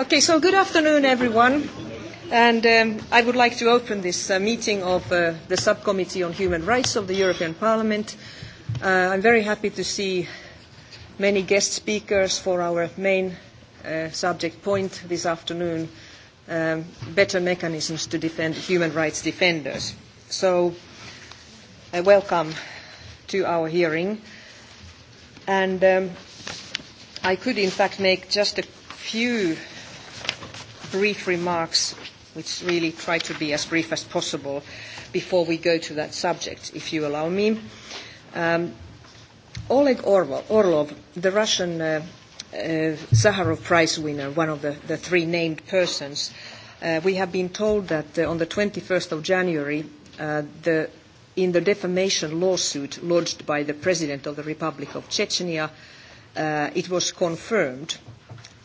Okay, so good afternoon, everyone. And um, I would like to open this uh, meeting of uh, the Subcommittee on Human Rights of the European Parliament. Uh, I'm very happy to see many guest speakers for our main uh, subject point this afternoon, um, better mechanisms to defend human rights defenders. So uh, welcome to our hearing. And um, I could, in fact, make just a few brief remarks, which really try to be as brief as possible before we go to that subject, if you allow me. Um, Oleg Orlov, the Russian uh, uh, Sakharov Prize winner, one of the, the three named persons, uh, we have been told that uh, on the 21st of January, uh, the, in the defamation lawsuit lodged by the President of the Republic of Chechnya, uh, it was confirmed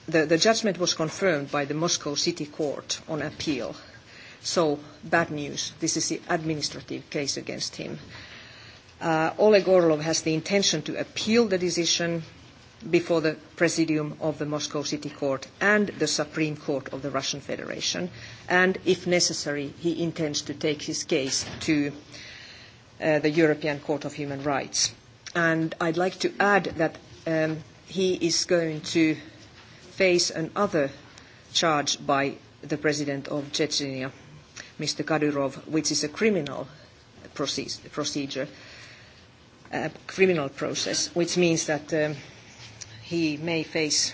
the, the judgment was confirmed by the Moscow City Court on appeal. So bad news. This is the administrative case against him. Uh, Oleg Orlov has the intention to appeal the decision before the Presidium of the Moscow City Court and the Supreme Court of the Russian Federation. And if necessary, he intends to take his case to uh, the European Court of Human Rights. And I'd like to add that um, he is going to face another charge by the president of Chechnya, Mr. Kadyrov, which is a criminal proce procedure, a criminal process, which means that um, he may face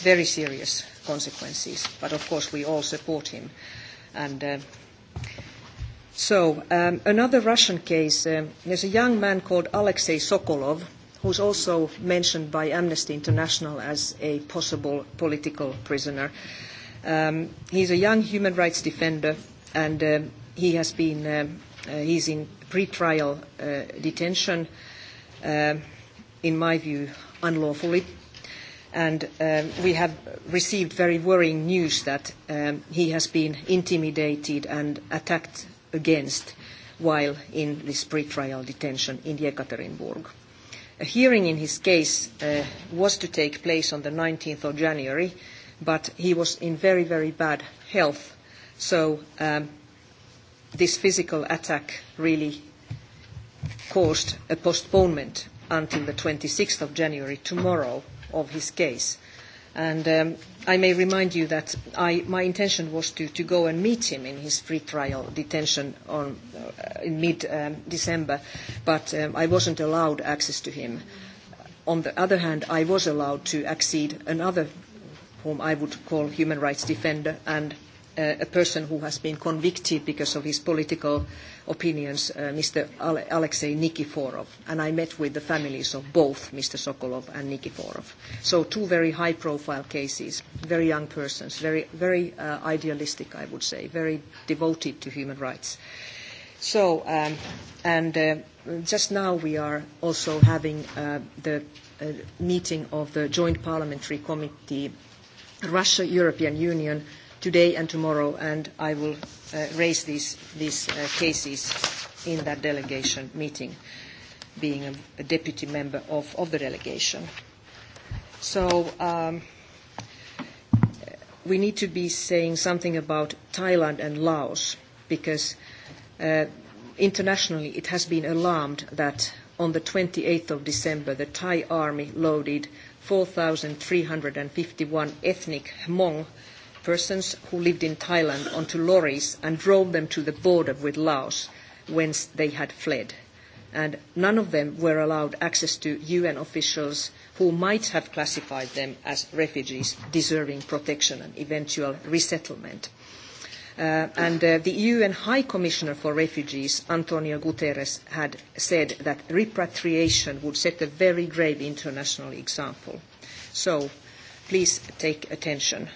very serious consequences. But of course, we all support him. And uh, so, um, another Russian case. Um, there's a young man called Alexei Sokolov who's also mentioned by Amnesty International as a possible political prisoner. Um, he's a young human rights defender, and uh, he has been um, uh, he's in pre-trial uh, detention, uh, in my view, unlawfully. And um, we have received very worrying news that um, he has been intimidated and attacked against while in this pre-trial detention in Yekaterinburg. A hearing in his case uh, was to take place on the 19th of January, but he was in very, very bad health. So um, this physical attack really caused a postponement until the 26th of January, tomorrow, of his case. And um, I may remind you that I, my intention was to, to go and meet him in his pre-trial detention on, uh, in mid-December, um, but um, I wasn't allowed access to him. On the other hand, I was allowed to accede another whom I would call human rights defender and a person who has been convicted because of his political opinions, uh, Mr. Ale- Alexei Nikiforov. And I met with the families of both Mr. Sokolov and Nikiforov. So two very high-profile cases, very young persons, very, very uh, idealistic, I would say, very devoted to human rights. So, um, and uh, just now we are also having uh, the uh, meeting of the Joint Parliamentary Committee, Russia-European Union, today and tomorrow, and I will uh, raise these, these uh, cases in that delegation meeting, being a, a deputy member of, of the delegation. So um, we need to be saying something about Thailand and Laos, because uh, internationally it has been alarmed that on the 28th of December the Thai army loaded 4,351 ethnic Hmong persons who lived in Thailand onto lorries and drove them to the border with Laos, whence they had fled. And none of them were allowed access to UN officials who might have classified them as refugees deserving protection and eventual resettlement. Uh, and uh, the UN High Commissioner for Refugees, Antonio Guterres, had said that repatriation would set a very grave international example. So please take attention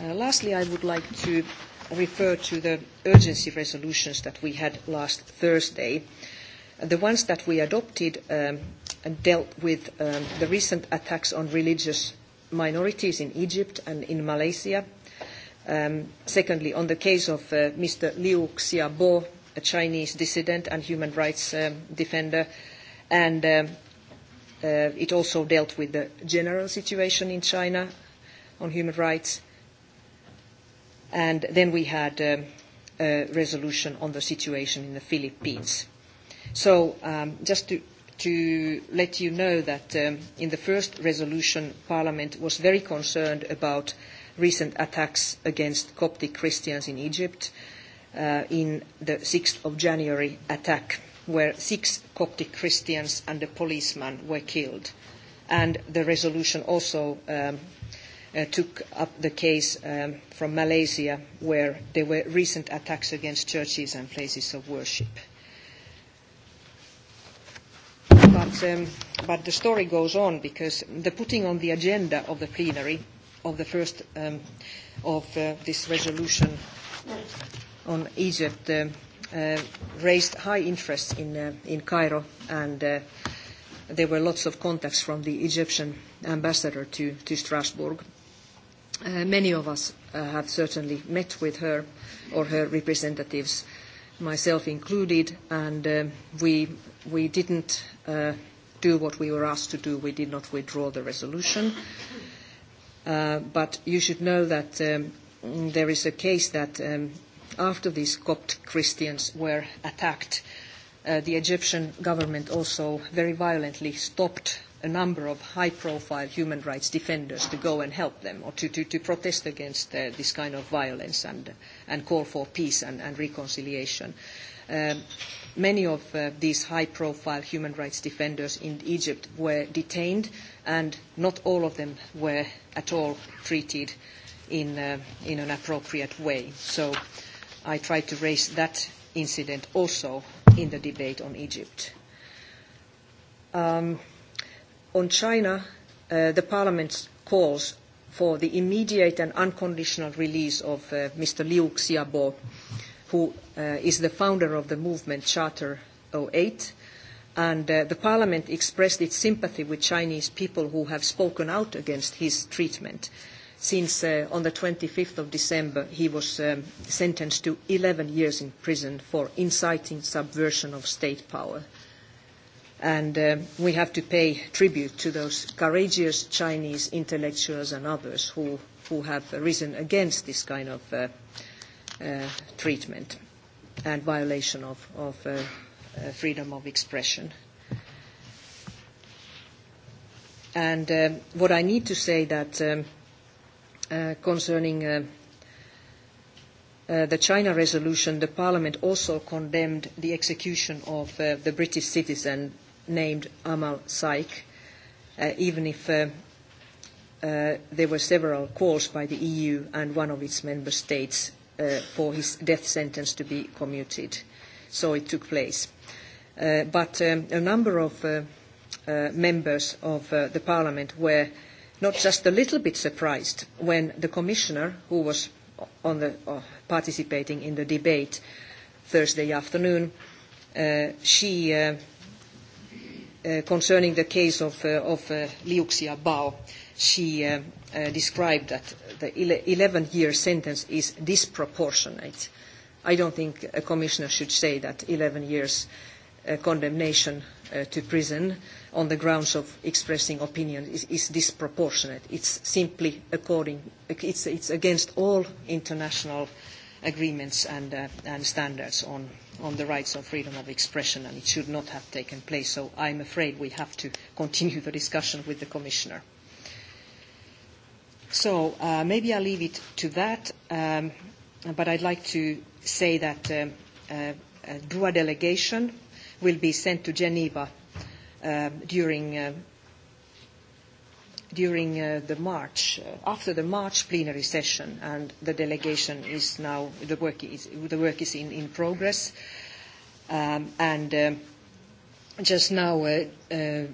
Uh, lastly, I would like to refer to the urgency resolutions that we had last Thursday. The ones that we adopted um, dealt with um, the recent attacks on religious minorities in Egypt and in Malaysia. Um, secondly, on the case of uh, Mr. Liu Xiaobo, a Chinese dissident and human rights um, defender, and um, uh, it also dealt with the general situation in China on human rights. And then we had um, a resolution on the situation in the Philippines. So um, just to, to let you know that um, in the first resolution, Parliament was very concerned about recent attacks against Coptic Christians in Egypt uh, in the 6th of January attack, where six Coptic Christians and a policeman were killed. And the resolution also um, uh, took up the case um, from Malaysia, where there were recent attacks against churches and places of worship. But, um, but the story goes on because the putting on the agenda of the plenary of the first um, of uh, this resolution on Egypt uh, uh, raised high interest in, uh, in Cairo and uh, there were lots of contacts from the Egyptian ambassador to, to Strasbourg Uh, many of us uh, have certainly met with her or her representatives, myself included, and uh, we, we didn't uh, do what we were asked to do. We did not withdraw the resolution. Uh, but you should know that um, there is a case that um, after these Copt Christians were attacked, uh, the Egyptian government also very violently stopped a number of high-profile human rights defenders to go and help them or to, to, to protest against uh, this kind of violence and, and call for peace and, and reconciliation. Um, many of uh, these high-profile human rights defenders in Egypt were detained, and not all of them were at all treated in, uh, in an appropriate way. So I tried to raise that incident also in the debate on Egypt. Um, On China, uh, the Parliament calls for the immediate and unconditional release of uh, Mr. Liu Xiaobo, who uh, is the founder of the movement Charter 08. And uh, the parliament expressed its sympathy with Chinese people who have spoken out against his treatment since uh, on the 25th of December he was um, sentenced to 11 years in prison for inciting subversion of state power. And uh, we have to pay tribute to those courageous Chinese intellectuals and others who, who have risen against this kind of uh, uh, treatment and violation of, of uh, uh, freedom of expression. And uh, what I need to say that um, uh, concerning uh, Uh, the China resolution, the Parliament also condemned the execution of uh, the British citizen named Amal Saik, uh, even if uh, uh, there were several calls by the EU and one of its member states uh, for his death sentence to be commuted. So it took place. Uh, but um, a number of uh, uh, members of uh, the parliament were not just a little bit surprised when the commissioner, who was on the, uh, participating in the debate Thursday afternoon, uh, she uh, Uh, concerning the case of, uh, of uh, Liu Xiaobo, she uh, uh, described that the 11-year sentence is disproportionate. I don't think a commissioner should say that 11 years uh, condemnation uh, to prison on the grounds of expressing opinion is, is disproportionate. It's simply according, it's, it's against all international uh, agreements and, uh, and standards on, on the rights of freedom of expression, and it should not have taken place. So I'm afraid we have to continue the discussion with the Commissioner. So uh, maybe I'll leave it to that, um, but I'd like to say that um, uh, a delegation will be sent to Geneva uh, during um, during uh, the March, uh, after the March plenary session, and the delegation is now, the work is, the work is in, in progress. Um, and um, just now, uh, uh,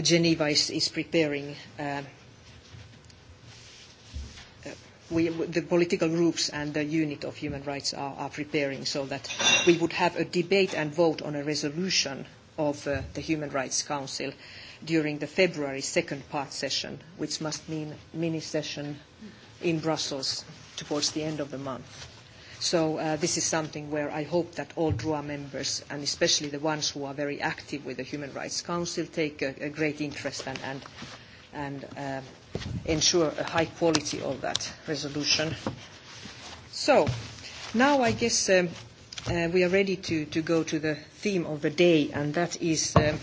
Geneva is, is preparing uh, we, the political groups and the unit of human rights are, are preparing so that we would have a debate and vote on a resolution of uh, the Human Rights Council uh, during the February second part session, which must mean mini session in Brussels towards the end of the month. So uh, this is something where I hope that all DRUA members, and especially the ones who are very active with the Human Rights Council, take a, a great interest and, and, and uh, ensure a high quality of that resolution. So now I guess um, uh, we are ready to, to go to the theme of the day, and that is um,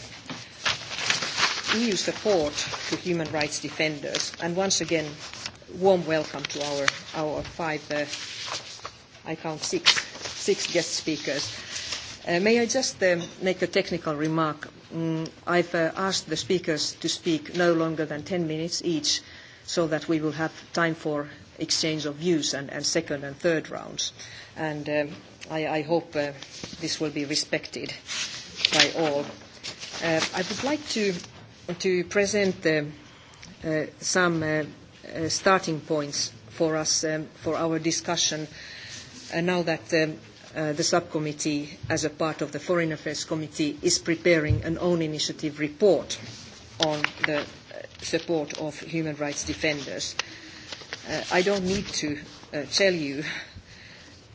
EU support to human rights defenders. And once again, warm welcome to our, our five, uh, I count six, six guest speakers. Uh, may I just uh, make a technical remark? Mm, I've uh, asked the speakers to speak no longer than 10 minutes each so that we will have time for exchange of views and, and second and third rounds. And um, I, I hope uh, this will be respected by all. Uh, I would like to to present uh, uh, some uh, starting points for us um, for our discussion now that um, the subcommittee, as a part of the Foreign Affairs Committee, is preparing an own initiative report on the support of human rights defenders. I don't need to tell you,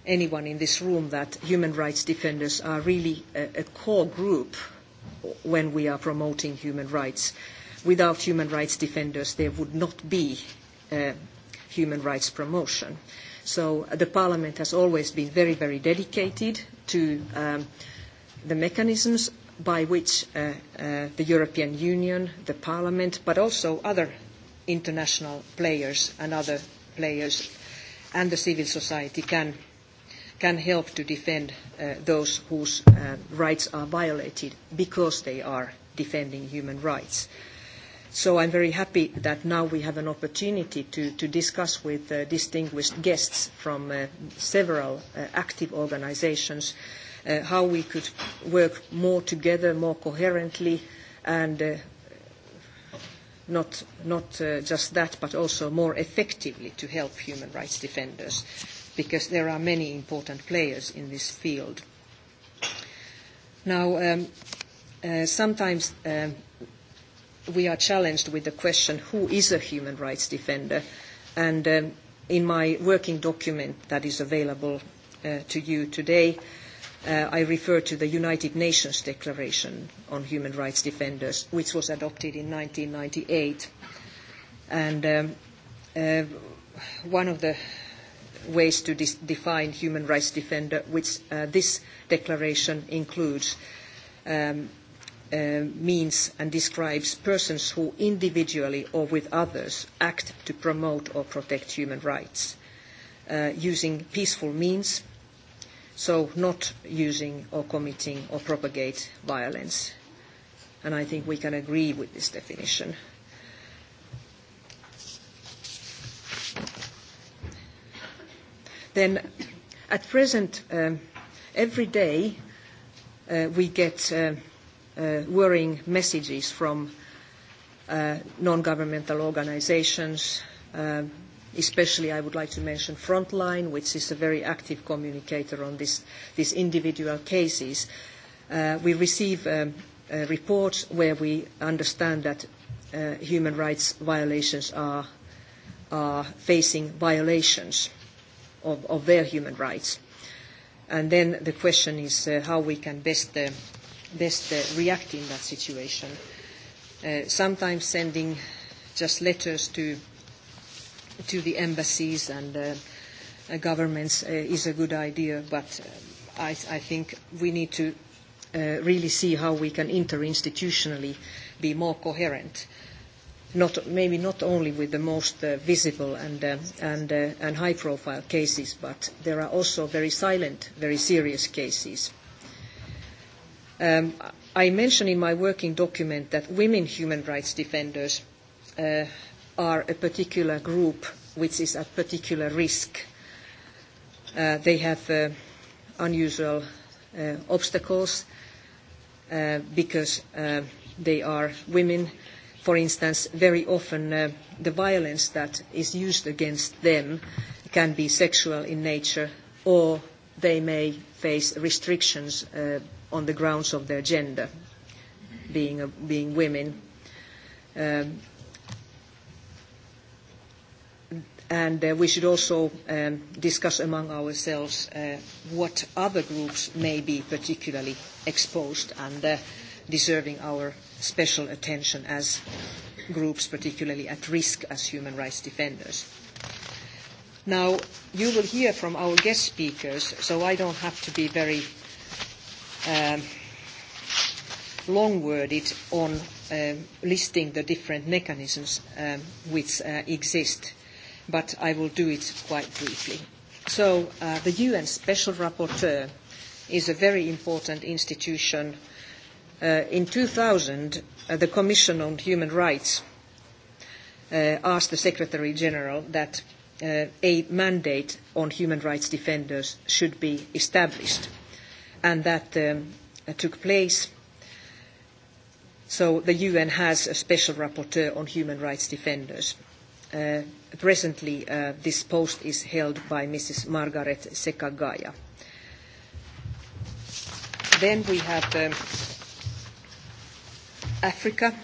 anyone in this room, that human rights defenders are really a core group when we are promoting human rights. Without human rights defenders, there would not be uh, human rights promotion. So uh, the Parliament has always been very, very dedicated to um, the mechanisms by which uh, uh, the European Union, the Parliament, but also other international players and other players and the civil society can can help to defend uh, those whose uh, rights are violated because they are defending human rights. So I'm very happy that now we have an opportunity to, to discuss with uh, distinguished guests from uh, several uh, active organizations uh, how we could work more together, more coherently, and uh, not, not uh, just that, but also more effectively to help human rights defenders because there are many important players in this field. Now, um, uh, sometimes um, we are challenged with the question, who is a human rights defender? And um, in my working document that is available uh, to you today, uh, I refer to the United Nations Declaration on Human Rights Defenders, which was adopted in 1998. And um, uh, one of the ways to define human rights defender, which uh, this declaration includes, um, uh, means and describes persons who individually or with others act to promote or protect human rights uh, using peaceful means, so not using or committing or propagate violence. And I think we can agree with this definition. then at present, um, every day uh, we get uh, uh, worrying messages from uh, non-governmental organizations, uh, especially I would like to mention Frontline, which is a very active communicator on this, these individual cases. Uh, we receive um, uh, reports where we understand that uh, human rights violations are, are facing violations of, of their human rights. And then the question is uh, how we can best, uh, best uh, react in that situation. Uh, sometimes sending just letters to, to the embassies and uh, uh, governments uh, is a good idea, but uh, I, I think we need to uh, really see how we can interinstitutionally be more coherent not, maybe not only with the most uh, visible and, uh, and, uh, and high-profile cases, but there are also very silent, very serious cases. Um, I mention in my working document that women human rights defenders uh, are a particular group which is at particular risk. Uh, they have uh, unusual uh, obstacles uh, because uh, they are women for instance, very often uh, the violence that is used against them can be sexual in nature or they may face restrictions uh, on the grounds of their gender, being, uh, being women. Um, and uh, we should also um, discuss among ourselves uh, what other groups may be particularly exposed and uh, deserving our special attention as groups particularly at risk as human rights defenders. Now, you will hear from our guest speakers, so I don't have to be very um, long-worded on um, listing the different mechanisms um, which uh, exist, but I will do it quite briefly. So uh, the UN Special Rapporteur is a very important institution uh, Uh, in 2000, uh, the Commission on Human Rights uh, asked the Secretary General that uh, a mandate on human rights defenders should be established, and that um, uh, took place. So the UN has a special rapporteur on human rights defenders. Uh, presently, uh, this post is held by Mrs. Margaret Sekagaya. Then we have. Um, Africa.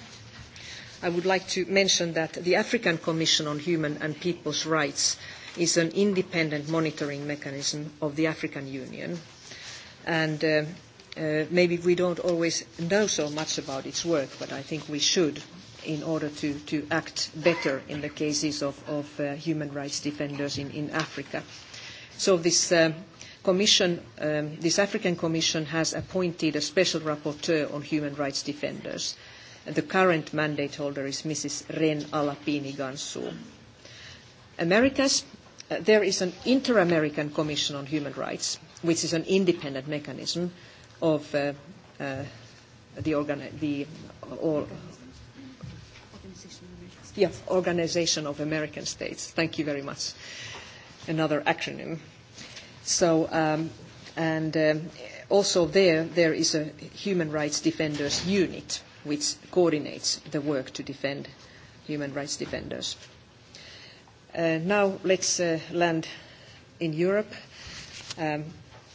I would like to mention that the African Commission on Human and People's Rights is an independent monitoring mechanism of the African Union. And uh, uh, maybe we don't always know so much about its work, but I think we should in order to, to act better in the cases of, of uh, human rights defenders in, in Africa. So this uh, commission, um, this African Commission has appointed a special rapporteur on human rights defenders The current mandate holder is Mrs. Ren Alapini Gansu. Americas, uh, there is an Inter-American Commission on Human Rights, which is an independent mechanism of uh, uh, the, organi- the uh, or, yeah, Organization of American States. Thank you very much. Another acronym. So, um, and um, also there, there is a Human Rights Defenders Unit which coordinates the work to defend human rights defenders. Uh, now let's uh, land in Europe. Um,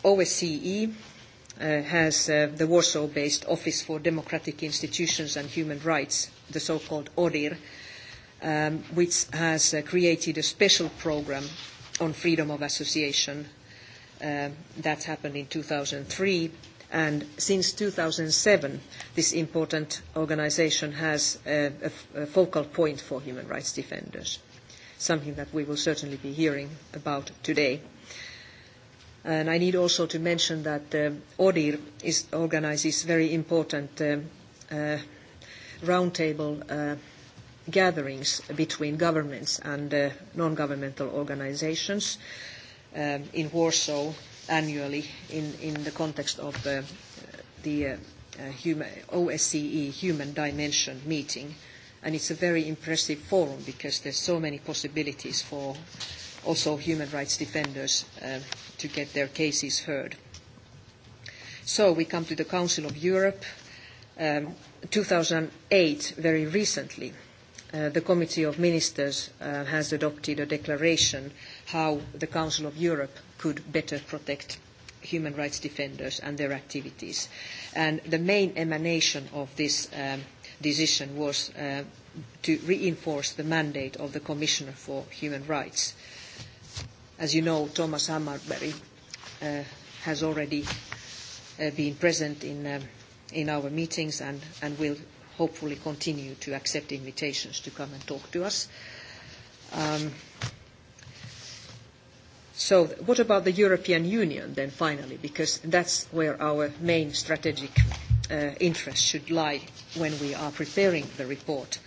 OSCE uh, has uh, the Warsaw-based Office for Democratic Institutions and Human Rights, the so-called ODIR, um, which has uh, created a special program on freedom of association uh, that happened in 2003 And since 2007, this important organization has a, a, a focal point for human rights defenders, something that we will certainly be hearing about today. And I need also to mention that ODIHR uh, ODIR is, organizes very important um, uh, roundtable uh, gatherings between governments and uh, non-governmental organizations um, in Warsaw annually in, in the context of uh, the uh, uh human, OSCE Human Dimension meeting. And it's a very impressive forum because there's so many possibilities for also human rights defenders uh, to get their cases heard. So we come to the Council of Europe. Um, 2008, very recently, uh, the Committee of Ministers uh, has adopted a declaration uh, how the Council of Europe could better protect human rights defenders and their activities. And the main emanation of this um, decision was uh, to reinforce the mandate of the Commissioner for Human Rights. As you know, Thomas Hammarberg uh, has already uh, been present in, um, in our meetings and, and will hopefully continue to accept invitations to come and talk to us. Um, So what about the European Union then finally? Because that's where our main strategic uh, interest should lie when we are preparing the report.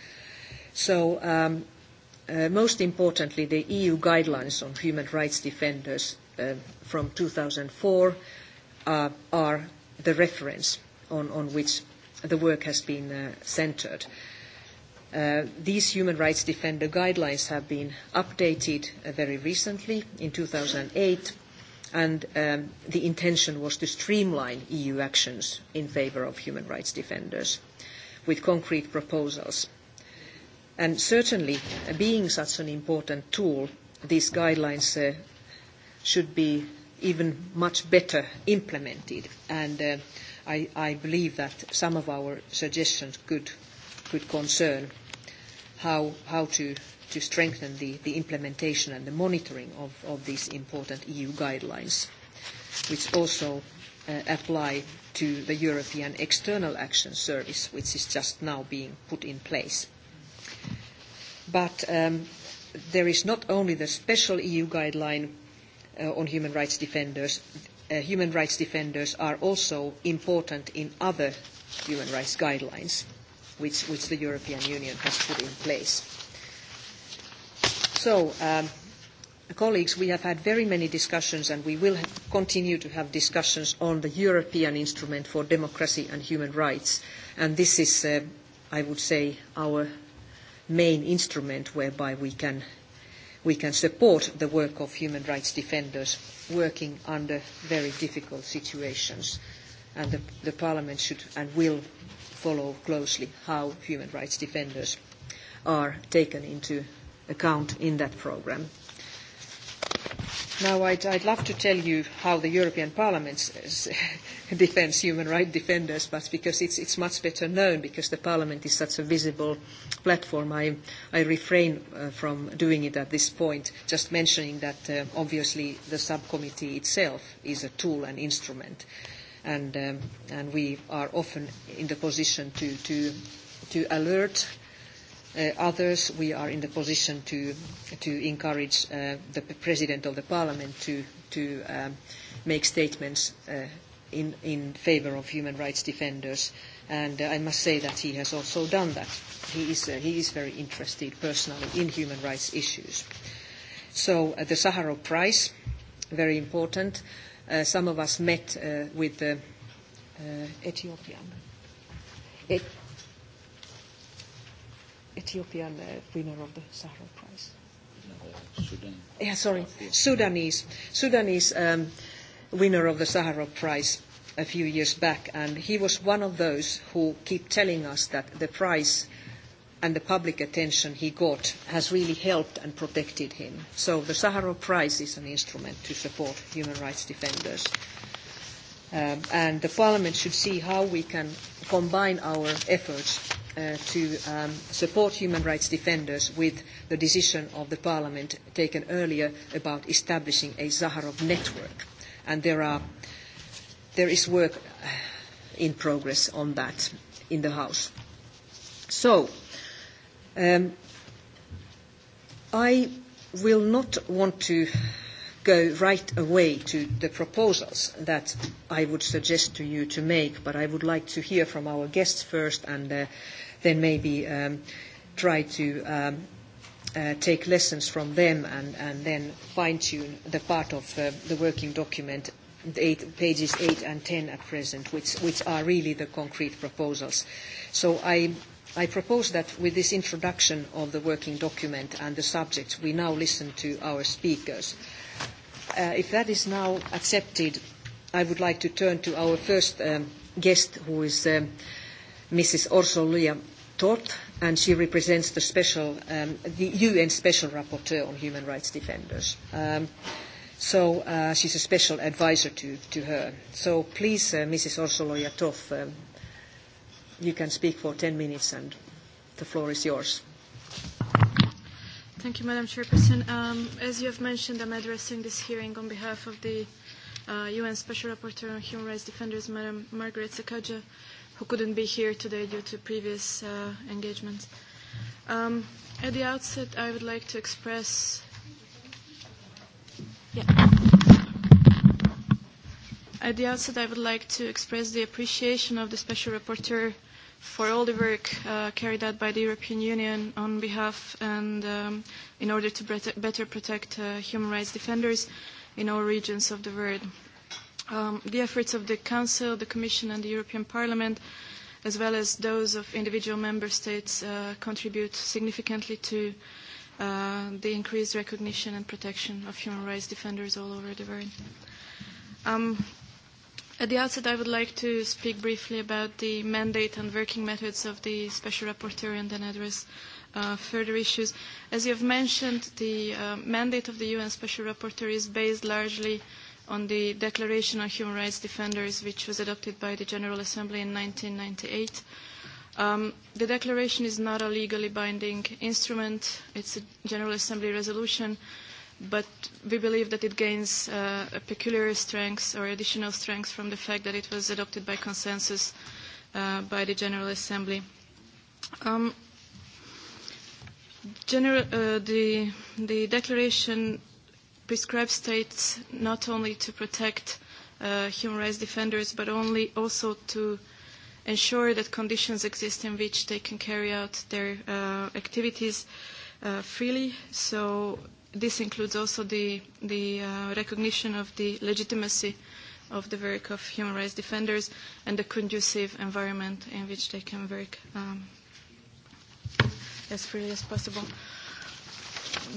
So um, uh, most importantly, the EU guidelines on human rights defenders uh, from 2004 are the reference on, which the work has been centred. centered. Uh, these human rights defender guidelines have been updated uh, very recently in 2008, and um, the intention was to streamline EU actions in favor of human rights defenders with concrete proposals. And certainly, uh, being such an important tool, these guidelines uh, should be even much better implemented. And uh, I, I believe that some of our suggestions could, could concern how, how to, to strengthen the, the implementation and the monitoring of, of these important EU guidelines, which also uh, apply to the European External Action Service, which is just now being put in place. But um, there is not only the special EU guideline uh, on human rights defenders, uh, human rights defenders are also important in other human rights guidelines which, which the European Union has put in place. So, um, colleagues, we have had very many discussions and we will continue to have discussions on the European Instrument for Democracy and Human Rights. And this is, uh, I would say, our main instrument whereby we can, we can support the work of human rights defenders working under very difficult situations. And the, the Parliament should and will follow closely how human rights defenders are taken into account in that program. Now, I'd, I'd love to tell you how the European Parliament defends human rights defenders, but because it's, it's much better known, because the Parliament is such a visible platform, I, I refrain uh, from doing it at this point, just mentioning that uh, obviously the subcommittee itself is a tool and instrument. Uh, and, um, and we are often in the position to, to, to alert uh, others. We are in the position to, to encourage uh, the President of the Parliament to, to um, make statements uh, in, in favor of human rights defenders. And uh, I must say that he has also done that. He is, uh, he is very interested personally in human rights issues. So uh, the Sahara Prize, very important. Uh, some of us met uh, with the uh, uh, Ethiopian, It- Ethiopian uh, winner of the Sahara Prize. Sudan. Yeah, sorry, Sudanese, Sudanese um, winner of the Sahara Prize a few years back, and he was one of those who keep telling us that the prize and the public attention he got has really helped and protected him. So the Sakharov Prize is an instrument to support human rights defenders. Um, and the Parliament should see how we can combine our efforts uh, to um, support human rights defenders with the decision of the Parliament taken earlier about establishing a Zaharov network. And there, are, there is work uh, in progress on that in the House. So, Um, I will not want to go right away to the proposals that I would suggest to you to make, but I would like to hear from our guests first and uh, then maybe um, try to um, uh, take lessons from them and, and then fine-tune the part of uh, the working document, eight, pages 8 and 10 at present, which, which are really the concrete proposals. So I I propose that with this introduction of the working document and the subjects, we now listen to our speakers. Uh, if that is now accepted, I would like to turn to our first um, guest, who is um, Mrs. Orsolia Toth, and she represents the, special, um, the UN Special Rapporteur on Human Rights Defenders. Um, so uh, she's a special advisor to, to her. So please, uh, Mrs. Orsolia Toth, um, you can speak for 10 minutes and the floor is yours. Thank you, Madam Chairperson. Um, as you have mentioned, I'm addressing this hearing on behalf of the uh, UN Special Rapporteur on Human Rights Defenders, Madam Margaret Sakaja, who couldn't be here today due to previous uh, engagements. Um, at the outset, I would like to express yeah. At the outset, I would like to express the appreciation of the Special Rapporteur for all the work uh, carried out by the European Union on behalf and um, in order to better protect uh, human rights defenders in all regions of the world. Um, the efforts of the Council, the Commission and the European Parliament, as well as those of individual member states, uh, contribute significantly to uh, the increased recognition and protection of human rights defenders all over the world. Um, At the outset, I would like to speak briefly about the mandate and working methods of the Special Rapporteur and then address uh, further issues. As you have mentioned, the uh, mandate of the UN Special Rapporteur is based largely on the Declaration on Human Rights Defenders, which was adopted by the General Assembly in 1998. Um, the declaration is not a legally binding instrument. It's a General Assembly resolution but we believe that it gains uh, a peculiar strength or additional strength from the fact that it was adopted by consensus uh, by the General Assembly. Um, general, uh, the, the declaration prescribes states not only to protect uh, human rights defenders, but only also to ensure that conditions exist in which they can carry out their uh, activities uh, freely. So this includes also the, the uh, recognition of the legitimacy of the work of human rights defenders and the conducive environment in which they can work um, as freely as possible.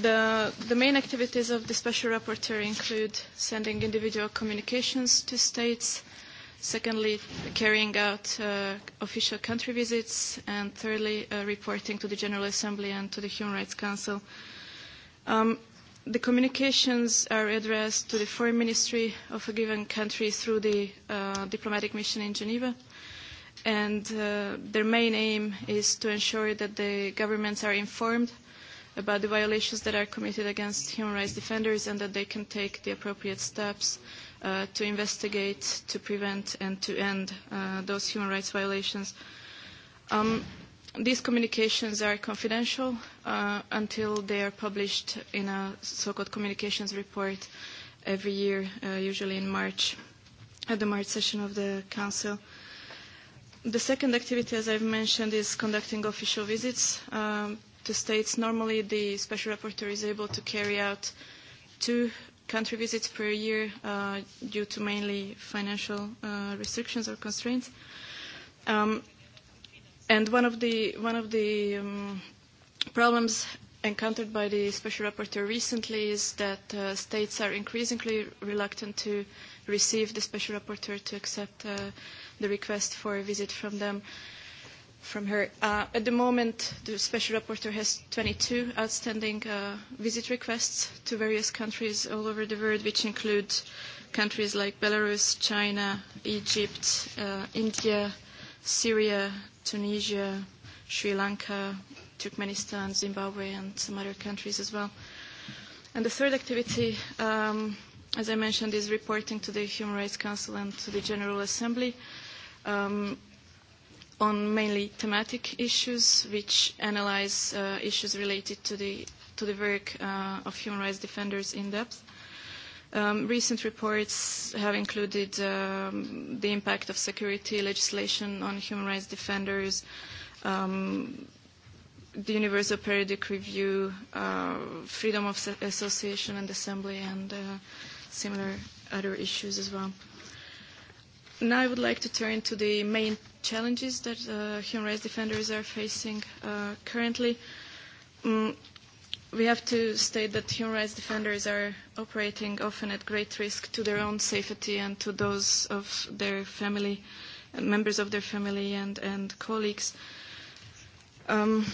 The, the main activities of the Special Rapporteur include sending individual communications to states, secondly, carrying out uh, official country visits, and thirdly, uh, reporting to the General Assembly and to the Human Rights Council uh, Um, the communications are addressed to the foreign ministry of a given country through the uh, diplomatic mission in Geneva. And uh, their main aim is to ensure that the governments are informed about the violations that are committed against human rights defenders and that they can take the appropriate steps uh, to investigate, to prevent, and to end uh, those human rights violations. Um, These communications are confidential uh, until they are published in a so-called communications report every year, uh, usually in March, at the March session of the Council. The second activity, as I've mentioned, is conducting official visits um, to states. Normally, the Special Rapporteur is able to carry out two country visits per year uh, due to mainly financial uh, restrictions or constraints. Um, And one of the, one of the um, problems encountered by the Special Rapporteur recently is that uh, states are increasingly reluctant to receive the Special Rapporteur to accept uh, the request for a visit from them, from her. Uh, at the moment, the Special Rapporteur has 22 outstanding uh, visit requests to various countries all over the world, which include countries like Belarus, China, Egypt, uh, India, Syria, Tunisia, Sri Lanka, Turkmenistan, Zimbabwe, and some other countries as well. And the third activity, um, as I mentioned, is reporting to the Human Rights Council and to the General Assembly um, on mainly thematic issues, which analyze uh, issues related to the, to the work uh, of human rights defenders in depth. Um, recent reports have included um, the impact of security legislation on human rights defenders, um, the Universal Periodic Review, uh, freedom of association and assembly, and uh, similar other issues as well. Now I would like to turn to the main challenges that uh, human rights defenders are facing uh, currently. Um, we have to state that human rights defenders are operating often at great risk to their own safety and to those of their family, members of their family and, and colleagues. Um,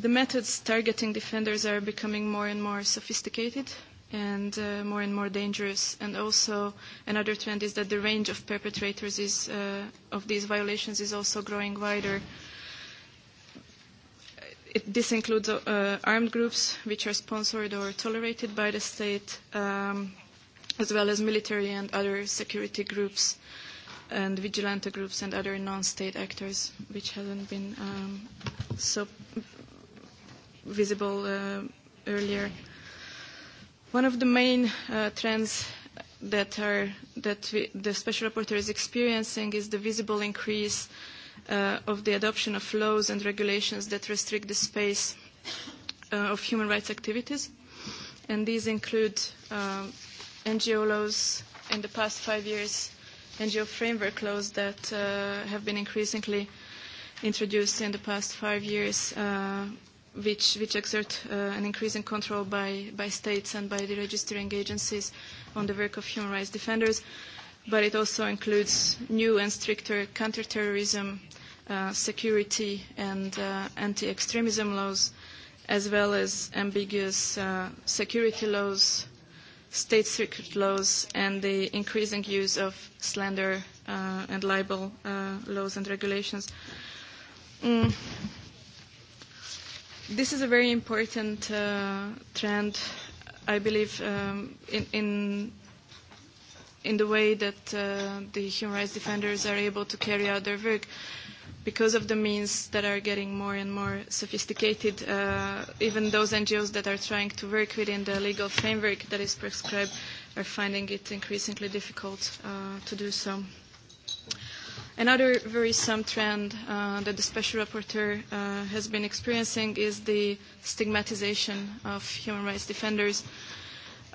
the methods targeting defenders are becoming more and more sophisticated and uh, more and more dangerous. And also another trend is that the range of perpetrators is, uh, of these violations is also growing wider. Uh, It, this includes uh, armed groups which are sponsored or tolerated by the state, um, as well as military and other security groups and vigilante groups and other non-state actors which haven't been um, so visible uh, earlier. One of the main uh, trends that, are, that we, the Special Rapporteur is experiencing is the visible increase uh, uh, of the adoption of laws and regulations that restrict the space uh, of human rights activities. And these include um, NGO laws in the past five years, NGO framework laws that uh, have been increasingly introduced in the past five years, uh, which, which exert uh, an increasing control by, by states and by the registering agencies on the work of human rights defenders. Uh, but it also includes new and stricter counterterrorism, uh, security, and uh, anti-extremism laws, as well as ambiguous uh, security laws, state secret laws, and the increasing use of slander uh, and libel uh, laws and regulations. Mm. This is a very important uh, trend, I believe, um, in, in in the way that uh, the human rights defenders are able to carry out their work because of the means that are getting more and more sophisticated, uh, even those NGOs that are trying to work within the legal framework that is prescribed are finding it increasingly difficult uh, to do so. Another worrisome trend uh, that the Special Rapporteur uh, has been experiencing is the stigmatization of human rights defenders. Uh,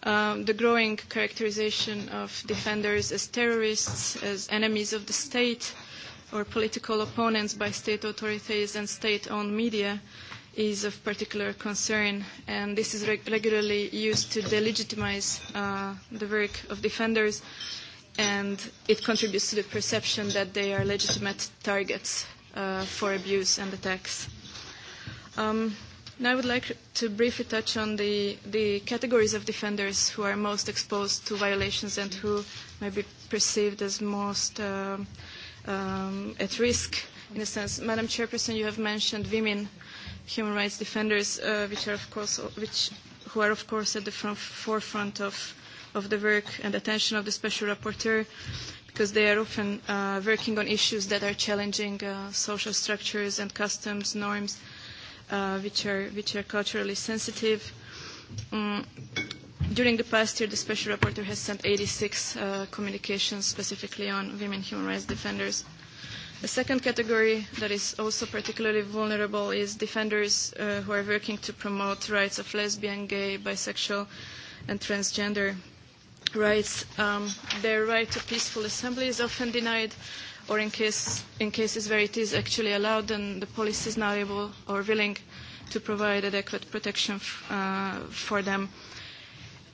um, the growing characterization of defenders as terrorists, as enemies of the state, or political opponents by state authorities and state-owned media is of particular concern, and this is reg regularly used to delegitimize uh, the work of defenders, and it contributes to the perception that they are legitimate targets uh, for abuse and attacks. Um, Now I would like to briefly touch on the, the categories of defenders who are most exposed to violations and who may be perceived as most um, um, at risk. In a sense, Madam Chairperson, you have mentioned women human rights defenders, uh, which are of course, which, who are of course at the front, forefront of, of the work and attention of the Special Rapporteur because they are often uh, working on issues that are challenging uh, social structures and customs norms uh, which, are, which are culturally sensitive. Um, during the past year, the Special Rapporteur has sent 86 uh, communications specifically on women human rights defenders. The second category that is also particularly vulnerable is defenders uh, who are working to promote rights of lesbian, gay, bisexual, and transgender rights. Um, their right to peaceful assembly is often denied, or in, case, in cases where it is actually allowed, then the police is now able or willing to provide adequate protection uh, for them.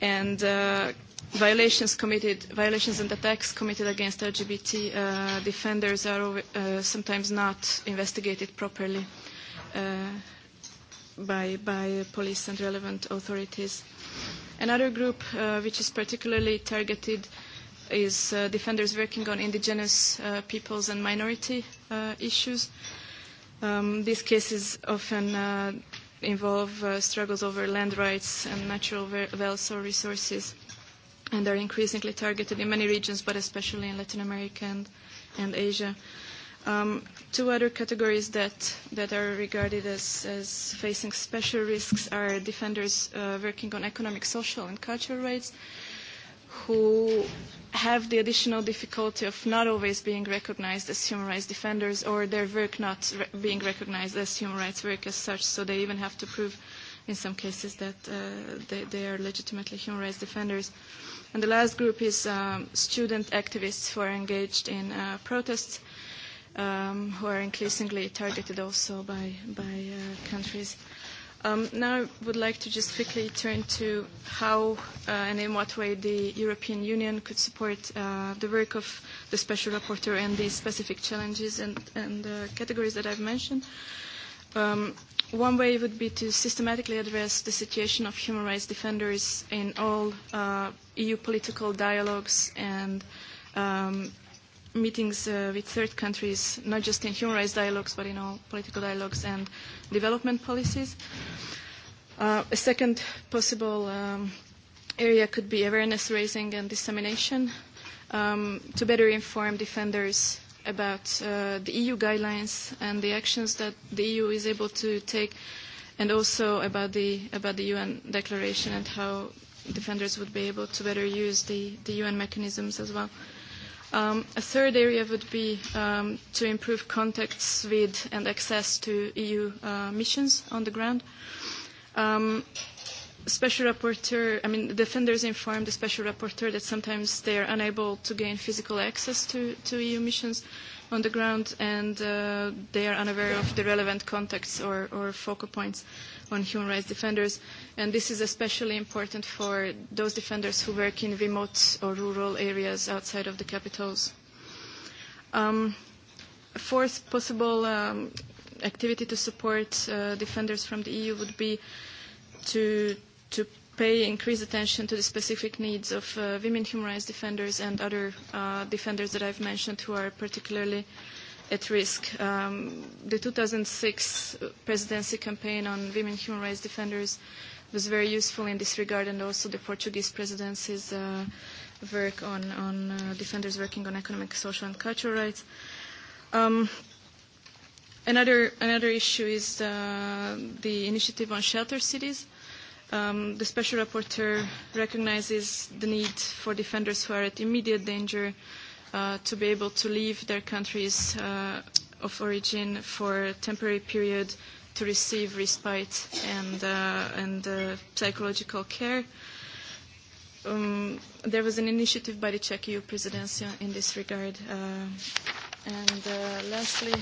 And uh, violations committed, violations and attacks committed against LGBT uh, defenders are uh, sometimes not investigated properly uh, by, by police and relevant authorities. Another group uh, which is particularly targeted uh, is uh, defenders working on indigenous uh, peoples and minority uh, issues. Um, these cases often uh, involve uh, struggles over land rights and natural wealth or resources and are increasingly targeted in many regions, but especially in Latin America and, and Asia. Um, two other categories that, that are regarded as, as facing special risks are defenders uh, working on economic, social, and cultural rights, who have the additional difficulty of not always being recognized as human rights defenders or their work not re being recognized as human rights work as such, so they even have to prove in some cases that uh, they, they are legitimately human rights defenders. And the last group is um, student activists who are engaged in uh, protests, um, who are increasingly targeted also by, by uh, countries. Um, now I would like to just quickly turn to how uh, and in what way the European Union could support uh, the work of the Special Rapporteur and the specific challenges and, and uh, categories that I've mentioned. Um, one way would be to systematically address the situation of human rights defenders in all uh, EU political dialogues and um, meetings uh, with third countries, not just in human rights dialogues, but in all political dialogues and development policies. Uh, a second possible um, area could be awareness raising and dissemination um, to better inform defenders about uh, the EU guidelines and the actions that the EU is able to take, and also about the, about the UN declaration and how defenders would be able to better use the, the UN mechanisms as well. Uh, Um, a third area would be um, to improve contacts with and access to EU uh, missions on the ground. Um, special rapporteur, I mean, defenders informed the special rapporteur that sometimes they are unable to gain physical access to, to EU missions on the ground and uh, they are unaware of the relevant contacts or, or focal points on human rights defenders, and this is especially important for those defenders who work in remote or rural areas outside of the capitals. Um, a fourth possible um, activity to support uh, defenders from the EU would be to, to pay increased attention to the specific needs of uh, women human rights defenders and other uh, defenders that I've mentioned who are particularly uh, at risk. Um, the 2006 presidency campaign on women human rights defenders was very useful in this regard, and also the Portuguese presidency's uh, work on, on uh, defenders working on economic, social, and cultural rights. Um, another, another issue is uh, the initiative on shelter cities. Um, the special rapporteur recognizes the need for defenders who are at immediate danger uh, uh, to be able to leave their countries uh, of origin for a temporary period to receive respite and, uh, and uh, psychological care. Um, there was an initiative by the Czech EU presidency in this regard. Uh, and uh, lastly,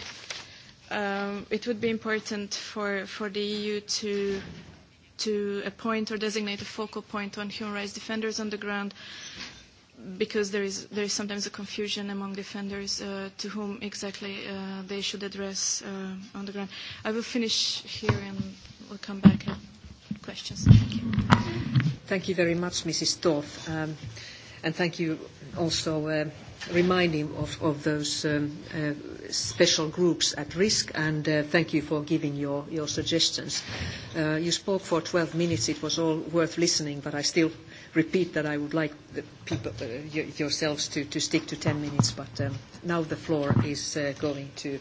um, it would be important for, for the EU to to appoint or designate a focal point on human rights defenders on the ground because there is, there is sometimes a confusion among defenders uh, to whom exactly uh, they should address uh, on the ground. I will finish here and we'll come back at questions. Thank you. Thank you very much, Mrs. Toth. Um, and thank you also uh, reminding of, of those um, uh, special groups at risk, and uh, thank you for giving your, your suggestions. Uh, you spoke for 12 minutes. It was all worth listening, but I still repeat that I would like the people, uh, yourselves to, to stick to 10 minutes, but um, now the floor is uh, going to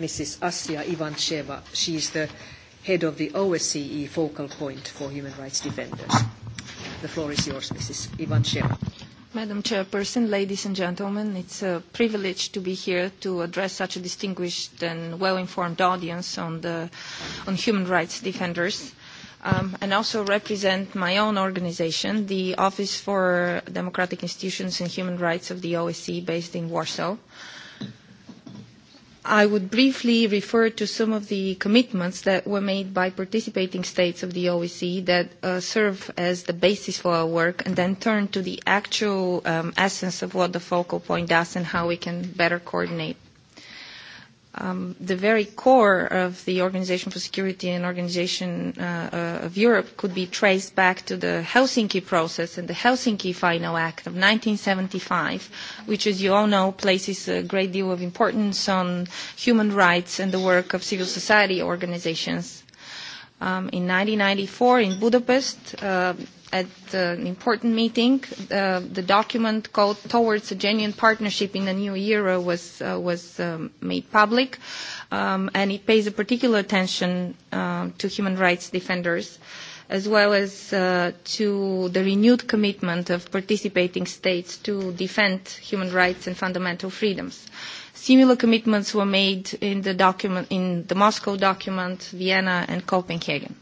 Mrs. Asya Ivancheva. She is the head of the OSCE focal point for human rights defenders. The floor is yours, Mrs. Ivancheva. Madam Chairperson, ladies and gentlemen, it's a privilege to be here to address such a distinguished and well-informed audience on, the, on human rights defenders um, and also represent my own organization, the Office for Democratic Institutions and Human Rights of the OSCE, based in Warsaw. I would briefly refer to some of the commitments that were made by participating states of the OSCE that uh, serve as the basis for our work and then turn to the actual um, essence of what the focal point does and how we can better coordinate um, the very core of the Organization for Security and Organization uh, uh, of Europe could be traced back to the Helsinki process and the Helsinki Final Act of 1975, which, as you all know, places a great deal of importance on human rights and the work of civil society organizations. Um, in 1994, in Budapest, uh, at uh, an important meeting. Uh, the document called Towards a Genuine Partnership in a New Era was, uh, was um, made public, um, and it pays a particular attention uh, to human rights defenders, as well as uh, to the renewed commitment of participating states to defend human rights and fundamental freedoms. Similar commitments were made in the, document, in the Moscow document, Vienna, and Copenhagen.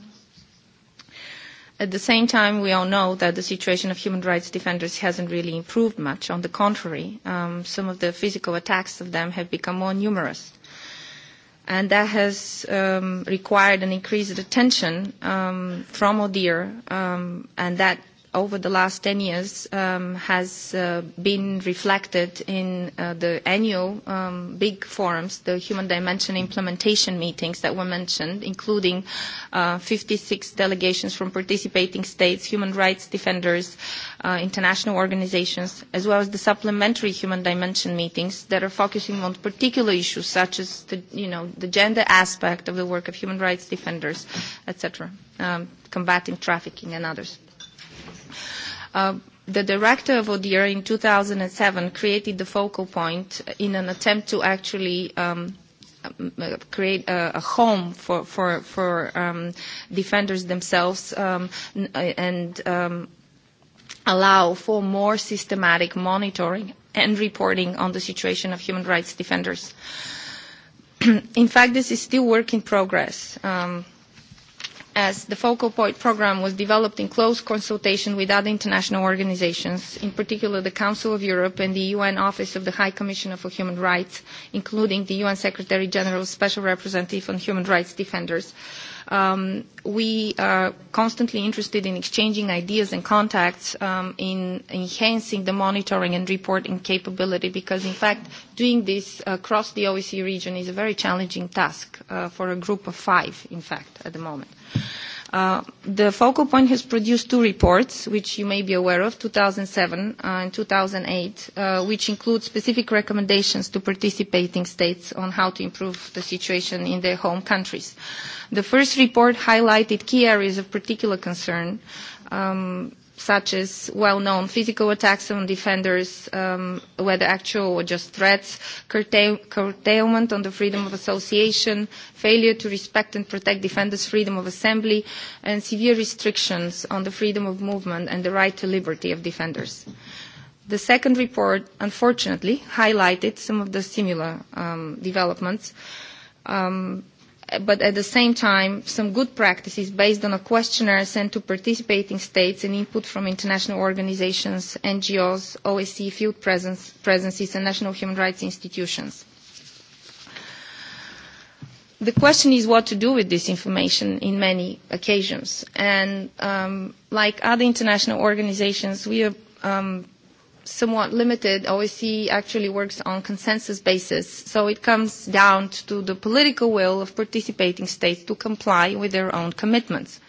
At the same time, we all know that the situation of human rights defenders hasn't really improved much. On the contrary, um, some of the physical attacks of them have become more numerous. And that has um, required an increased attention um, from ODIHR, um, and that over the last 10 years um, has uh, been reflected in uh, the annual um, big forums, the Human Dimension implementation meetings that were mentioned, including uh, 56 delegations from participating states, human rights defenders, uh, international organizations, as well as the supplementary Human Dimension meetings that are focusing on particular issues such as the, you know, the gender aspect of the work of human rights defenders, etc., um, combating trafficking and others. Uh, the director of ODIHR in 2007 created the focal point in an attempt to actually um, uh, create a, a home for for for um, defenders themselves um, uh, and um, allow for more systematic monitoring and reporting on the situation of human rights defenders. in fact, this is still work in progress. Um, as the focal point programme was developed in close consultation with other international organisations, in particular the Council of Europe and the UN Office of the High Commissioner for Human Rights, including the UN Secretary General's Special Representative on Human Rights Defenders, Um, we are constantly interested in exchanging ideas and contacts um, in enhancing the monitoring and reporting capability because, in fact, doing this across the OEC region is a very challenging task uh, for a group of five, in fact, at the moment. Uh, Uh, the focal point has produced two reports, which you may be aware of, 2007 uh, and 2008, uh, which include specific recommendations to participating states on how to improve the situation in their home countries. The first report highlighted key areas of particular concern, um, such as well-known physical attacks on defenders, um, whether actual or just threats, curtail curtailment on the freedom of association, failure to respect and protect defenders' freedom of assembly, and severe restrictions on the freedom of movement and the right to liberty of defenders. The second report, unfortunately, highlighted some of the similar um, developments. Um, but at the same time some good practices based on a questionnaire sent to participating states and input from international organisations, NGOs, OSCE field presence, presences and national human rights institutions. The question is what to do with this information in many occasions. And um, like other international organisations, we are um, somewhat limited. OSCE actually works on consensus basis, so it comes down to the political will of participating states to comply with their own commitments.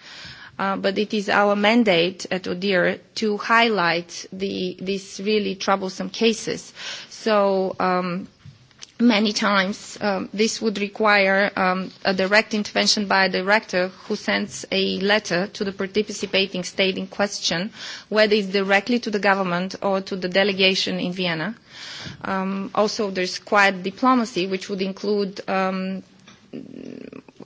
Uh, but it is our mandate at ODIHR to highlight the, these really troublesome cases. So um, many times um, this would require um, a direct intervention by a director who sends a letter to the participating state in question, whether it's directly to the government or to the delegation in Vienna. Um, also, there's quiet diplomacy, which would include um,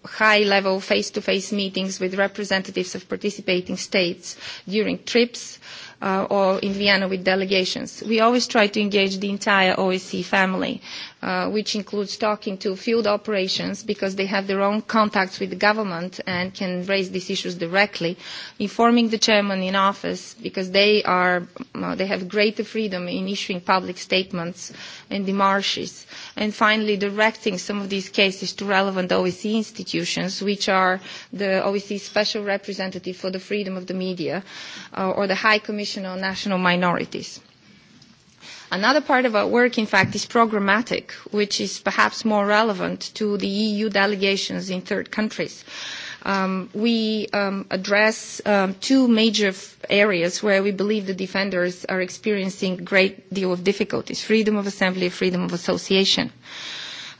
high-level face-to-face meetings with representatives of participating states during trips, uh, or in Vienna with delegations. We always try to engage the entire OSCE family, Uh, which includes talking to field operations because they have their own contacts with the government and can raise these issues directly, informing the chairman in office because they are uh, they have greater freedom in issuing public statements and demarches, and finally directing some of these cases to relevant OEC institutions, which are the OEC special representative for the freedom of the media uh, or the High Commissioner on National Minorities. Another part of our work, in fact, is programmatic, which is perhaps more relevant to the EU delegations in third countries. Um, we um, address um, two major areas where we believe the defenders are experiencing a great deal of difficulties, freedom of assembly, freedom of association.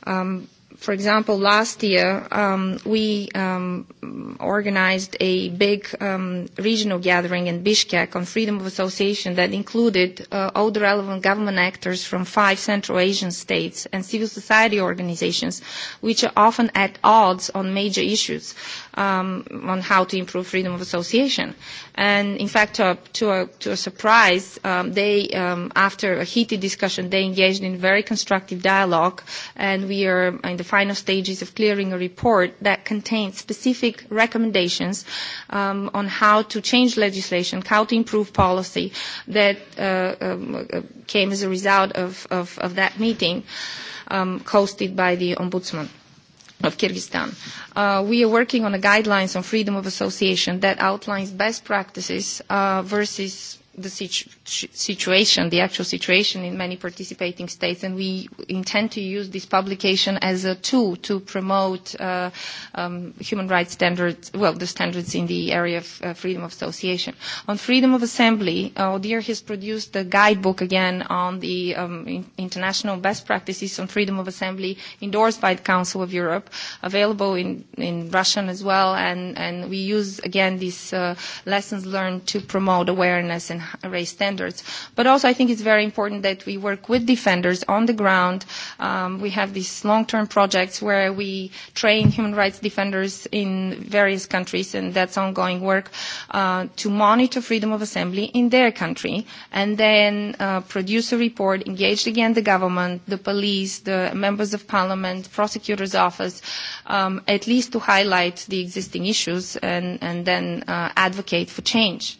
Um, for example, last year um, we um, organized a big um, regional gathering in Bishkek on freedom of association that included uh, all the relevant government actors from five Central Asian states and civil society organizations, which are often at odds on major issues um, on how to improve freedom of association. And in fact, to a, to a, to a surprise, um, they, um, after a heated discussion, they engaged in very constructive dialogue, and we are in the final stages of clearing a report that contains specific recommendations um, on how to change legislation, how to improve policy that uh, um, uh, came as a result of, of, of that meeting um, hosted by the Ombudsman of Kyrgyzstan. Uh, we are working on the guidelines on freedom of association that outlines best practices uh, versus the situ situation, the actual situation in many participating states, and we intend to use this publication as a tool to promote uh, um, human rights standards, well, the standards in the area of uh, freedom of association. On freedom of assembly, uh, has produced a guidebook again on the um, international best practices on freedom of assembly endorsed by the Council of Europe, available in, in Russian as well, and, and we use again these uh, lessons learned to promote awareness and raise standards. But also I think it's very important that we work with defenders on the ground. Um, we have these long-term projects where we train human rights defenders in various countries, and that's ongoing work, uh, to monitor freedom of assembly in their country, and then uh, produce a report, engage again the government, the police, the members of parliament, prosecutor's office, um, at least to highlight the existing issues and, and then uh, advocate for change.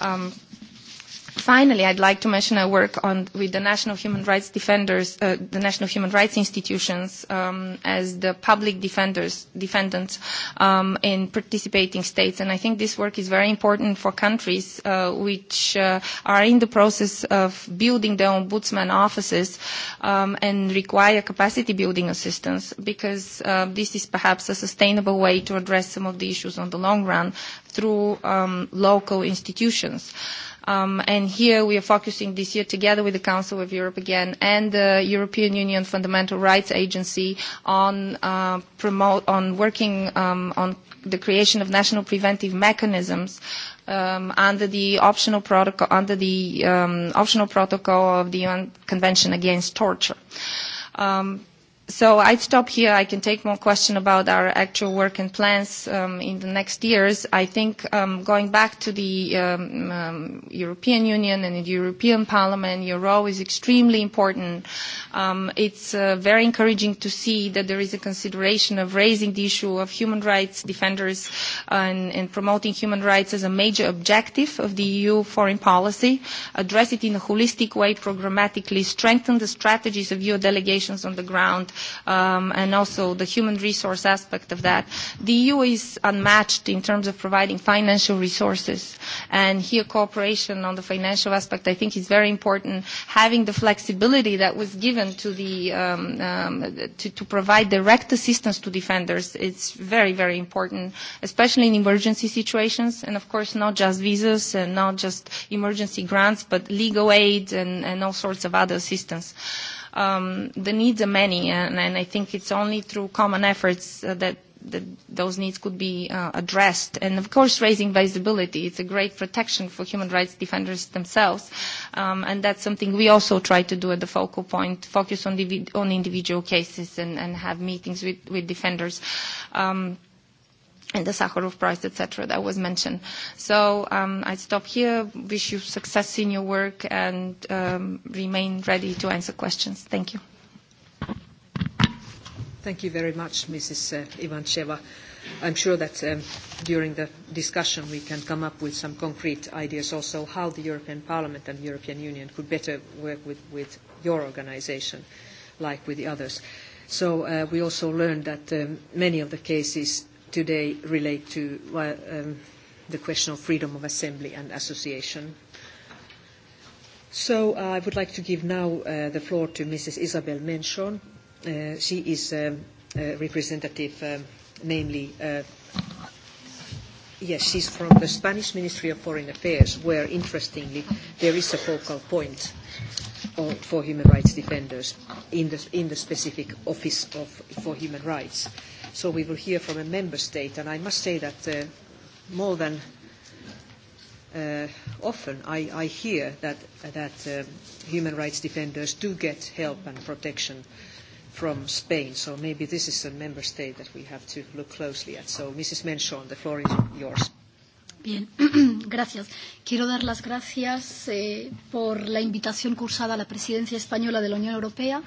Um, Finally, I'd like to mention our work on, with the national human rights defenders, uh, the national human rights institutions um, as the public defenders, defendants um, in participating states. And I think this work is very important for countries uh, which uh, are in the process of building their ombudsman offices um, and require capacity building assistance because uh, this is perhaps a sustainable way to address some of the issues on the long run through um, local institutions. Uh, Um, and here we are focusing this year together with the Council of Europe again and the European Union Fundamental Rights Agency on uh, promote on working um, on the creation of national preventive mechanisms um, under the optional protocol under the um, optional protocol of the UN Convention against torture. Um, So I'd stop here. I can take more question about our actual work and plans um, in the next years. I think um, going back to the um, European Union and the European Parliament, your role is extremely important um, it's uh, very encouraging to see that there is a consideration of raising the issue of human rights defenders and, and promoting human rights as a major objective of the EU foreign policy, address it in a holistic way programmatically, strengthen the strategies of EU delegations on the ground, um, and also the human resource aspect of that. The EU is unmatched in terms of providing financial resources, and here cooperation on the financial aspect I think is very important. Having the flexibility that was given attention to the um, um, to, to provide direct assistance to defenders. It's very very important, especially in emergency situations, and of course not just visas and not just emergency grants, but legal aid and, and all sorts of other assistance. Um, the needs are many, and, and I think it's only through common efforts uh, that that those needs could be uh, addressed. And of course, raising visibility, is a great protection for human rights defenders themselves. Um, and that's something we also try to do at the focal point, focus on, on individual cases and, and have meetings with, with defenders. Um, and the Sakharov Prize, etc., that was mentioned. So um, I stop here. Wish you success in your work and um, remain ready to answer questions. Thank you. Thank you very much, Mrs. Uh, Ivancheva. I'm sure that um, during the discussion we can come up with some concrete ideas also how the European Parliament and the European Union could better work with, with your organization like with the others. So uh, we also learned that um, many of the cases today relate to um, the question of freedom of assembly and association. So uh, I would like to give now uh, the floor to Mrs. Isabel Menchon, Uh, she is um, uh, representative, um, namely, uh, yes, she's from the Spanish Ministry of Foreign Affairs, where, interestingly, there is a focal point for human rights defenders in the, in the specific office of, for human rights. So we will hear from a member state, and I must say that uh, more than uh, often I, I hear that, that uh, human rights defenders do get help and protection uh, from Spain. So maybe this is a member state that we have to look closely at. So Mrs. Menchon, the floor is yours. Bien, gracias. Quiero dar las gracias eh, por la invitación cursada a la presidencia española de la Unión Europea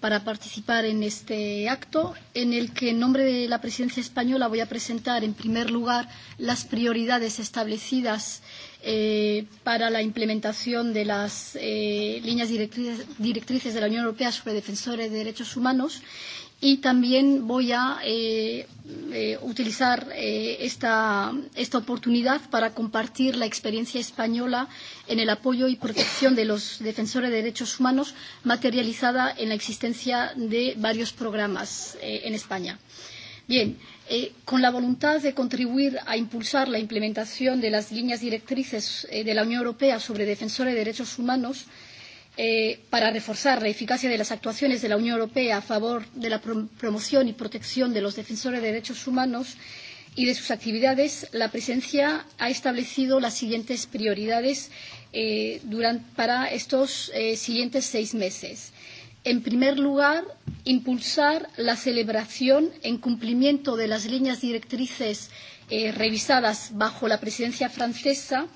para participar en este acto, en el que en nombre de la presidencia española voy a presentar, en primer lugar, las prioridades establecidas eh, eh, para la implementación de las eh, líneas directrices, directrices de la Unión Europea sobre defensores de derechos humanos y también voy a eh, eh, utilizar eh, esta, esta oportunidad para compartir la experiencia española en el apoyo y protección de los defensores de derechos humanos materializada en la existencia de varios programas eh, en España. Bien, eh, con la voluntad de contribuir a impulsar la implementación de las líneas directrices eh, de la Unión Europea sobre defensores de derechos humanos eh, para reforzar la eficacia de las actuaciones de la Unión Europea a favor de la prom promoción y protección de los defensores de derechos humanos y de sus actividades, la presencia ha establecido las siguientes prioridades eh, durante, para estos eh, siguientes seis meses. En primer lugar, impulsar la celebración en cumplimiento de las líneas directrices eh, revisadas bajo la presidencia francesa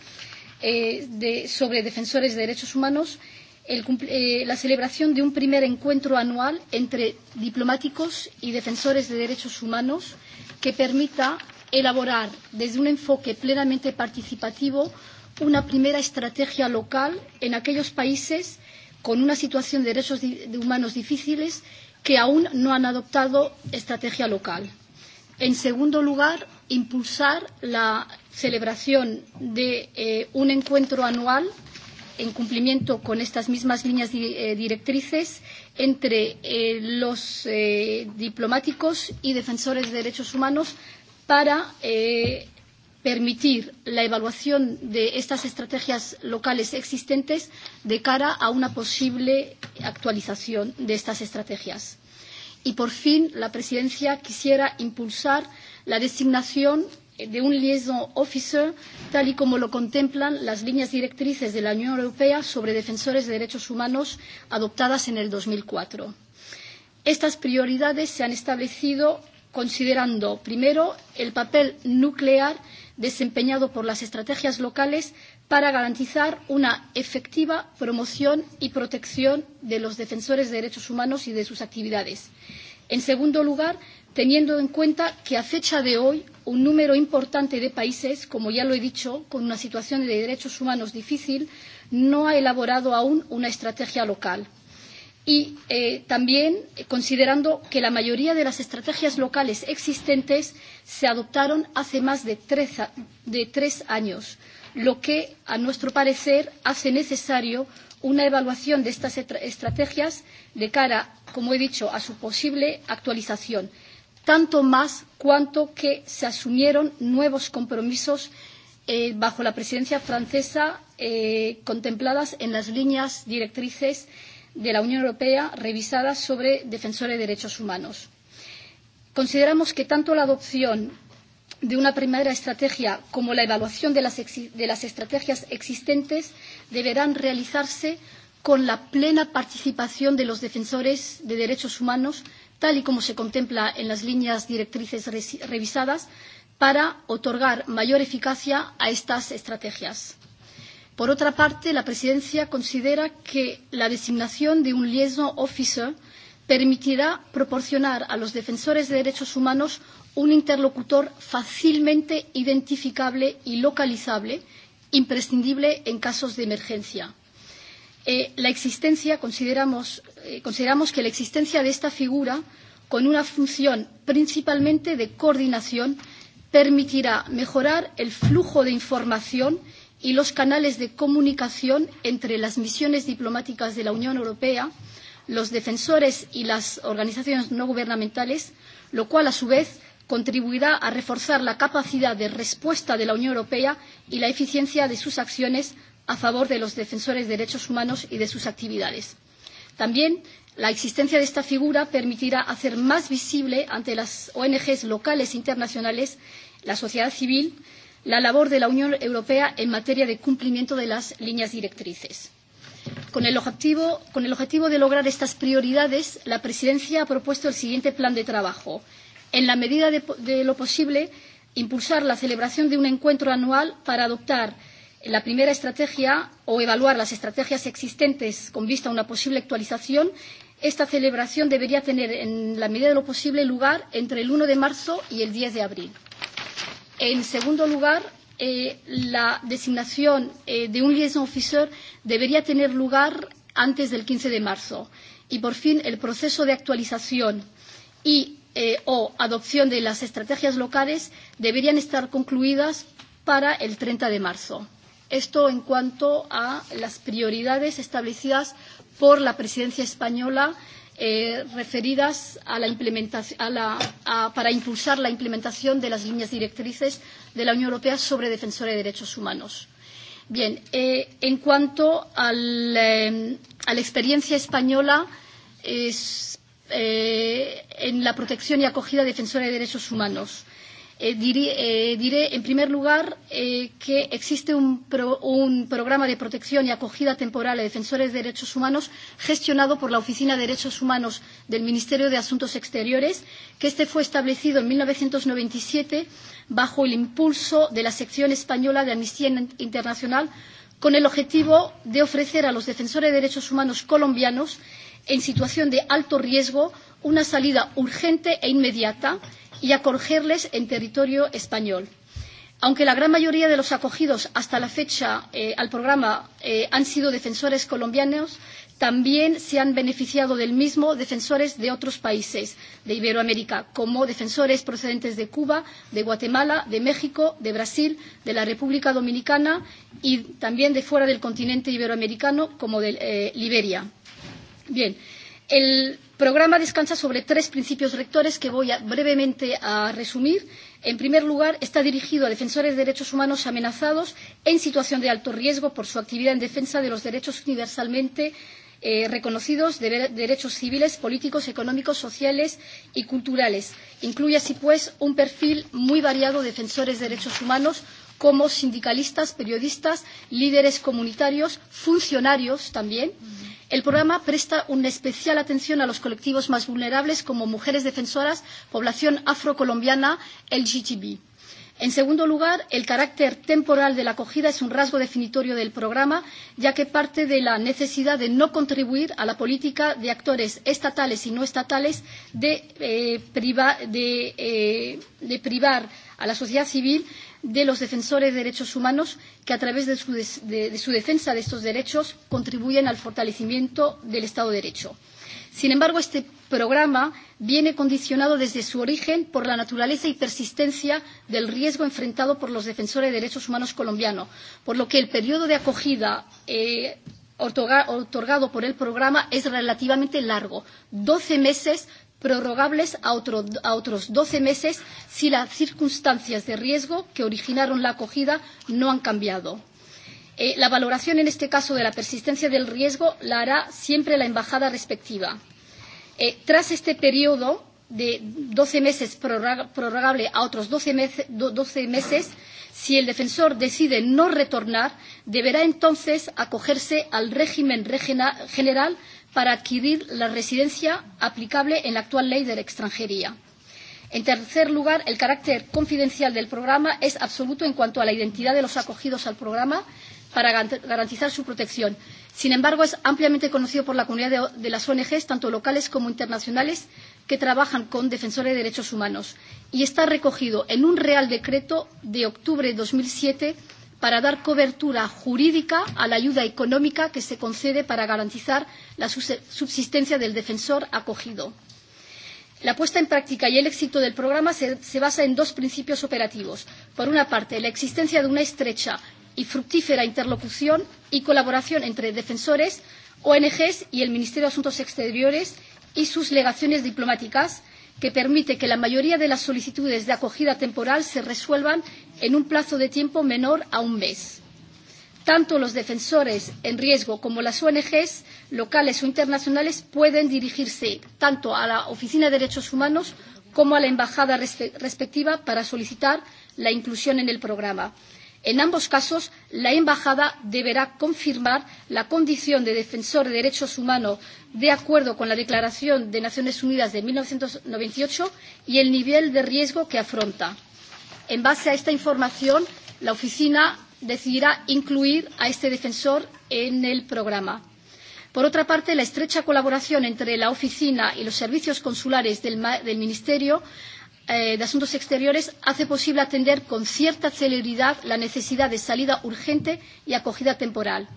eh, de, sobre defensores de derechos humanos, el, eh, la celebración de un primer encuentro anual entre diplomáticos y defensores de derechos humanos que permita elaborar desde un enfoque plenamente participativo una primera estrategia local en aquellos países con una situación de derechos de humanos difíciles que aún no han adoptado estrategia local. En segundo lugar, impulsar la celebración de eh, un encuentro anual en cumplimiento con estas mismas líneas di eh, directrices entre eh, los eh, diplomáticos y defensores de derechos humanos para eh, permitir la evaluación de estas estrategias locales existentes de cara a una posible actualización de estas estrategias. Y, por fin, la Presidencia quisiera impulsar la designación de un liaison officer, tal y como lo contemplan las líneas directrices de la Unión Europea sobre defensores de derechos humanos adoptadas en el 2004. Estas prioridades se han establecido considerando primero el papel nuclear desempeñado por las estrategias locales para garantizar una efectiva promoción y protección de los defensores de derechos humanos y de sus actividades. En segundo lugar, teniendo en cuenta que a fecha de hoy un número importante de países, como ya lo he dicho, con una situación de derechos humanos difícil, no ha elaborado aún una estrategia local y eh, también considerando que la mayoría de las estrategias locales existentes se adoptaron hace más de tres, de tres años, lo que, a nuestro parecer, hace necesario una evaluación de estas estrategias de cara, como he dicho, a su posible actualización, tanto más cuanto que se asumieron nuevos compromisos eh, bajo la presidencia francesa eh, contempladas en las líneas directrices de la Unión Europea revisada sobre defensores de derechos humanos. Consideramos que tanto la adopción de una primera estrategia como la evaluación de las, ex, de las estrategias existentes deberán realizarse con la plena participación de los defensores de derechos humanos, tal y como se contempla en las líneas directrices revisadas, para otorgar mayor eficacia a estas estrategias. Por otra parte, la Presidencia considera que la designación de un liaison officer permitirá proporcionar a los defensores de derechos humanos un interlocutor fácilmente identificable y localizable, imprescindible en casos de emergencia. Eh, la existencia, consideramos, eh, consideramos que la existencia de esta figura, con una función principalmente de coordinación, permitirá mejorar el flujo de información y los canales de comunicación entre las misiones diplomáticas de la Unión Europea, los defensores y las organizaciones no gubernamentales, lo cual, a su vez, contribuirá a reforzar la capacidad de respuesta de la Unión Europea y la eficiencia de sus acciones a favor de los defensores de derechos humanos y de sus actividades. También la existencia de esta figura permitirá hacer más visible ante las ONGs locales e internacionales la sociedad civil, la labor de la Unión Europea en materia de cumplimiento de las líneas directrices. Con el, objetivo, con el objetivo de lograr estas prioridades, la Presidencia ha propuesto el siguiente plan de trabajo. En la medida de, de lo posible, impulsar la celebración de un encuentro anual para adoptar la primera estrategia o evaluar las estrategias existentes con vista a una posible actualización. Esta celebración debería tener, en la medida de lo posible, lugar entre el 1 de marzo y el 10 de abril. En segundo lugar, eh, la designación eh, de un liaison officer debería tener lugar antes del 15 de marzo. Y, por fin, el proceso de actualización y eh, o adopción de las estrategias locales deberían estar concluidas para el 30 de marzo. Esto en cuanto a las prioridades establecidas por la presidencia española eh, referidas a la implementación, a la, a, para impulsar la implementación de las líneas directrices de la Unión Europea sobre defensores de derechos humanos. Bien, eh, en cuanto al, eh, a la experiencia española es, eh, en la protección y acogida de defensores de derechos humanos, Eh, diré, eh, diré, en primer lugar, eh, que existe un, pro, un programa de protección y acogida temporal a defensores de derechos humanos gestionado por la Oficina de Derechos Humanos del Ministerio de Asuntos Exteriores, que este fue establecido en 1997 bajo el impulso de la sección española de Amnistía Internacional con el objetivo de ofrecer a los defensores de derechos humanos colombianos en situación de alto riesgo una salida urgente e inmediata y acogerles en territorio español. Aunque la gran mayoría de los acogidos hasta la fecha eh, al programa eh, han sido defensores colombianos, también se han beneficiado del mismo defensores de otros países de Iberoamérica, como defensores procedentes de Cuba, de Guatemala, de México, de Brasil, de la República Dominicana y también de fuera del continente iberoamericano, como de eh, Liberia. Bien, el programa descansa sobre tres principios rectores que voy a, brevemente a resumir. En primer lugar, está dirigido a defensores de derechos humanos amenazados en situación de alto riesgo por su actividad en defensa de los derechos universalmente eh, reconocidos de derechos civiles, políticos, económicos, sociales y culturales. Incluye así, pues, un perfil muy variado de defensores de derechos humanos como sindicalistas, periodistas, líderes comunitarios, funcionarios también. Uh -huh el programa presta una especial atención a los colectivos más vulnerables como mujeres defensoras, población afrocolombiana, LGTB. En segundo lugar, el carácter temporal de la acogida es un rasgo definitorio del programa, ya que parte de la necesidad de no contribuir a la política de actores estatales y no estatales de, eh, priva, de, eh, de privar a la sociedad civil de los defensores de derechos humanos que a través de su, de, de su defensa de estos derechos contribuyen al fortalecimiento del Estado de Derecho. Sin embargo, este programa viene condicionado desde su origen por la naturaleza y persistencia del riesgo enfrentado por los defensores de derechos humanos colombianos, por lo que el periodo de acogida eh, otorgado por el programa es relativamente largo, 12 meses prorrogables a, otro, a otros 12 meses si las circunstancias de riesgo que originaron la acogida no han cambiado. Eh, la valoración en este caso de la persistencia del riesgo la hará siempre la embajada respectiva. Eh, tras este periodo de 12 meses prorrogable a otros 12, mes, 12 meses, si el defensor decide no retornar, deberá entonces acogerse al régimen regional, general para adquirir la residencia aplicable en la actual ley de la extranjería. En tercer lugar, el carácter confidencial del programa es absoluto en cuanto a la identidad de los acogidos al programa para garantizar su protección. Sin embargo, es ampliamente conocido por la comunidad de, de las ONGs, tanto locales como internacionales, que trabajan con defensores de derechos humanos y está recogido en un Real Decreto de octubre de 2007 para dar cobertura jurídica a la ayuda económica que se concede para garantizar la subsistencia del defensor acogido. La puesta en práctica y el éxito del programa se, se basa en dos principios operativos. Por una parte, la existencia de una estrecha y fructífera interlocución y colaboración entre defensores, ONGs y el Ministerio de Asuntos Exteriores y sus legaciones diplomáticas, que permite que la mayoría de las solicitudes de acogida temporal se resuelvan en un plazo de tiempo menor a un mes. Tanto los defensores en riesgo como las ONGs locales o internacionales pueden dirigirse tanto a la Oficina de Derechos Humanos como a la embajada respectiva para solicitar la inclusión en el programa. En ambos casos, la embajada deberá confirmar la condición de defensor de derechos humanos de acuerdo con la Declaración de Naciones Unidas de 1998 y el nivel de riesgo que afronta. En base a esta información, la oficina decidirá incluir a este defensor en el programa. Por otra parte, la estrecha colaboración entre la oficina y los servicios consulares del, del Ministerio eh, de Asuntos Exteriores hace posible atender con cierta celeridad la necesidad de salida urgente y acogida temporal.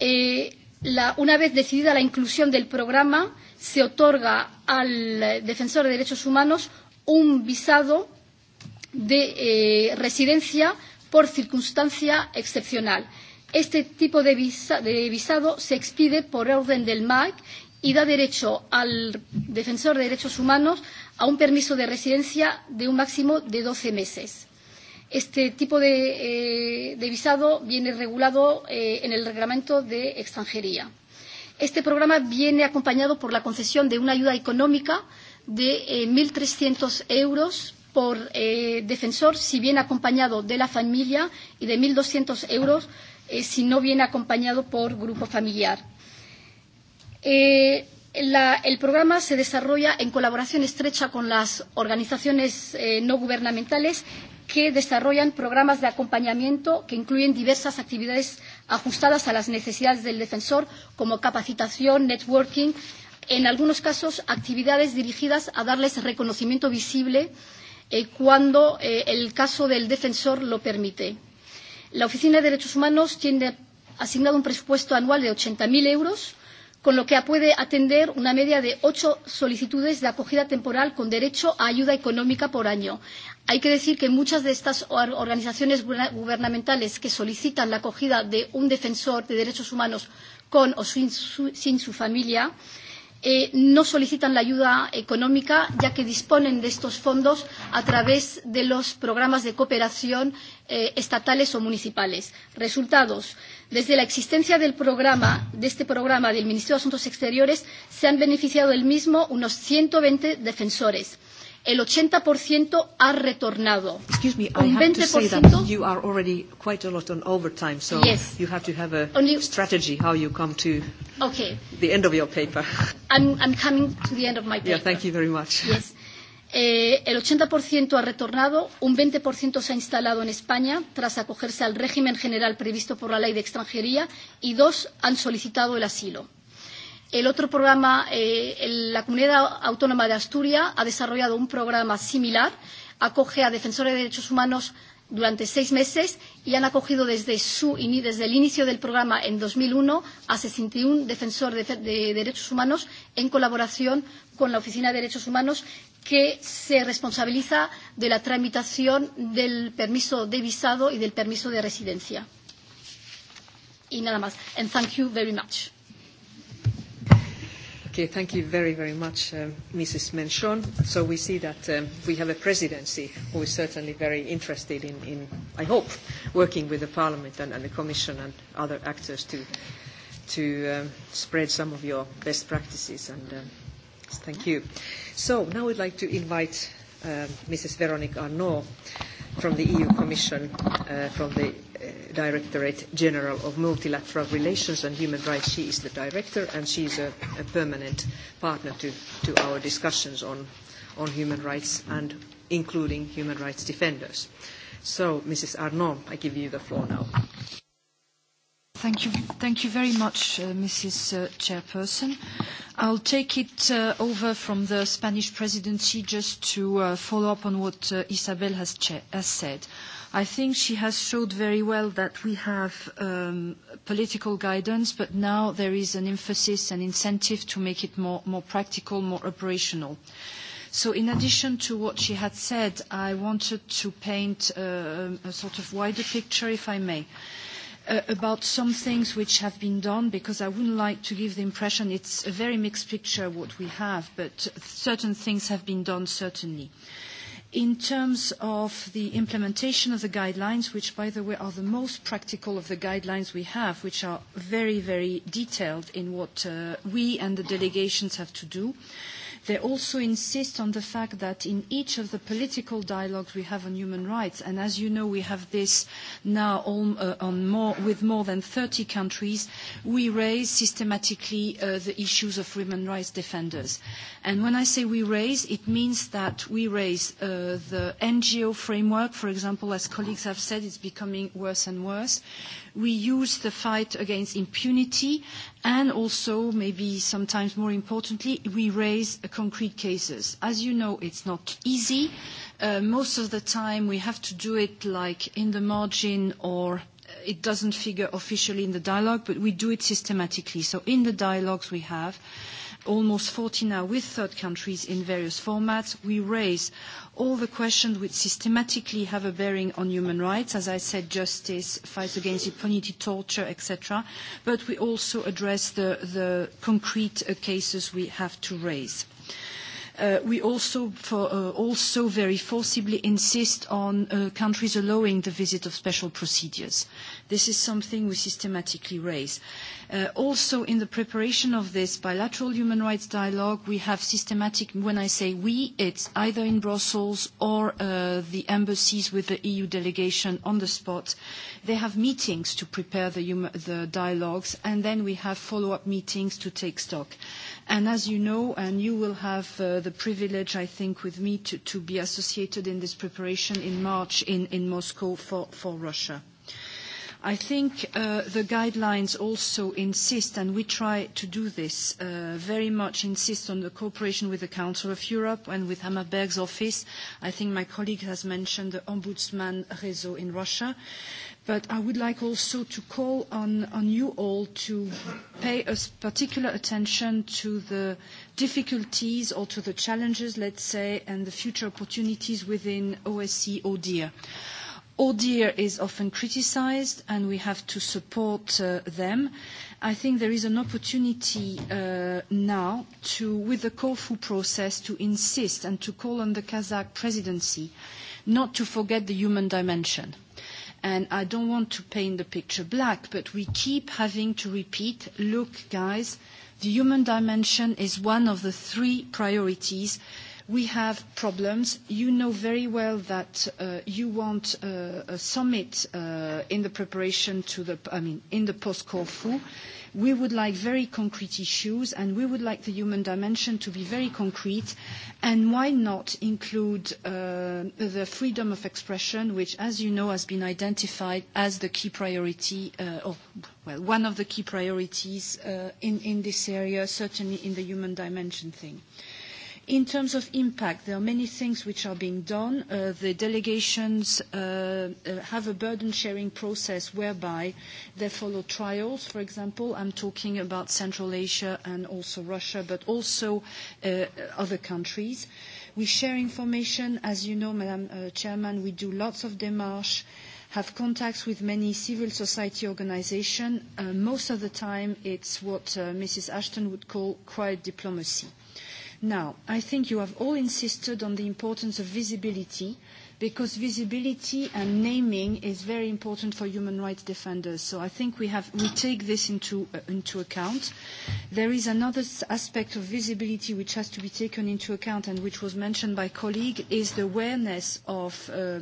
Eh, la, una vez decidida la inclusión del programa, se otorga al Defensor de Derechos Humanos un visado de eh, residencia por circunstancia excepcional. Este tipo de, visa, de visado se expide por orden del MAC y da derecho al defensor de derechos humanos a un permiso de residencia de un máximo de 12 meses. Este tipo de, eh, de visado viene regulado eh, en el reglamento de extranjería. Este programa viene acompañado por la concesión de una ayuda económica de eh, 1.300 euros por eh, defensor si viene acompañado de la familia y de 1.200 euros eh, si no viene acompañado por grupo familiar. Eh, la, el programa se desarrolla en colaboración estrecha con las organizaciones eh, no gubernamentales que desarrollan programas de acompañamiento que incluyen diversas actividades ajustadas a las necesidades del defensor, como capacitación, networking, en algunos casos actividades dirigidas a darles reconocimiento visible eh, eh, cuando eh, el caso del defensor lo permite. La Oficina de Derechos Humanos tiene asignado un presupuesto anual de 80.000 euros, con lo que puede atender una media de ocho solicitudes de acogida temporal con derecho a ayuda económica por año. Hay que decir que muchas de estas organizaciones gubernamentales que solicitan la acogida de un defensor de derechos humanos con o sin su, sin su familia eh, eh, no solicitan la ayuda económica, ya que disponen de estos fondos a través de los programas de cooperación eh, estatales o municipales. Resultados. Desde la existencia del programa, de este programa del Ministerio de Asuntos Exteriores, se han beneficiado del mismo unos 120 defensores el 80% ha retornado. Excuse me, I have to say that you are already quite a lot on overtime, so yes. you have to have a Only, strategy how you come to okay. the end of your paper. I'm, I'm coming to the end of my paper. Yeah, thank you very much. Yes. Eh, el 80% ha retornado, un 20% se ha instalado en España tras acogerse al régimen general previsto por la ley de extranjería y dos han solicitado el asilo. El otro programa, eh, la Comunidad Autónoma de Asturias ha desarrollado un programa similar, acoge a defensores de derechos humanos durante seis meses y han acogido desde, su, desde el inicio del programa en 2001 a 61 defensores de, de derechos humanos en colaboración con la Oficina de Derechos Humanos que se responsabiliza de la tramitación del permiso de visado y del permiso de residencia. Y nada más. And thank you very much. Okay, thank you very, very much, um, uh, Mrs. Menchon. So we see that um, we have a presidency who is certainly very interested in, in I hope, working with the Parliament and, and the Commission and other actors to, to um, spread some of your best practices. And um, thank you. So now we'd like to invite um, Mrs. Veronique Arnault from the EU Commission, uh, from the Directorate General of Multilateral Relations and Human Rights. She is the director and she is a, a permanent partner to, to our discussions on, on human rights and including human rights defenders. So, Mrs. Arnaud, I give you the floor now. Thank you. Thank you very much, uh, Mrs. Uh, Chairperson. I'll take it uh, over from the Spanish presidency just to uh, follow up on what uh, Isabel has, has said. I think she has showed very well that we have um, political guidance, but now there is an emphasis and incentive to make it more, more practical, more operational. So in addition to what she had said, I wanted to paint uh, a sort of wider picture, if I may. Uh, uh, about some things which have been done because I wouldn't like to give the impression it's a very mixed picture what we have, but certain things have been done certainly. In terms of the implementation of the guidelines, which, by the way, are the most practical of the guidelines we have, which are very, very detailed in what uh, we and the delegations have to do, uh, They also insist on the fact that in each of the political dialogues we have on human rights, and as you know, we have this now on, uh, on more, with more than 30 countries, we raise systematically uh, the issues of human rights defenders. And when I say we raise, it means that we raise uh, the NGO framework, for example, as colleagues have said, it's becoming worse and worse we use the fight against impunity and also, maybe sometimes more importantly, we raise concrete cases. As you know, it's not easy. Uh, most of the time we have to do it like in the margin or uh, it doesn't figure officially in the dialogue, but we do it systematically. So in the dialogues we have, almost 40 now with third countries in various formats, we raise all the questions which systematically have a bearing on human rights, as I said, justice, fight against impunity, torture, etc. But we also address the, the concrete uh, cases we have to raise. Uh, we also, for, uh, also very forcibly insist on uh, countries allowing the visit of special procedures. This is something we systematically raise. Uh, also, in the preparation of this bilateral human rights dialogue, we have systematic, when I say we, it's either in Brussels or uh, the embassies with the EU delegation on the spot. They have meetings to prepare the, the dialogues, and then we have follow-up meetings to take stock. And as you know, and you will have uh, the privilege, I think, with me to, to be associated in this preparation in March in, in Moscow for, for Russia. I think uh, the guidelines also insist, and we try to do this, uh, very much insist on the cooperation with the Council of Europe and with Hammerberg's office. I think my colleague has mentioned the Ombudsman Réseau in Russia. But I would like also to call on, on you all to pay a particular attention to the difficulties or to the challenges, let's say, and the future opportunities within OSCE ODIHR. ODIHR is often criticized, and we have to support uh, them. I think there is an opportunity uh, now to, with the Corfu process, to insist and to call on the Kazakh presidency not to forget the human dimension. And I don't want to paint the picture black, but we keep having to repeat, look, guys, the human dimension is one of the three priorities we have problems. You know very well that uh, you want uh, a summit uh, in the preparation to the, I mean, in the post-Corfu. We would like very concrete issues, and we would like the human dimension to be very concrete. And why not include uh, the freedom of expression, which, as you know, has been identified as the key priority, uh, or well, one of the key priorities uh, in, in this area, certainly in the human dimension thing. Uh, In terms of impact, there are many things which are being done. Uh, the delegations uh, uh have a burden-sharing process whereby they follow trials. For example, I'm talking about Central Asia and also Russia, but also uh, other countries. We share information. As you know, Madam uh, Chairman, we do lots of démarches have contacts with many civil society organizations. Uh, most of the time, it's what uh, Mrs. Ashton would call quiet diplomacy. Now, I think you have all insisted on the importance of visibility because visibility and naming is very important for human rights defenders. So I think we, have, we take this into, uh, into account. There is another aspect of visibility which has to be taken into account and which was mentioned by colleague is the awareness of uh,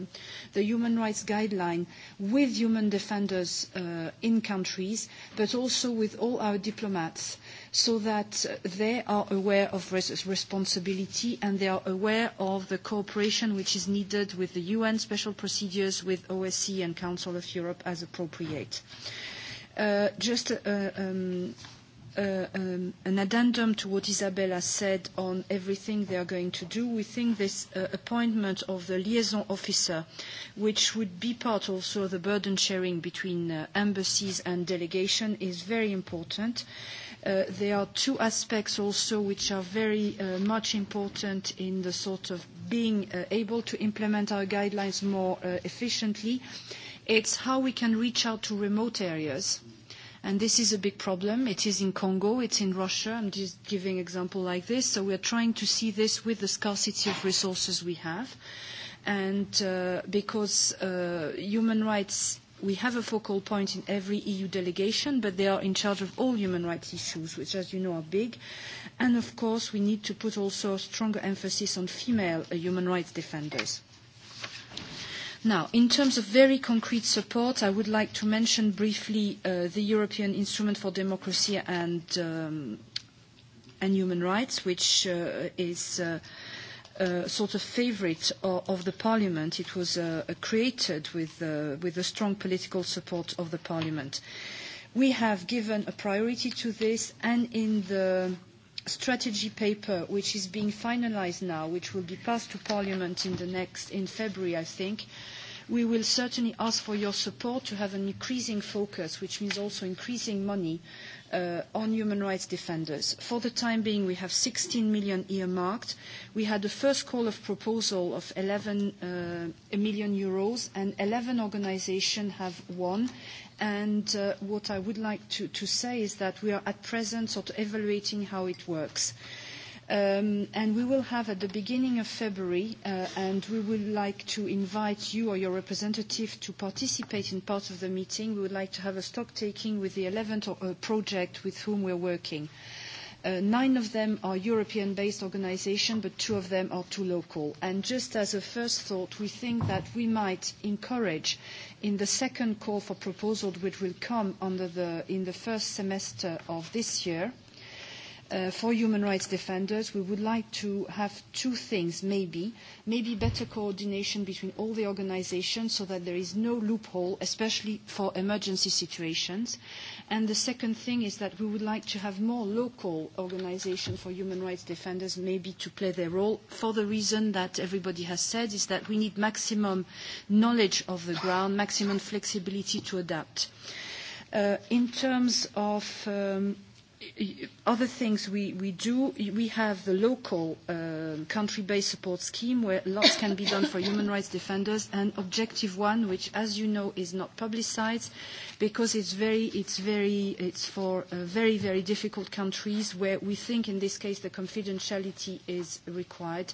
the human rights guideline with human defenders uh, in countries, but also with all our diplomats so that they are aware of responsibility and they are aware of the cooperation which is needed with the UN special procedures, with OSCE and Council of Europe as appropriate. Uh, just uh, um, Uh, um, an addendum to what Isabella said on everything they are going to do. We think this uh, appointment of the liaison officer, which would be part also of the burden sharing between uh, embassies and delegation, is very important. Uh, Uh, there are two aspects also which are very uh, much important in the sort of being uh, able to implement our guidelines more efficiently. It's how we can reach out to remote areas. And this is a big problem. It is in Congo, it's in Russia. I'm just giving example like this. So we're trying to see this with the scarcity of resources we have. And uh, because uh, human rights we have a focal point in every EU delegation, but they are in charge of all human rights issues, which, as you know, are big. And of course, we need to put also a stronger emphasis on female uh, human rights defenders. Now, in terms of very concrete support, I would like to mention briefly uh, the European Instrument for Democracy and, um, and Human Rights, which uh, is. Uh, uh, sort of favourite of, of, the Parliament. It was uh, created with, uh, with the strong political support of the Parliament. We have given a priority to this, and in the strategy paper, which is being finalised now, which will be passed to Parliament in the next in February, I think. We will certainly ask for your support to have an increasing focus, which means also increasing money uh, on human rights defenders. For the time being, we have 16 million earmarked. We had the first call of proposal of 11 uh, million euros, and 11 organizations have won. And uh, what I would like to, to say is that we are at present sort of evaluating how it works. Uh, Um, and we will have at the beginning of February, uh, and we would like to invite you or your representative to participate in part of the meeting. We would like to have a stock taking with the 11 th uh, project with whom we're working. Uh, nine of them are European-based organizations, but two of them are too local. And just as a first thought, we think that we might encourage in the second call for proposals, which will come under the, in the first semester of this year, Uh, for human rights defenders, we would like to have two things, maybe. Maybe better coordination between all the organizations so that there is no loophole, especially for emergency situations. And the second thing is that we would like to have more local organizations for human rights defenders, maybe to play their role, for the reason that everybody has said, is that we need maximum knowledge of the ground, maximum flexibility to adapt. Uh, in terms of... Um, other things we, we do, we have the local uh, country-based support scheme where lots can be done for human rights defenders and objective one, which as you know is not publicized because it's very, it's very, it's for uh, very, very difficult countries where we think in this case the confidentiality is required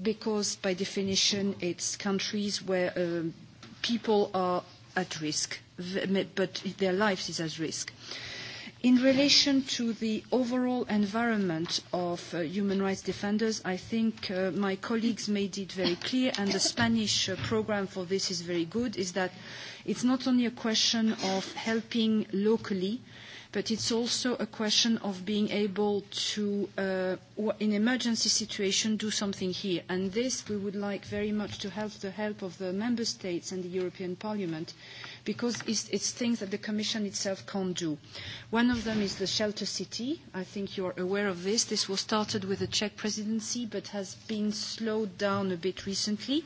because by definition it's countries where um, people are at risk, but their lives is at risk. Uh, In relation to the overall environment of uh, human rights defenders, I think uh, my colleagues made it very clear, and the Spanish uh, program for this is very good, is that it's not only a question of helping locally, but it's also a question of being able to, uh, in emergency situation, do something here. And this we would like very much to have the help of the member states and the European Parliament because it's, it's things that the Commission itself can't do. One of them is the shelter city. I think you are aware of this. This was started with the Czech presidency but has been slowed down a bit recently.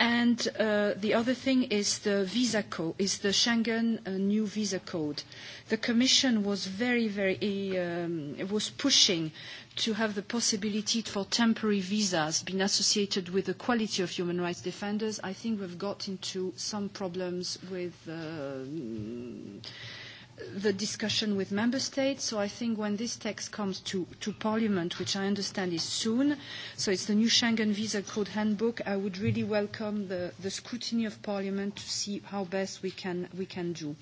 And uh, the other thing is the visa code, is the Schengen uh, new visa code. The Commission was very, very um, was pushing to have the possibility for temporary visas being associated with the quality of human rights defenders, I think we've got into some problems with uh, the discussion with member states. So I think when this text comes to, to Parliament, which I understand is soon, so it's the new Schengen Visa Code Handbook, I would really welcome the, the scrutiny of Parliament to see how best we can, we can do.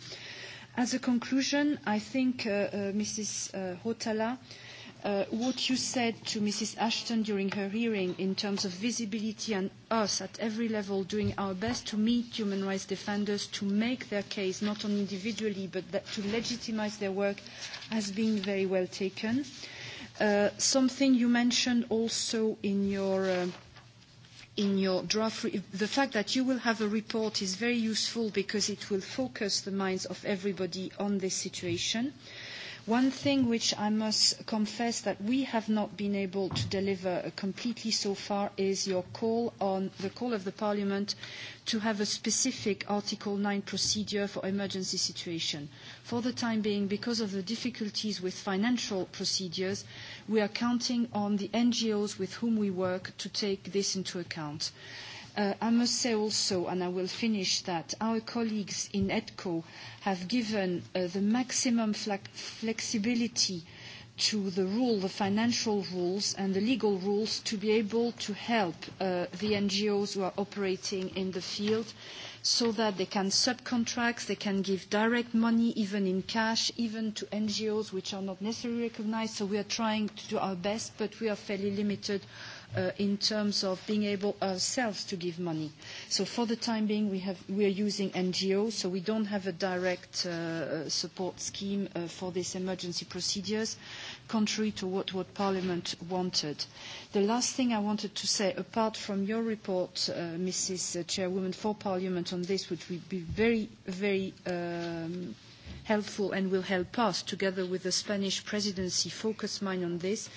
As a conclusion, I think, uh, uh, Mrs. Uh, Hotala, uh, what you said to Mrs. Ashton during her hearing in terms of visibility and us at every level doing our best to meet human rights defenders to make their case, not only individually, but that to legitimize their work, has been very well taken. Uh, something you mentioned also in your uh, in your draft, the fact that you will have a report is very useful because it will focus the minds of everybody on this situation. Uh, One thing which I must confess that we have not been able to deliver completely so far is your call on the call of the Parliament to have a specific Article 9 procedure for emergency situation. For the time being, because of the difficulties with financial procedures, we are counting on the NGOs with whom we work to take this into account. Uh, I must say also, and I will finish that, our colleagues in EDCO have given uh, the maximum flexibility to the rule, the financial rules and the legal rules to be able to help uh, the NGOs who are operating in the field so that they can subcontract, they can give direct money even in cash, even to NGOs which are not necessarily recognized. So we are trying to do our best, but we are fairly limited uh, in terms of being able ourselves to give money. So for the time being, we, have, we are using NGOs, so we don't have a direct uh, support scheme uh, for these emergency procedures, contrary to what, what Parliament wanted. The last thing I wanted to say, apart from your report, uh, Mrs. Uh, Chairwoman, for Parliament on this, which would be very, very um, helpful and will help us, together with the Spanish presidency, focus mine on this,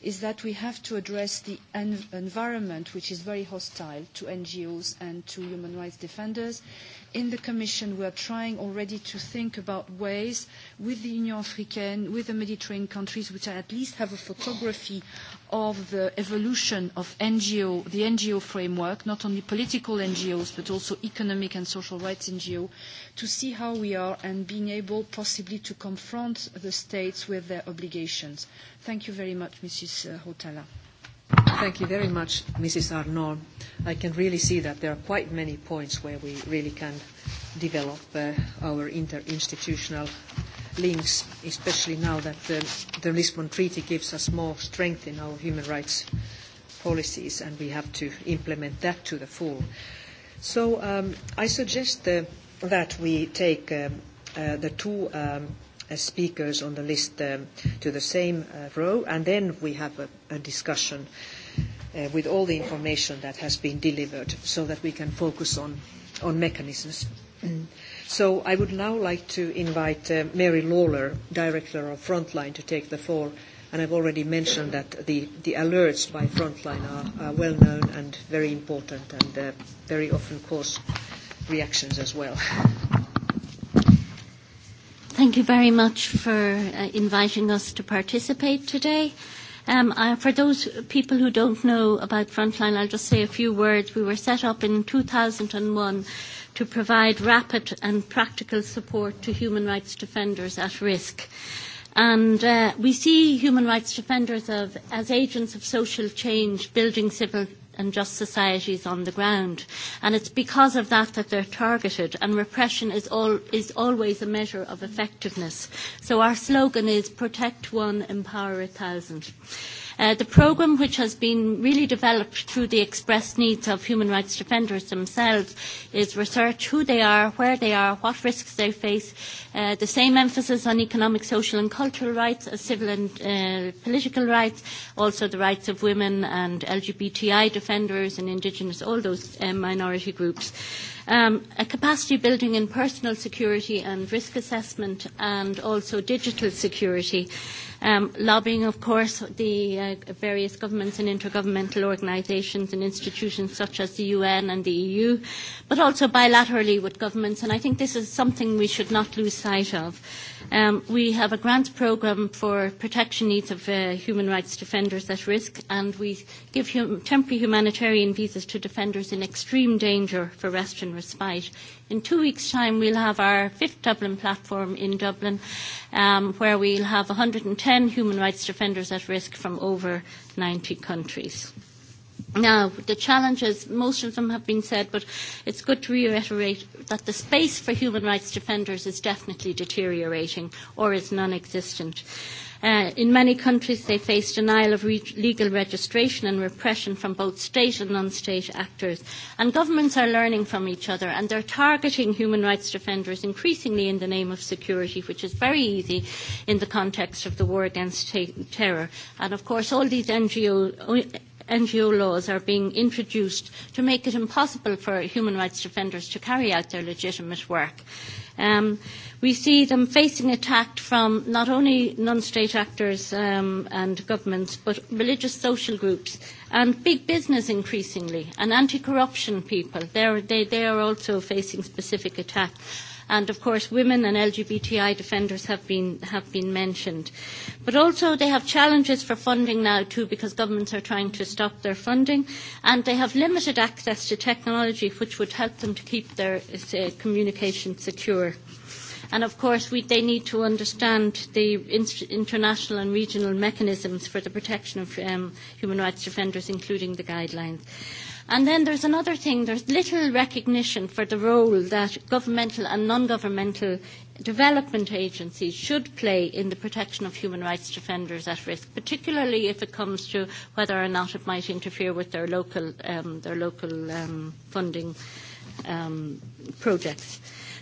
is that we have to address the en environment which is very hostile to NGOs and to human rights defenders in the Commission, we are trying already to think about ways with the Union Africaine, with the Mediterranean countries, which at least have a photography of the evolution of NGO, the NGO framework, not only political NGOs, but also economic and social rights NGO, to see how we are and being able possibly to confront the states with their obligations. Thank you very much, Mrs. Hotala. Uh, Thank you very much, Mrs. Arnold. I can really see that there are quite many points where we really can develop uh, our interinstitutional links, especially now that uh, the Lisbon Treaty gives us more strength in our human rights policies, and we have to implement that to the full. So um, I suggest uh, that we take um, uh, the two um, Uh, speakers on the list um, to the same uh, row, and then we have a, a discussion uh, with all the information that has been delivered so that we can focus on, on mechanisms. so I would now like to invite uh, Mary Lawler, Director of Frontline, to take the floor. And I've already mentioned that the, the alerts by Frontline are, are well known and very important and uh, very often cause reactions as well. thank you very much for uh, inviting us to participate today. Um, uh, for those people who don't know about Frontline, I'll just say a few words. We were set up in 2001 to provide rapid and practical support to human rights defenders at risk. And uh, we see human rights defenders of, as agents of social change, building civil and just societies on the ground. And it's because of that that they're targeted, and repression is, all, is always a measure of effectiveness. So our slogan is protect one, empower a thousand. Uh, the programme, which has been really developed through the expressed needs of human rights defenders themselves, is research who they are, where they are, what risks they face, uh, the same emphasis on economic, social and cultural rights as civil and uh, political rights, also the rights of women and LGBTI defenders and indigenous, all those uh, minority groups. Um, a capacity building in personal security and risk assessment and also digital security. Um, lobbying, of course, the uh, various governments and intergovernmental organisations and institutions such as the UN and the EU, but also bilaterally with governments. And I think this is something we should not lose sight of. Um, we have a grant programme for protection needs of uh, human rights defenders at risk, and we give hum- temporary humanitarian visas to defenders in extreme danger for rest and respite In two weeks' time, we'll have our fifth Dublin platform in Dublin, um, where we'll have 110 human rights defenders at risk from over 90 countries. Now, the challenges, most of them have been said, but it's good to reiterate that the space for human rights defenders is definitely deteriorating or is non-existent. Uh, in many countries, they face denial of re- legal registration and repression from both state and non-state actors. And governments are learning from each other, and they're targeting human rights defenders increasingly in the name of security, which is very easy in the context of the war against terror. And of course, all these NGO, NGO laws are being introduced to make it impossible for human rights defenders to carry out their legitimate work. Um, We see them facing attack from not only non-state actors um, and governments, but religious social groups and big business increasingly, and anti-corruption people. they, they are also facing specific attack. And of course, women and LGBTI defenders have been, have been mentioned. But also they have challenges for funding now too because governments are trying to stop their funding and they have limited access to technology which would help them to keep their uh, communication secure. And of course, we, they need to understand the in, international and regional mechanisms for the protection of um, human rights defenders, including the guidelines. And then there's another thing, there's little recognition for the role that governmental and non-governmental development agencies should play in the protection of human rights defenders at risk, particularly if it comes to whether or not it might interfere with their local, um, their local um, funding um, projects.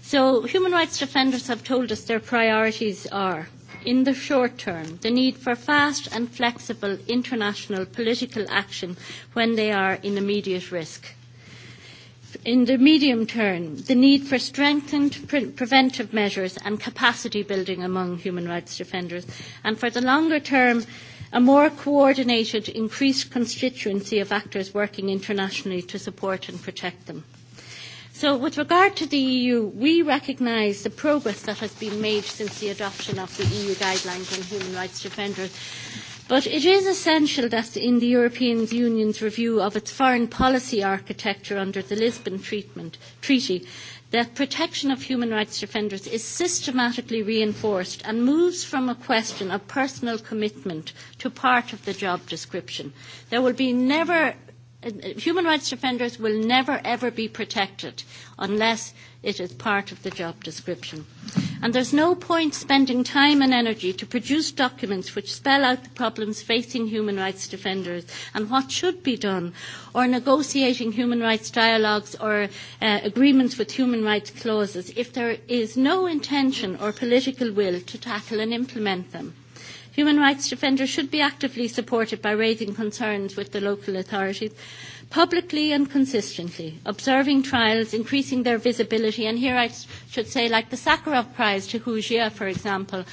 So human rights defenders have told us their priorities are in the short term, the need for fast and flexible international political action when they are in immediate risk. In the medium term, the need for strengthened pre- preventive measures and capacity building among human rights defenders. And for the longer term, a more coordinated, increased constituency of actors working internationally to support and protect them. So with regard to the EU, we recognise the progress that has been made since the adoption of the EU guidelines on human rights defenders. But it is essential that in the European Union's review of its foreign policy architecture under the Lisbon treatment, Treaty, that protection of human rights defenders is systematically reinforced and moves from a question of personal commitment to part of the job description. There will be never Uh, human rights defenders will never ever be protected unless it is part of the job description. And there's no point spending time and energy to produce documents which spell out the problems facing human rights defenders and what should be done, or negotiating human rights dialogues or uh, agreements with human rights clauses if there is no intention or political will to tackle and implement them. Human rights defenders should be actively supported by raising concerns with the local authorities publicly and consistently, observing trials, increasing their visibility, and here I should say, like the Sakharov Prize to Hujia, for example,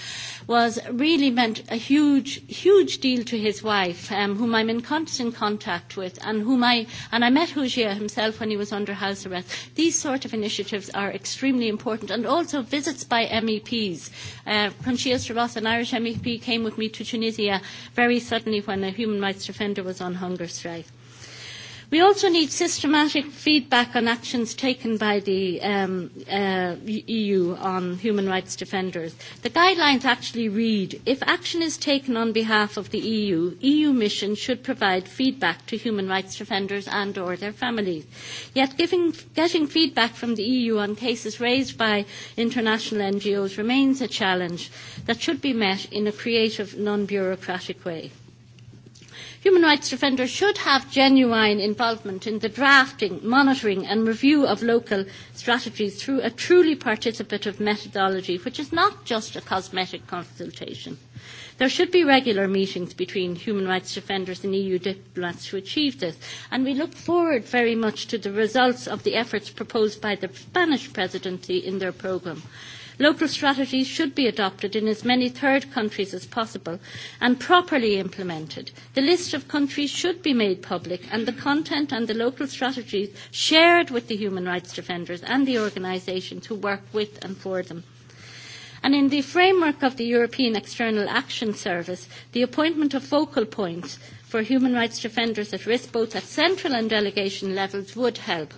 was really meant a huge, huge deal to his wife, um, whom I'm in constant contact with, and whom I and I met Hujia himself when he was under house arrest. These sort of initiatives are extremely important, and also visits by MEPs. Uh, Conchia Strabos, an Irish MEP, came with me to Tunisia very suddenly when a human rights defender was on hunger strike. We also need systematic feedback on actions taken by the um, uh, EU on human rights defenders. The guidelines actually read, if action is taken on behalf of the EU, EU mission should provide feedback to human rights defenders and or their families. Yet giving, getting feedback from the EU on cases raised by international NGOs remains a challenge that should be met in a creative, non-bureaucratic way. Human rights defenders should have genuine involvement in the drafting, monitoring and review of local strategies through a truly participative methodology, which is not just a cosmetic consultation. There should be regular meetings between human rights defenders and EU diplomats to achieve this, and we look forward very much to the results of the efforts proposed by the Spanish presidency in their programme. Local strategies should be adopted in as many third countries as possible and properly implemented. The list of countries should be made public and the content and the local strategies shared with the human rights defenders and the organisations who work with and for them. And in the framework of the European External Action Service, the appointment of focal points for human rights defenders at risk, both at central and delegation levels, would help.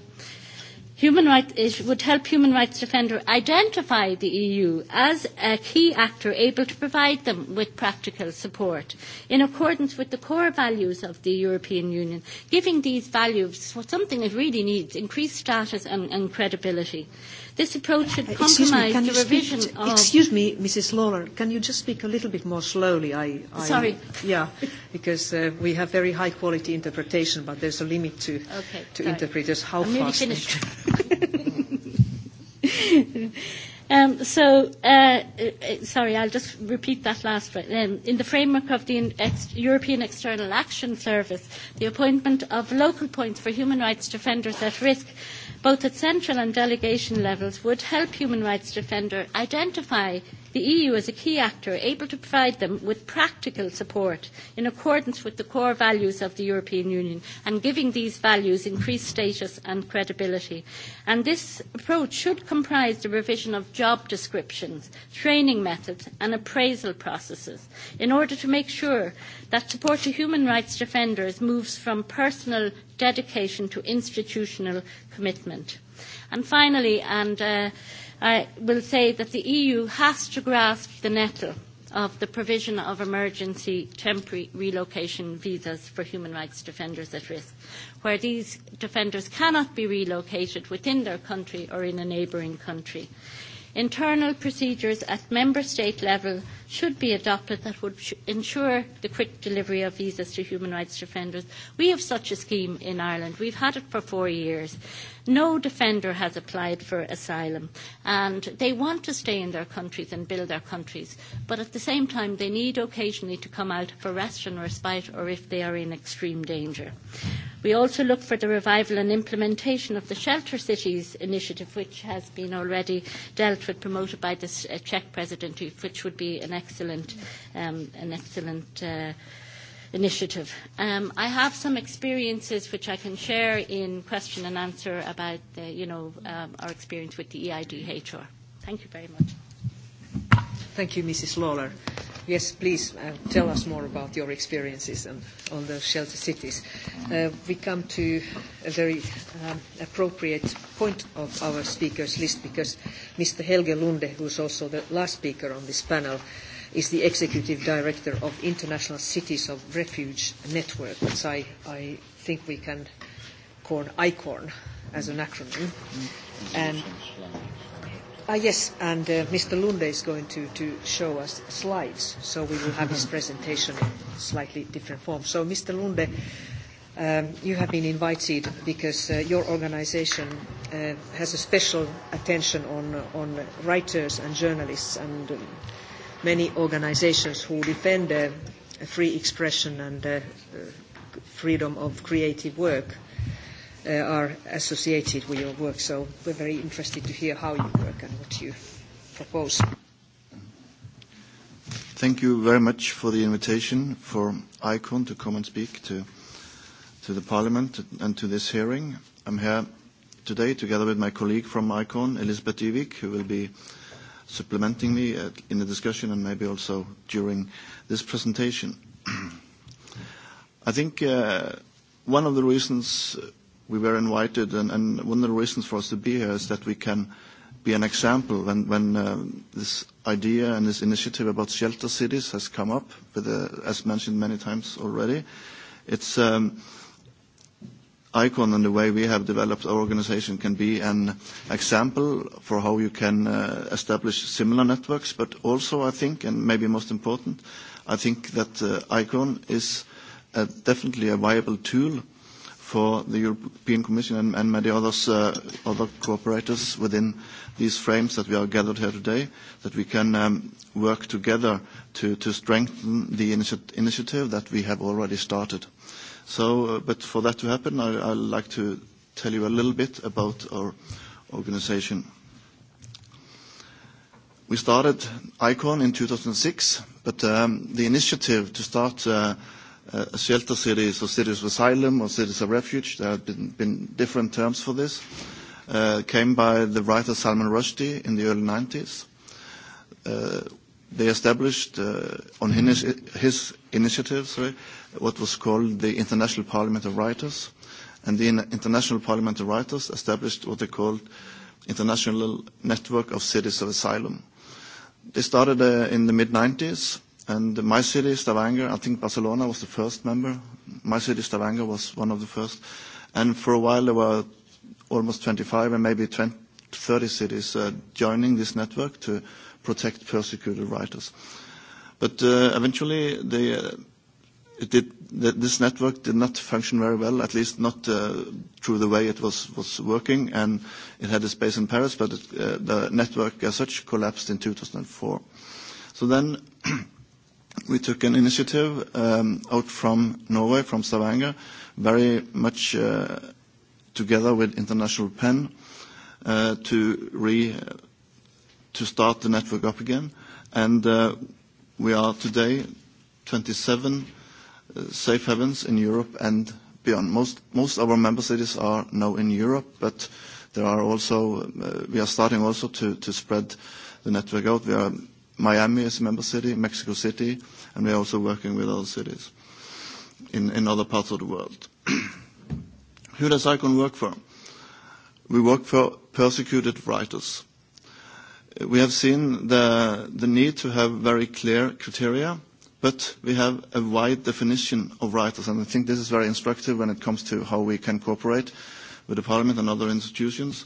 Human rights it would help human rights defender identify the EU as a key actor able to provide them with practical support in accordance with the core values of the European Union, giving these values something it really needs, increased status and, and credibility. This approach should uh, compromise me, the revision speak, of... Excuse me, Mrs. Lawler, can you just speak a little bit more slowly? I, I, Sorry. Yeah, because uh, we have very high quality interpretation, but there's a limit to, okay, to interpreters how I'm fast... Nearly finished. Um, so, uh, uh, sorry, I'll just repeat that last bit. Um, in the framework of the ex- European External Action Service, the appointment of local points for human rights defenders at risk, both at central and delegation levels, would help human rights defenders identify the EU is a key actor able to provide them with practical support in accordance with the core values of the European Union and giving these values increased status and credibility. And this approach should comprise the revision of job descriptions, training methods and appraisal processes in order to make sure that support to human rights defenders moves from personal dedication to institutional commitment. And finally, and uh, I will say that the EU has to grasp the nettle of the provision of emergency temporary relocation visas for human rights defenders at risk, where these defenders cannot be relocated within their country or in a neighbouring country. Internal procedures at member state level should be adopted that would ensure the quick delivery of visas to human rights defenders. We have such a scheme in Ireland. We've had it for four years. No defender has applied for asylum, and they want to stay in their countries and build their countries. But at the same time, they need occasionally to come out for rest and respite or if they are in extreme danger. We also look for the revival and implementation of the Shelter Cities initiative, which has been already dealt with, promoted by the uh, Czech presidency, which would be an excellent, um, an excellent uh, initiative. Um, I have some experiences which I can share in question and answer about, the, you know, um, our experience with the EIDHR. Thank you very much. Thank you, Mrs. Lawler. Yes, please uh, tell us more about your experiences on, on the shelter cities. Uh, we come to a very um, appropriate point of our speakers list because Mr. Helge Lunde, who is also the last speaker on this panel, uh, is the Executive Director of International Cities of Refuge Network, which I, I think we can call ICORN as an acronym. And, ah, yes, and uh, Mr. Lunde is going to, to show us slides, so we will have his mm-hmm. presentation in slightly different form. So, Mr. Lunde, Um, you have been invited because uh, your organisation uh, has a special attention on, on writers and journalists and um, many organizations who defend uh, free expression and uh, freedom of creative work uh, are associated with your work. So we're very interested to hear how you work and what you propose. Thank you very much for the invitation for ICON to come and speak to, to the Parliament and to this hearing. I'm here today together with my colleague from ICON, Elisabeth Ivik, who will be supplementing me uh, in the discussion and maybe also during this presentation. I think uh, one of the reasons we were invited and, and one of the reasons for us to be here is that we can be an example when, when uh, this idea and this initiative about shelter cities has come up, with, uh, as mentioned many times already. It's um, ICON and the way we have developed our organization can be an example for how you can uh, establish similar networks. But also, I think, and maybe most important, I think that uh, ICON is uh, definitely a viable tool for the European Commission and, and many others, uh, other cooperators within these frames that we are gathered here today, that we can um, work together to, to strengthen the initi initiative that we have already started. So, uh, but for that to happen, I, I'd like to tell you a little bit about our organization. We started ICON in 2006, but um, the initiative to start uh, uh, shelter cities or cities of asylum or cities of refuge, there have been, been different terms for this, uh, came by the writer Salman Rushdie in the early 90s. Uh, they established uh, on his, his initiative sorry, what was called the International Parliament of Writers. And the International Parliament of Writers established what they called International Network of Cities of Asylum. They started uh, in the mid-90s, and my city, Stavanger, I think Barcelona was the first member. My city, Stavanger, was one of the first. And for a while, there were almost 25 and maybe 20, 30 cities uh, joining this network to protect persecuted writers. But uh, eventually, they, uh, it did, th this network did not function very well, at least not uh, through the way it was, was working, and it had a space in Paris, but it, uh, the network as such collapsed in 2004. So then we took an initiative um, out from Norway, from Stavanger, very much uh, together with International PEN, uh, to re to start the network up again. And uh, we are today 27 uh, safe havens in Europe and beyond. Most, most of our member cities are now in Europe, but there are also, uh, we are starting also to, to spread the network out. We are, Miami is a member city, Mexico City, and we are also working with other cities in, in other parts of the world. Who does ICON work for? We work for persecuted writers We have seen the, need to have very clear criteria, but we have a wide definition of writers, and I think this is very instructive when it comes to how we can cooperate with the Parliament and other institutions.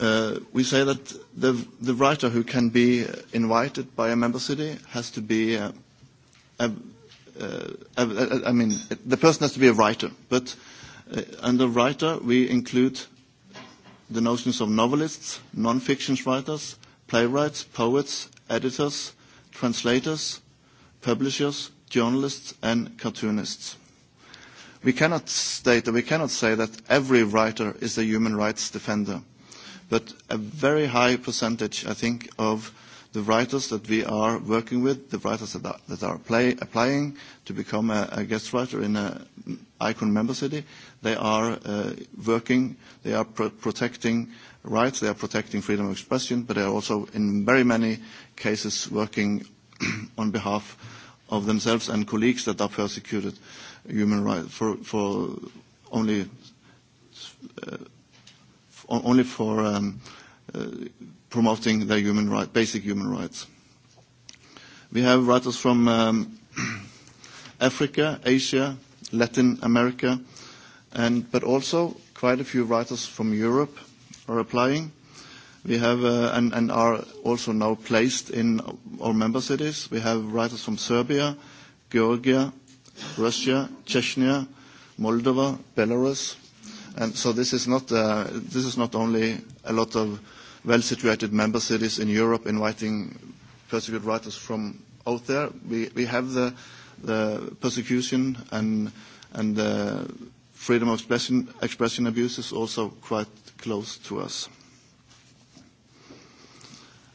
Uh, we say that the, writer who can be invited by a member city has to be, uh, uh, a, I mean, the person has to be a writer, but under writer we include the notions of novelists, non-fiction writers, playwrights, poets, editors, translators, publishers, journalists and cartoonists. We cannot state that we cannot say that every writer is a human rights defender, but a very high percentage, I think, of the writers that we are working with, the writers that are, that are play, applying to become a, a guest writer in an mm, ICON member city, they are uh, working, they are pro protecting rights, they are protecting freedom of expression, but they are also in very many cases working on behalf of themselves and colleagues that are persecuted human rights for, for only uh, only for um, uh, promoting their human right, basic human rights. We have writers from um, Africa, Asia, Latin America, and, but also quite a few writers from Europe are applying. We have uh, and, and are also now placed in our member cities. We have writers from Serbia, Georgia, Russia, Chechnya, Moldova, Belarus. And so this is not, uh, this is not only a lot of well-situated member cities in Europe inviting persecuted writers from out there. We, we have the, the persecution and, and the uh, freedom of expression, expression abuses also quite close to us.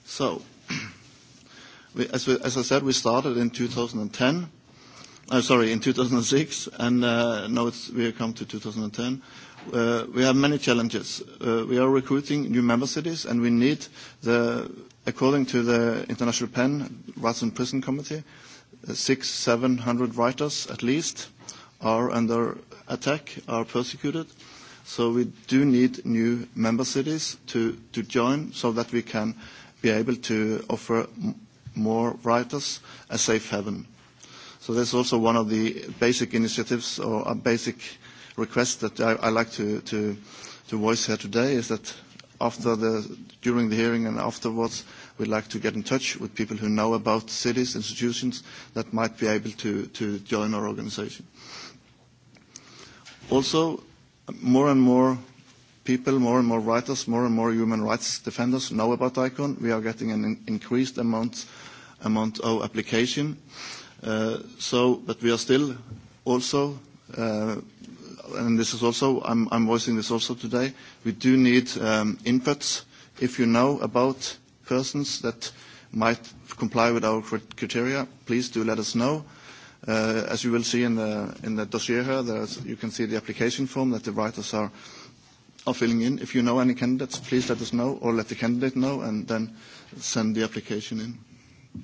So, we, as, we, as I said, we started in 2010. I'm uh, sorry, in 2006, and uh, now it's, we have come to 2010. Uh, we have many challenges. Uh, we are recruiting new member cities, and we need the, according to the International PEN Rights in Prison Committee, uh, six, seven hundred writers at least are under attack, are persecuted. So we do need new member cities to, to join so that we can be able to offer more writers a safe haven. So that's also one of the basic initiatives or a basic request that I, I like to, to, to voice here today is that after the, during the hearing and afterwards, we'd like to get in touch with people who know about cities, institutions that might be able to, to join our organization. Also, more and more people, more and more writers, more and more human rights defenders know about ICON. We are getting an increased amount, amount of application. Uh, so, but we are still also uh, and this is also, I'm, I'm voicing this also today, we do need um, inputs. If you know about persons that might comply with our criteria, please do let us know. Uh, as you will see in the, in the dossier here, there's, you can see the application form that the writers are, are filling in. If you know any candidates, please let us know or let the candidate know and then send the application in.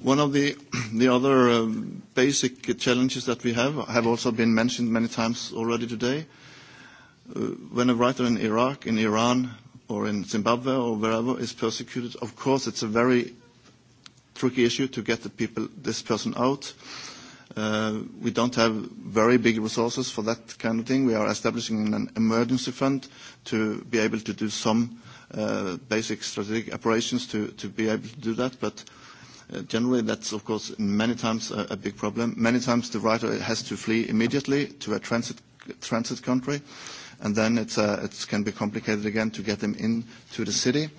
One of the, the other um, basic challenges that we have have also been mentioned many times already today. Uh, when a writer in Iraq, in Iran, or in Zimbabwe or wherever is persecuted, of course it's a very tricky issue to get the people, this person out. Uh, we don't have very big resources for that kind of thing. We are establishing an emergency fund to be able to do some uh, basic strategic operations to, to be able to do that. But uh, Uh, generally, that's, of course, many times a, a big problem. Many times the writer has to flee immediately to a transit, transit country, and then it's, uh, it can be complicated again to get them into the city.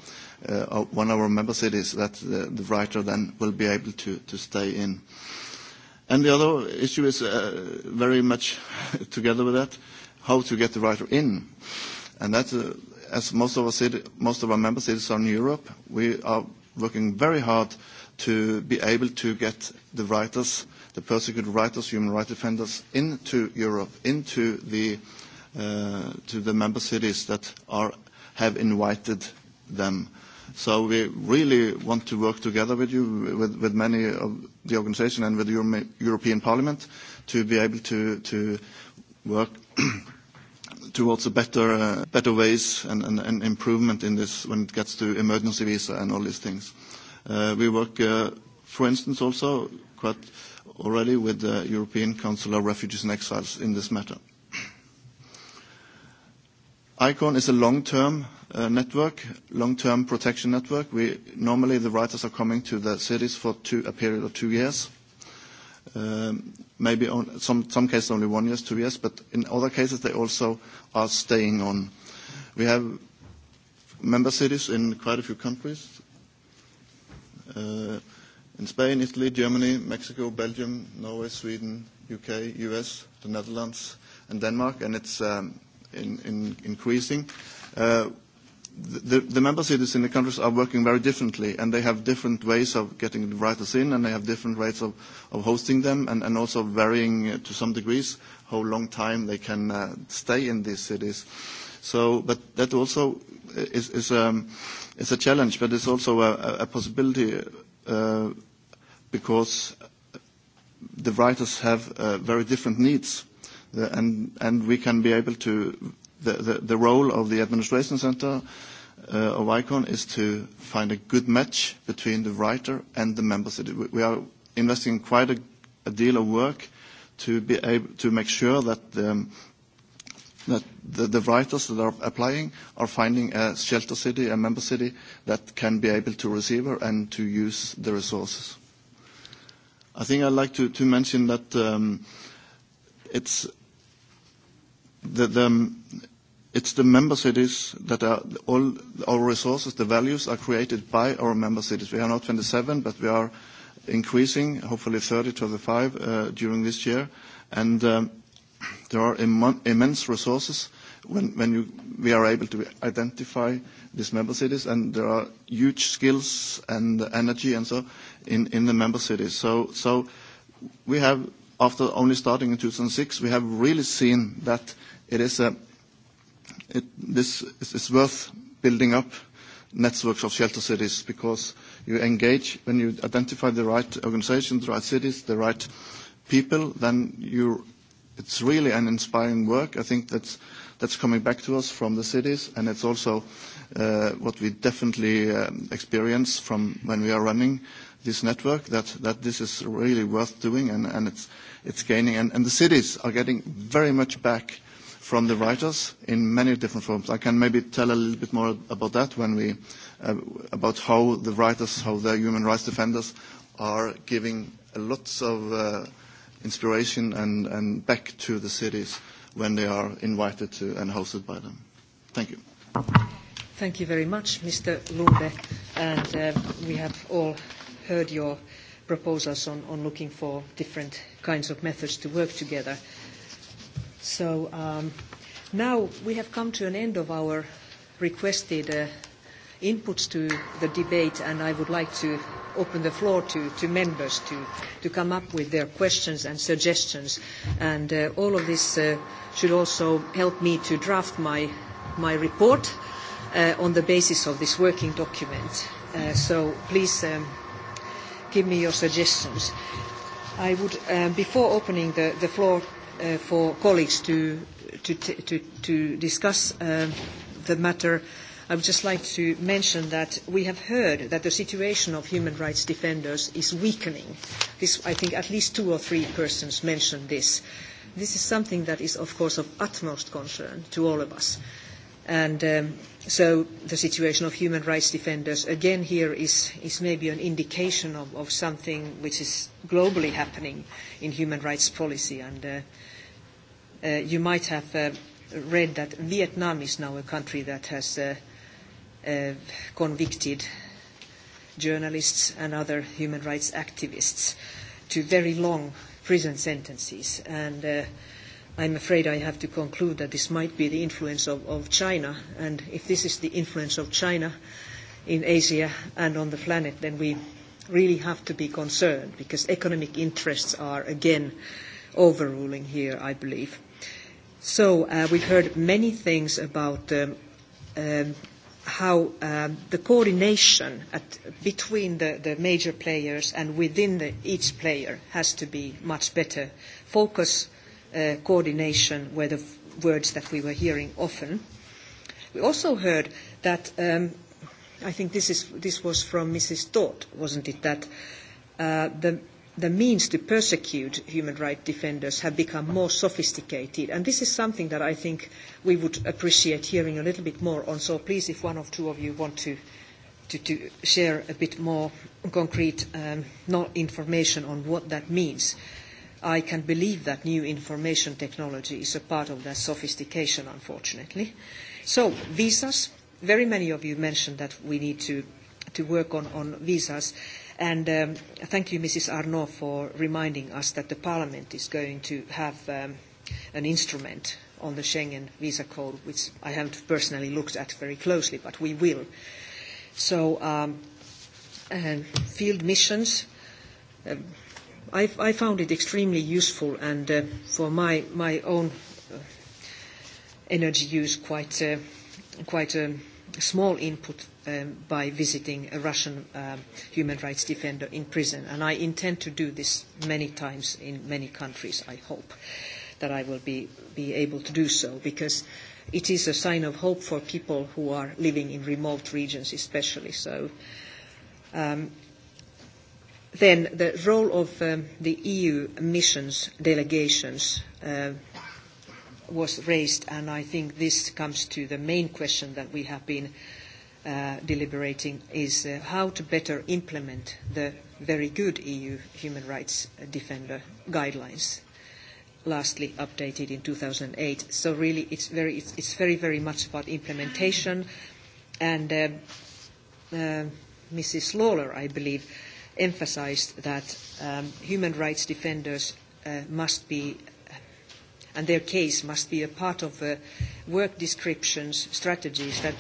Uh, uh one of our member cities that the, the writer then will be able to, to stay in. And the other issue is uh, very much together with that, how to get the writer in. And that's, uh, as most of, our city, most of our member cities are in Europe, we are working very hard to be able to get the writers, the persecuted writers, human rights defenders into Europe, into the, uh, to the member cities that are, have invited them. So we really want to work together with you, with, with many of the organization and with the Euro European Parliament to be able to, to work towards a better, uh, better ways and, and, and improvement in this when it gets to emergency visa and all these things. Uh, we work, uh, for instance, also quite already with the European Council of Refugees and Exiles in this matter. ICON is a long-term uh, network, long-term protection network. We, normally, the writers are coming to the cities for two, a period of two years. Um, maybe on some, some cases only one year, two years, but in other cases, they also are staying on. We have member cities in quite a few countries, Uh, in Spain, Italy, Germany, Mexico, Belgium, Norway, Sweden, UK, US, the Netherlands, and Denmark, and it's um, in, in increasing. Uh, the, the member cities in the countries are working very differently, and they have different ways of getting the writers in, and they have different rates of, of hosting them, and, and also varying uh, to some degrees how long time they can uh, stay in these cities. So, but that also is, is um, it's a challenge, but it's also a, a possibility uh, because the writers have uh, very different needs, and and we can be able to the, the, the role of the administration center uh, of ICON is to find a good match between the writer and the member city. We are investing quite a, a deal of work to be able to make sure that um, that the, the writers that are applying are finding a shelter city, a member city that can be able to receive her and to use the resources. I think I'd like to, to mention that um, it's the, the um, it's the member cities that are all our resources, the values are created by our member cities. We are not 27, but we are increasing, hopefully 30, 25 uh, during this year. And um, there are immense resources when, we are able to identify these member cities, and there are huge skills and energy and so in, in the member cities. So, we have, after only starting in 2006, we have really seen that it is a, it, this is worth building up networks of shelter cities because you engage when you identify the right organizations, the right cities, the right people, then you it's really an inspiring work. I think that's, that's coming back to us from the cities, and it's also uh, what we definitely um, experience from when we are running this network, that, that this is really worth doing, and, and it's, it's gaining. And, and the cities are getting very much back from the writers in many different forms. I can maybe tell a little bit more about that when we, uh, about how the writers, how the human rights defenders are giving lots of uh, inspiration and, and back to the cities when they are invited to and hosted by them. Thank you. Thank you very much, Mr. Lunde. And uh, we have all heard your proposals on, on looking for different kinds of methods to work together. So um, now we have come to an end of our requested uh, inputs to the debate, and I would like to open the floor to, to members to, to come up with their questions and suggestions. And uh, all of this uh, should also help me to draft my, my report uh, on the basis of this working document. Uh, so please um, give me your suggestions. I would, uh, before opening the, the floor uh, for colleagues to, to, to, to discuss uh, the matter, uh, I would just like to mention that we have heard that the situation of human rights defenders is weakening. This, I think at least two or three persons mentioned this. This is something that is, of course, of utmost concern to all of us. And um, so the situation of human rights defenders, again, here is, is maybe an indication of, of something which is globally happening in human rights policy. And uh, uh, you might have uh, read that Vietnam is now a country that has uh, convicted journalists and other human rights activists to very long prison sentences. And uh, I'm afraid I have to conclude that this might be the influence of, of China. And if this is the influence of China in Asia and on the planet, then we really have to be concerned because economic interests are again overruling here, I believe. So uh, we've heard many things about um, um, how uh, the coordination at, between the, the major players and within the, each player has to be much better. Focus uh, coordination were the words that we were hearing often. We also heard that, um, I think this, is, this was from Mrs. Todd, wasn't it, that uh, the the means to persecute human rights defenders have become more sophisticated. And this is something that I think we would appreciate hearing a little bit more on. So please, if one or two of you want to, to, to share a bit more concrete um, not information on what that means. I can believe that new information technology is a part of that sophistication, unfortunately. So visas, very many of you mentioned that we need to, to work on, on visas. Uh, And um, thank you, Mrs. Arnaud, for reminding us that the Parliament is going to have um, an instrument on the Schengen visa code, which I haven't personally looked at very closely, but we will. So, um, and field missions. Um, I, I found it extremely useful and uh, for my, my own uh, energy use quite, uh, quite um, small input um, by visiting a Russian uh, human rights defender in prison. And I intend to do this many times in many countries. I hope that I will be, be able to do so because it is a sign of hope for people who are living in remote regions, especially. So, um, then the role of um, the EU missions delegations. Uh, was raised, and I think this comes to the main question that we have been uh, deliberating, is uh, how to better implement the very good EU human rights defender guidelines, lastly updated in 2008. So really, it's very, it's, it's very, very much about implementation. And um, uh, uh, Mrs. Lawler, I believe, emphasized that um, human rights defenders uh, must be and their case must be a part of uh, work descriptions, strategies that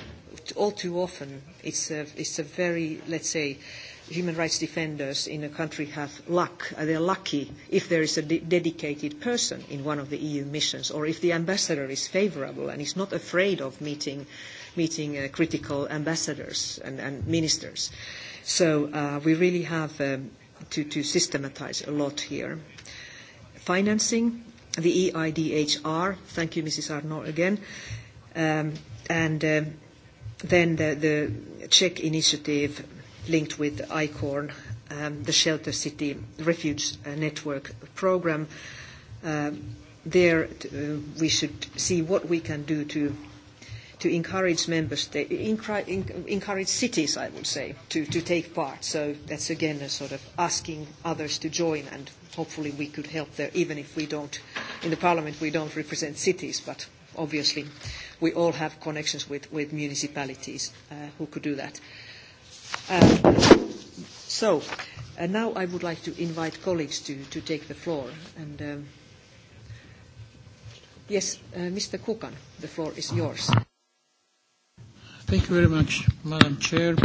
all too often it's a, it's a very, let's say, human rights defenders in a country have luck. Uh, they're lucky if there is a de- dedicated person in one of the EU missions, or if the ambassador is favorable and is not afraid of meeting, meeting uh, critical ambassadors and, and ministers. So uh, we really have um, to, to systematize a lot here. Financing the EIDHR. Thank you, Mrs. Arnault, again. Um, and um, then the, the Czech initiative linked with ICORN, um, the Shelter City Refuge Network program. Um, there, uh, we should see what we can do to to encourage member states, encourage cities, I would say, to, to take part. So that's again a sort of asking others to join and hopefully we could help there, even if we don't, in the parliament we don't represent cities, but obviously we all have connections with, with municipalities uh, who could do that. Um, so, and uh, now I would like to invite colleagues to, to take the floor. And um, yes, uh, Mr. Kukan, the floor is yours. Thank you very much, Madam Chair.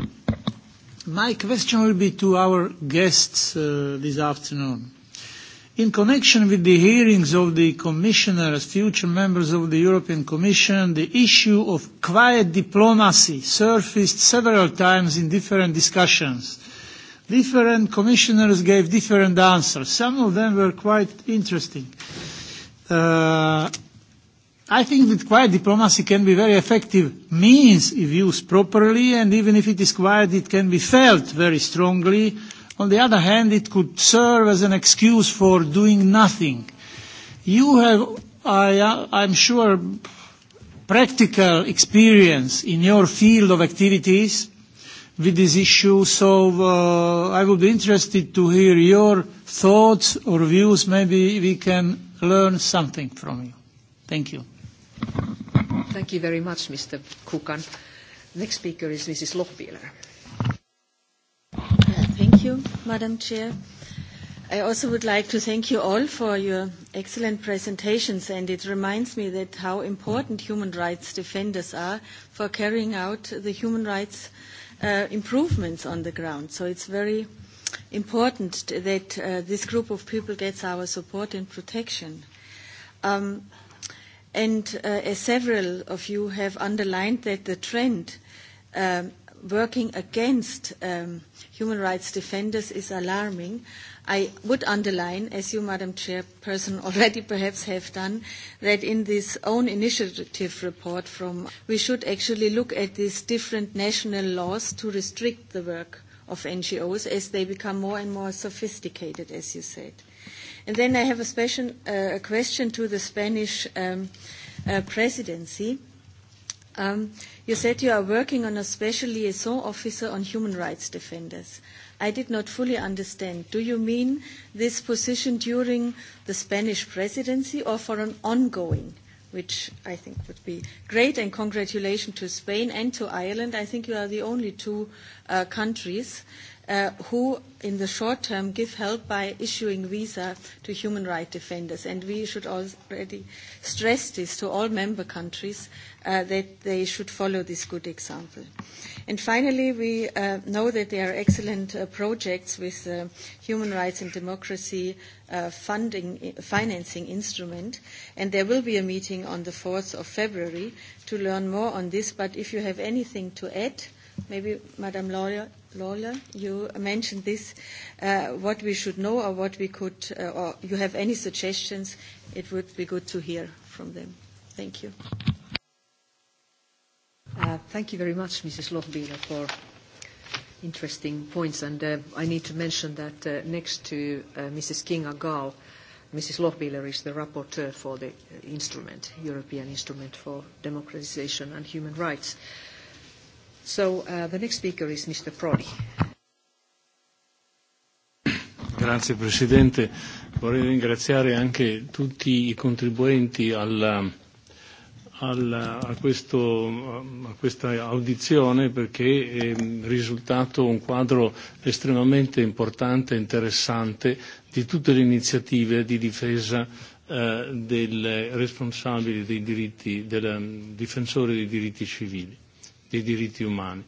My question will be to our guests uh, this afternoon. In connection with the hearings of the commissioners, future members of the European Commission, the issue of quiet diplomacy surfaced several times in different discussions. Different commissioners gave different answers. Some of them were quite interesting. Uh, I think that quiet diplomacy can be very effective means if used properly, and even if it is quiet, it can be felt very strongly On the other hand, it could serve as an excuse for doing nothing. You have, I, uh, I'm sure, practical experience in your field of activities with this issue, so uh, I would be interested to hear your thoughts or views. Maybe we can learn something from you. Thank you. Thank you very much, Mr. Kukan. Next speaker is Mrs. Lochbieler. Thank you, Madam Chair. I also would like to thank you all for your excellent presentations, and it reminds me that how important human rights defenders are for carrying out the human rights uh, improvements on the ground. So it's very important that uh, this group of people gets our support and protection. Um, and uh, as several of you have underlined that the trend uh, working against um, human rights defenders is alarming, I would underline, as you, Madam Chairperson, already perhaps have done, that in this own initiative report from, we should actually look at these different national laws to restrict the work of NGOs as they become more and more sophisticated, as you said. And then I have a, special, uh, a question to the Spanish um, uh, presidency. Um, you said you are working on a special liaison officer on human rights defenders. I did not fully understand. Do you mean this position during the Spanish presidency or for an ongoing, which I think would be great, and congratulations to Spain and to Ireland. I think you are the only two uh, countries uh, who in the short term give help by issuing visa to human rights defenders. And we should already stress this to all member countries uh, that they should follow this good example. And finally, we uh, know that there are excellent uh, projects with the uh, Human Rights and Democracy uh, funding, financing instrument, and there will be a meeting on the 4th of February to learn more on this. But if you have anything to add, Maybe, Madam Lawyer, Lawyer you mentioned this, uh, what we should know or what we could, uh, or you have any suggestions, it would be good to hear from them. Thank you. Uh, thank you very much, Mrs. Lochbieler, for interesting points. And uh, I need to mention that uh, next to uh, Mrs. King Agal, Mrs. Lochbieler is the rapporteur for the uh, instrument, European Instrument for Democratization and Human Rights. Uh, So uh, the next speaker is Mr. Prodi. Grazie Presidente. Vorrei ringraziare anche tutti i contribuenti alla, alla, a, questo, a questa audizione perché è mm, risultato un quadro estremamente importante e interessante di tutte le iniziative di difesa eh, del responsabile dei diritti, del mm, difensore dei diritti civili dei diritti umani.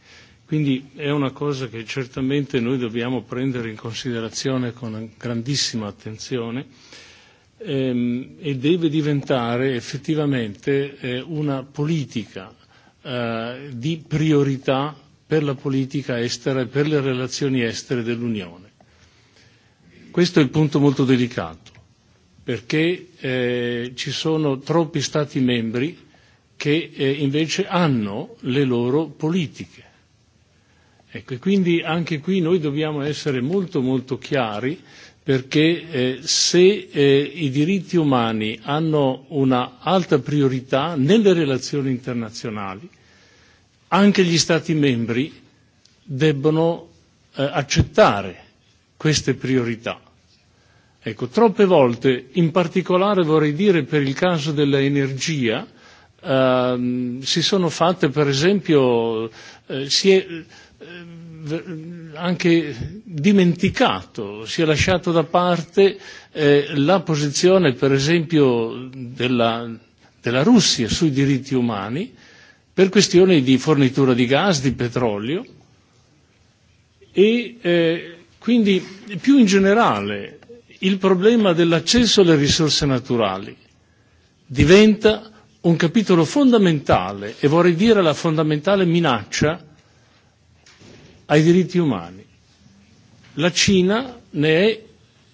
Quindi è una cosa che certamente noi dobbiamo prendere in considerazione con grandissima attenzione ehm, e deve diventare effettivamente eh, una politica eh, di priorità per la politica estera e per le relazioni estere dell'Unione. Questo è il punto molto delicato, perché eh, ci sono troppi Stati membri che eh, invece hanno le loro politiche. Ecco, e quindi anche qui noi dobbiamo essere molto molto chiari perché eh, se eh, i diritti umani hanno una alta priorità nelle relazioni internazionali, anche gli Stati membri debbono eh, accettare queste priorità. Ecco, troppe volte, in particolare vorrei dire per il caso dell'energia, ehm, si sono fatte per esempio eh, si è eh, anche dimenticato, si è lasciato da parte eh, la posizione per esempio della, della Russia sui diritti umani per questioni di fornitura di gas, di petrolio e eh, quindi più in generale il problema dell'accesso alle risorse naturali diventa un capitolo fondamentale e vorrei dire la fondamentale minaccia ai diritti umani. La Cina ne è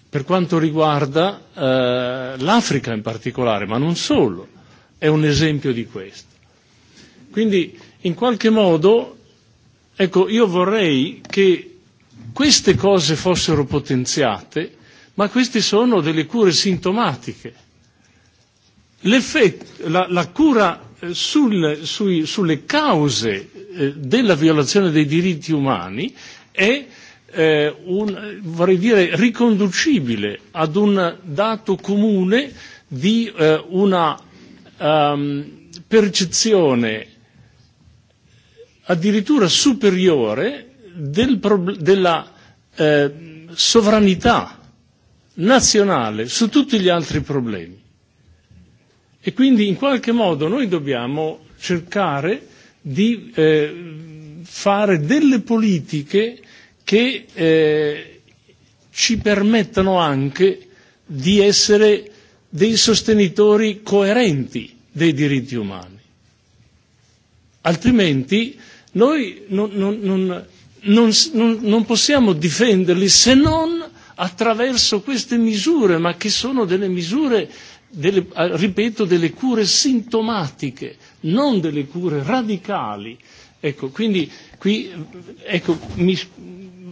per quanto riguarda eh, l'Africa in particolare, ma non solo, è un esempio di questo. Quindi in qualche modo ecco, io vorrei che queste cose fossero potenziate, ma queste sono delle cure sintomatiche l'effetto, la, la cura eh, sul, sui, sulle cause eh, della violazione dei diritti umani è eh, un, vorrei dire, riconducibile ad un dato comune di eh, una um, percezione addirittura superiore del della eh, sovranità nazionale su tutti gli altri problemi E quindi in qualche modo noi dobbiamo cercare di eh, fare delle politiche che eh, ci permettano anche di essere dei sostenitori coerenti dei diritti umani. Altrimenti noi non, non, non, non, non, non possiamo difenderli se non attraverso queste misure, ma che sono delle misure eh, delle, ah, ripeto, delle cure sintomatiche, non delle cure radicali. Ecco, quindi qui ecco, mi,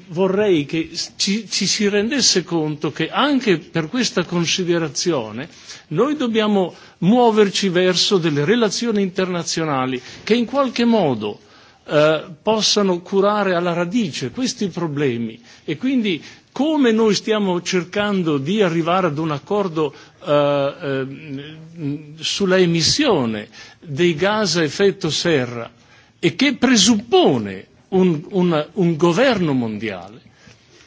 vorrei che ci, ci si rendesse conto che anche per questa considerazione noi dobbiamo muoverci verso delle relazioni internazionali che in qualche modo eh, possano curare alla radice questi problemi e quindi come noi stiamo cercando di arrivare ad un accordo eh, eh, sulla emissione dei gas a effetto serra e che presuppone un, un, un governo mondiale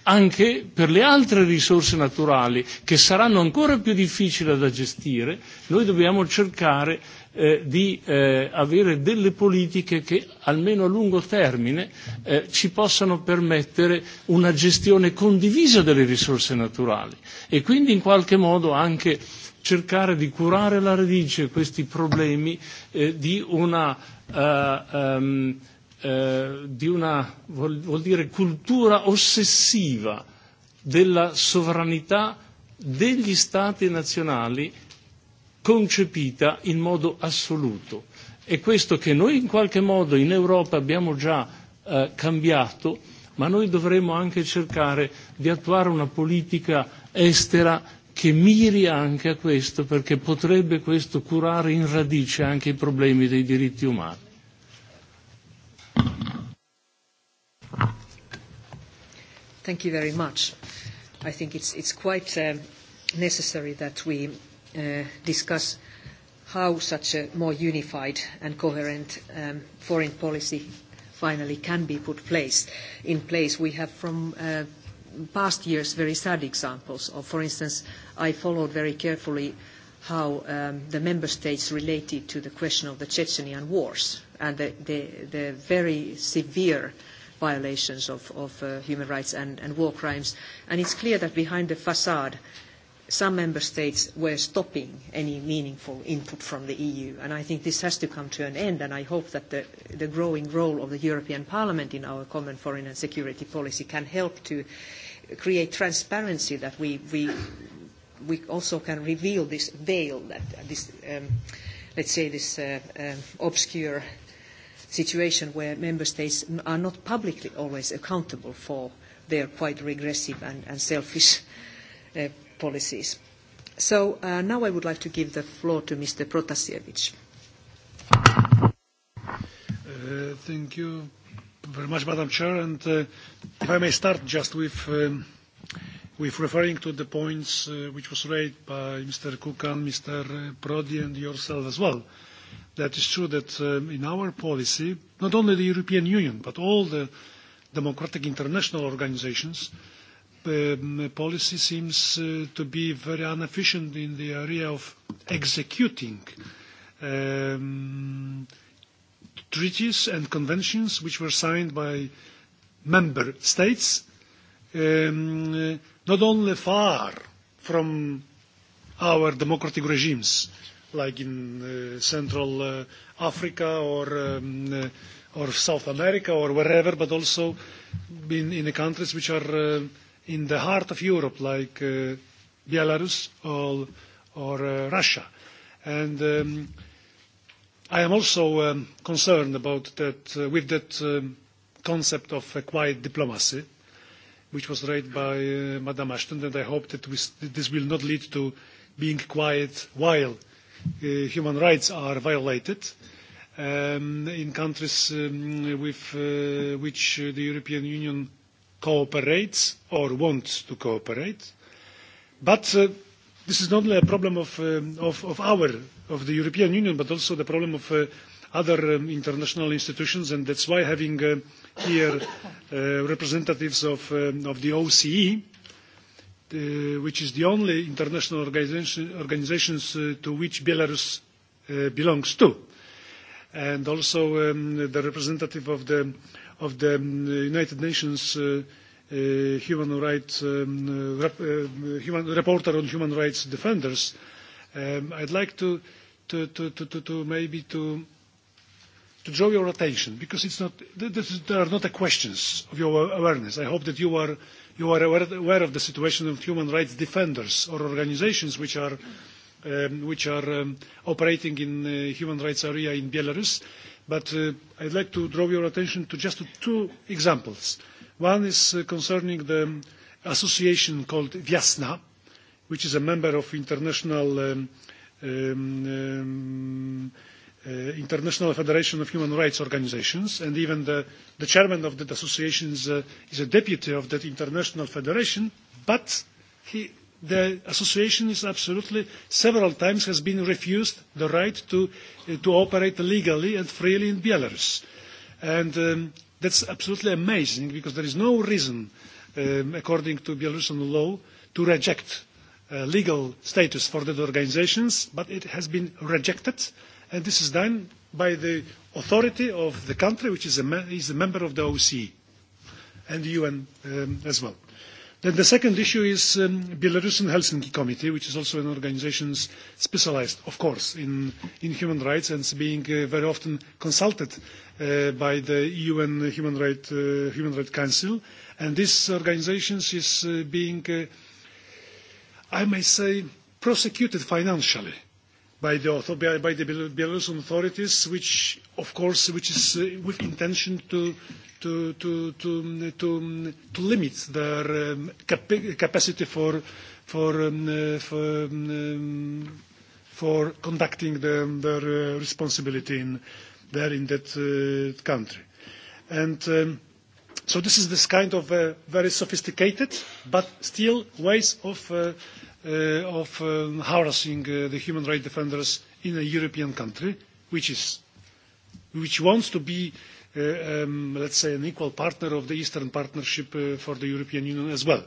anche per le altre risorse naturali che saranno ancora più difficili da gestire, noi dobbiamo cercare eh, di eh, avere delle politiche che almeno a lungo termine eh, ci possano permettere una gestione condivisa delle risorse naturali e quindi in qualche modo anche cercare di curare la radice questi problemi eh, di una, Uh, um, uh, di una vuol, vuol dire cultura ossessiva della sovranità degli stati nazionali concepita in modo assoluto. È questo che noi in qualche modo in Europa abbiamo già eh, cambiato, ma noi dovremmo anche cercare di attuare una politica estera che miri anche a questo, perché potrebbe questo curare in radice anche i problemi dei diritti umani. Thank you very much. I think it's, it's quite um, necessary that we Uh, discuss how such a more unified and coherent um, foreign policy finally can be put place, in place. We have from uh, past years very sad examples of, for instance, I followed very carefully how um, the member states related to the question of the Chechenian wars and the, the, the very severe violations of, of uh, human rights and, and war crimes. And it's clear that behind the facade, uh, some member states were stopping any meaningful input from the EU. And I think this has to come to an end, and I hope that the, the growing role of the European Parliament in our common foreign and security policy can help to create transparency that we, we, we also can reveal this veil, that uh, this, um, let's say, this uh, um, obscure situation where member states are not publicly always accountable for their quite regressive and, and selfish uh, policies. So uh, now I would like to give the floor to Mr. Protasiewicz. Uh, thank you very much, Madam Chair. And uh, if I may start just with, um, referring to the points which was raised by Mr. Kukan, Mr. Prodi, and yourself as well. That is true that um, in our policy, not only the European Union, but all the democratic international organizations Um, policy seems uh, to be very inefficient in the area of executing um, treaties and conventions which were signed by member states, um, not only far from our democratic regimes, like in uh, Central uh, Africa or, um, uh, or South America or wherever, but also in, in the countries which are uh, in the heart of Europe, like uh, Belarus or, or uh, Russia. And um, I am also um, concerned about that, uh, with that um, concept of a quiet diplomacy, which was raised by uh, Madame Ashton, and I hope that we, this will not lead to being quiet while uh, human rights are violated um, in countries um, with uh, which uh, the European Union cooperates or wants to cooperate. But uh, this is not only a problem of, um, of, of our, of the European Union, but also the problem of uh, other um, international institutions, and that's why having uh, here uh, representatives of, um, of the OCE, uh, which is the only international organization, organizations uh, to which Belarus uh, belongs to, and also um, the representative of the of the um, United Nations uh, uh, human rights um, uh, rep, uh, human reporter on human rights defenders, um, I'd like to, to, to, to, to, to maybe to to draw your attention because it's not this is, there are not questions of your awareness. I hope that you are you are aware, aware of the situation of human rights defenders or organizations which are um, which are um, operating in the uh, human rights area in Belarus But uh, I'd like to draw your attention to just two examples. One is uh, concerning the association called Vyasna, which is a member of international um, um, um, uh, International Federation of Human Rights Organizations, and even the, the chairman of that association is a, is a deputy of that international federation, but he the association is absolutely several times has been refused the right to, uh, to operate legally and freely in Belarus. And um, that's absolutely amazing because there is no reason, um, according to Belarusian law, to reject uh, legal status for the organizations, but it has been rejected. And this is done by the authority of the country, which is a, me- is a member of the OCE and the UN um, as well. Then the second issue is um, Belarusian Helsinki Committee, which is also an organization specialized, of course, in, in human rights and being uh, very often consulted uh, by the UN Human Rights uh, Human Right Council. And this organization is uh, being, uh, I may say, prosecuted financially by the, by the Belarusian authorities, which, of course, which is uh, with intention to, to, to, to, to, to limit their um, cap- capacity for, for, um, uh, for, um, for conducting the, their uh, responsibility in, there in that uh, country. And um, so this is this kind of uh, very sophisticated, but still ways of uh, Uh, of um, harassing uh, the human rights defenders in a European country, which is which wants to be, uh, um, let's say, an equal partner of the Eastern Partnership uh, for the European Union as well.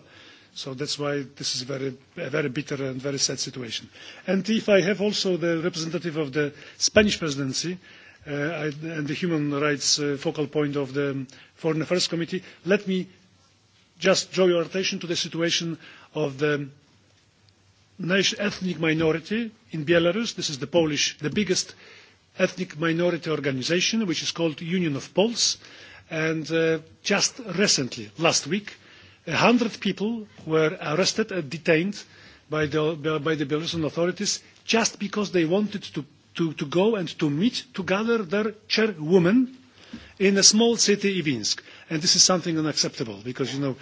So that's why this is very, a very bitter and very sad situation. And if I have also the representative of the Spanish presidency uh, I, and the human rights uh, focal point of the Foreign Affairs Committee, let me just draw your attention to the situation of the ethnic minority in Belarus. This is the Polish, the biggest ethnic minority organization, which is called Union of Poles. And uh, just recently, last week, 100 people were arrested and detained by the, by the Belarusian authorities just because they wanted to, to, to go and to meet together their chairwoman in a small city, Ivinsk. And this is something unacceptable because, you know,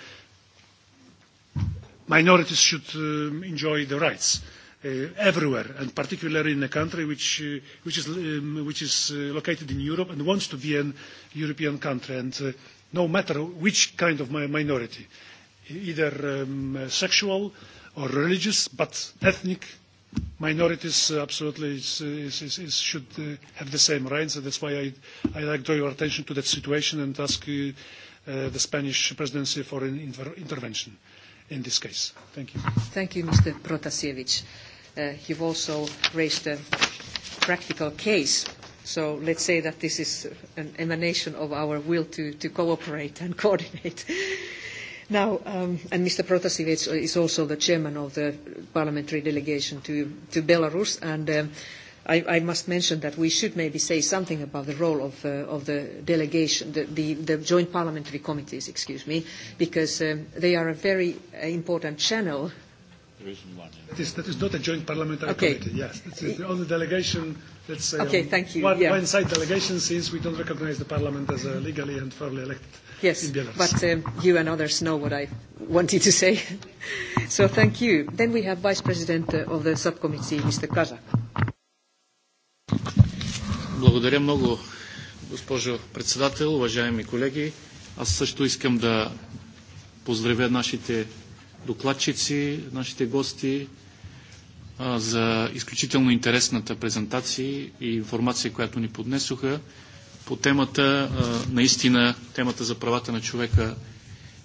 minorities should um, enjoy the rights uh, everywhere, and particularly in a country which, uh, which is, um, which is uh, located in Europe and wants to be a European country, and uh, no matter which kind of minority, either um, sexual or religious, but ethnic minorities uh, absolutely is, is, is, is should uh, have the same rights. And that's why I, I like draw your attention to that situation and ask uh, uh, the Spanish presidency for an inter intervention in this case. Thank you. Thank you, Mr. Protasevich. Uh, you've also raised a practical case. So let's say that this is an emanation of our will to, to cooperate and coordinate. Now, um, and Mr. Protasevich is also the chairman of the parliamentary delegation to, to Belarus, and um, I, I must mention that we should maybe say something about the role of, uh, of the delegation, the, the, the joint parliamentary committees, excuse me, because um, they are a very uh, important channel. There isn't one. That is, that is not a joint parliamentary okay. committee, yes. That's it. On the delegation, let's say, okay, thank you. One, yeah. one side delegation, since we don't recognize the parliament as a legally and fairly elected Yes, but um, you and others know what I wanted to say. so thank you. Then we have Vice President uh, of the subcommittee, Mr. Kazak. Благодаря много, госпожо председател, уважаеми колеги. Аз също искам да поздравя нашите докладчици, нашите гости а, за изключително интересната презентация и информация, която ни поднесоха по темата, а, наистина темата за правата на човека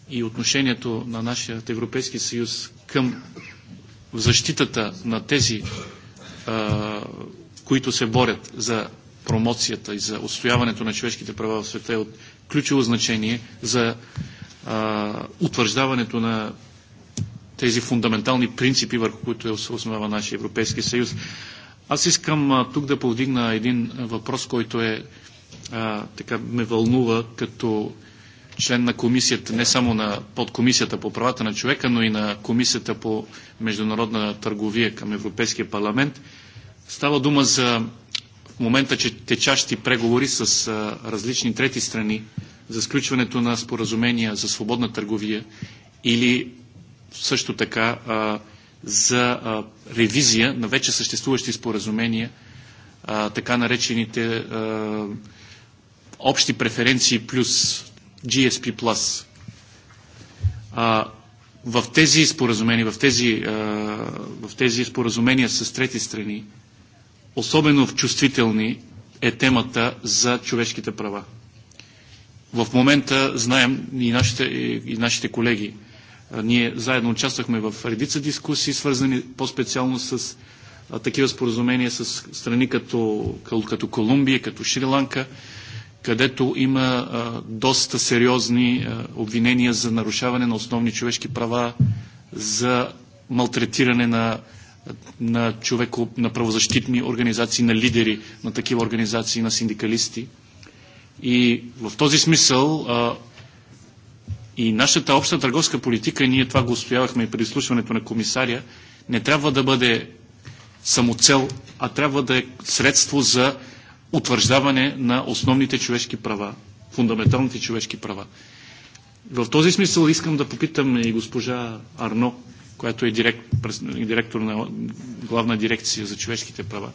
и отношението на нашия Европейски съюз към защитата на тези, а, които се борят за промоцията и за отстояването на човешките права в света е от ключово значение за а, утвърждаването на тези фундаментални принципи, върху които е основава нашия Европейски съюз. Аз искам а, тук да повдигна един въпрос, който е а, така ме вълнува като член на комисията, не само на подкомисията по правата на човека, но и на комисията по международна търговия към Европейския парламент. Става дума за в момента че течащи преговори с различни трети страни за сключването на споразумения за свободна търговия или също така а, за а, ревизия на вече съществуващи споразумения, а, така наречените а, общи преференции плюс GSP+. А, в тези споразумения, в тези, а, в тези споразумения с трети страни, особено чувствителни е темата за човешките права. В момента знаем и нашите, и нашите колеги, ние заедно участвахме в редица дискусии, свързани по-специално с такива споразумения с страни като, като Колумбия, като Шри-Ланка, където има доста сериозни обвинения за нарушаване на основни човешки права, за малтретиране на на, човеко, на правозащитни организации, на лидери на такива организации, на синдикалисти. И в този смисъл а, и нашата обща търговска политика, ние това го устоявахме и при изслушването на комисаря, не трябва да бъде самоцел, а трябва да е средство за утвърждаване на основните човешки права, фундаменталните човешки права. В този смисъл искам да попитам и госпожа Арно, която е директ, директор на главна дирекция за човешките права.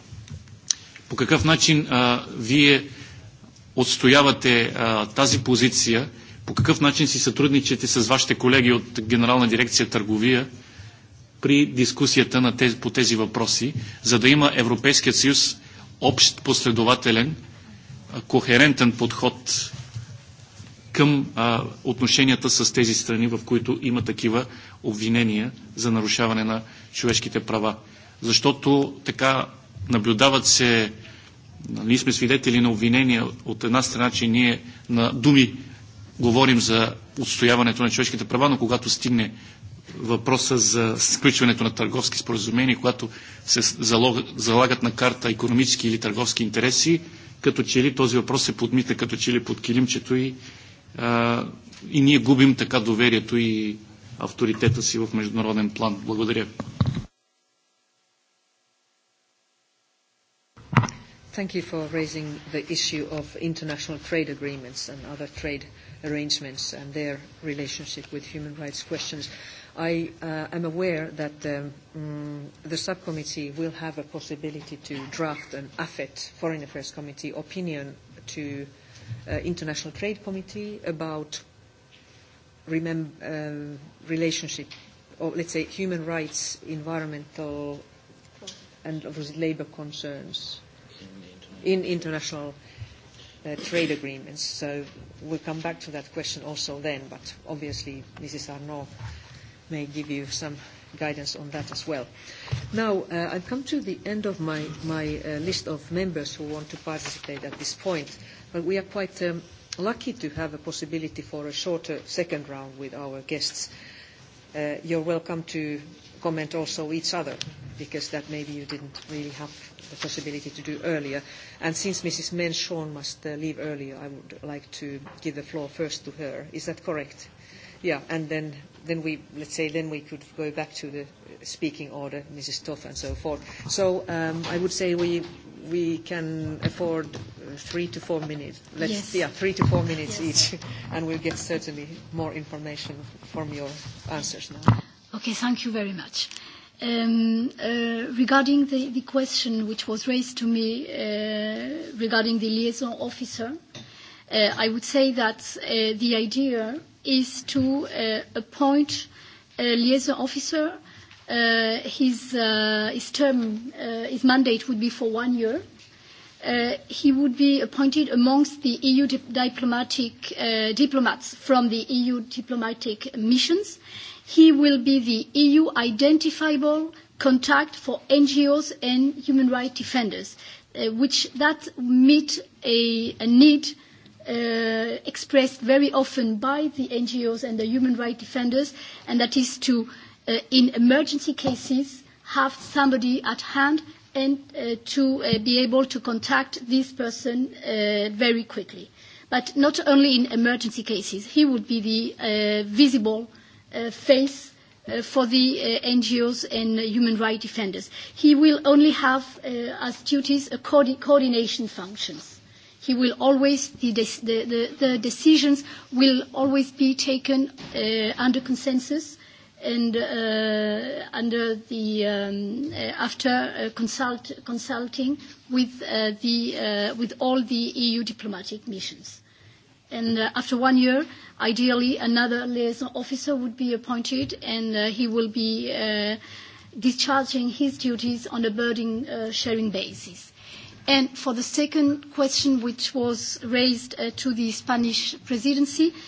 По какъв начин а, вие отстоявате а, тази позиция? По какъв начин си сътрудничате с вашите колеги от Генерална дирекция търговия при дискусията на тези, по тези въпроси, за да има Европейският съюз общ, последователен, а, кохерентен подход към а, отношенията с тези страни, в които има такива обвинения за нарушаване на човешките права. Защото така наблюдават се, ние сме свидетели на обвинения от една страна, че ние на думи говорим за отстояването на човешките права, но когато стигне въпроса за сключването на търговски споразумения, когато се залагат на карта економически или търговски интереси, като че ли този въпрос се подмита, като че ли под килимчето и а, и ние губим така доверието и авторитета си в международен план. Благодаря. Thank you for raising the issue of international trade agreements and other trade arrangements and their relationship with human rights questions. I uh, am aware that um, mm, the subcommittee will have a possibility to draft an AFET, Foreign Affairs Committee, opinion to uh, uh, International Trade Committee about remem- uh, relationship, or let's say human rights, environmental, and obviously labor concerns in international uh, trade agreements. So we'll come back to that question also then, but obviously Mrs. Arnault may give you some guidance on that as well. Now, uh, I've come to the end of my, my uh, list of members who want to participate at this point. But we are quite um, lucky to have a possibility for a shorter second round with our guests. Uh, you're welcome to comment also each other, because that maybe you didn't really have the possibility to do earlier. And since Mrs. Menshorn must uh, leave earlier, I would like to give the floor first to her. Is that correct? Yeah, and then, then we, let's say, then we could go back to the speaking order, Mrs. Toff and so forth. So um, I would say we, we can afford three to four minutes. Let's, yes. Yeah, three to four minutes yes. each, and we'll get certainly more information from your answers now. Okay, thank you very much. Um, uh, regarding the, the question which was raised to me uh, regarding the liaison officer, uh, I would say that uh, the idea is to uh, appoint a liaison officer. Uh, his, uh, his term, uh, his mandate would be for one year uh, he would be appointed amongst the EU dip diplomatic uh, diplomats from the EU diplomatic missions. He will be the EU identifiable contact for NGOs and human rights defenders, uh, which that meet a, a need uh, expressed very often by the NGOs and the human rights defenders, and that is to, uh, in emergency cases, have somebody at hand and uh, to uh, be able to contact this person uh, very quickly. But not only in emergency cases, he would be the uh, visible uh, face uh, for the uh, NGOs and uh, human rights defenders. He will only have uh, as duties a co- coordination functions. He will always, the, de- the, the, the decisions will always be taken uh, under consensus and uh, under the um, uh, after uh, consult, consulting with uh, the uh, with all the EU diplomatic missions. And uh, after one year, ideally, another liaison officer would be appointed, and uh, he will be uh, discharging his duties on a burden uh, sharing basis. And for the second question, which was raised uh, to the Spanish presidency, uh,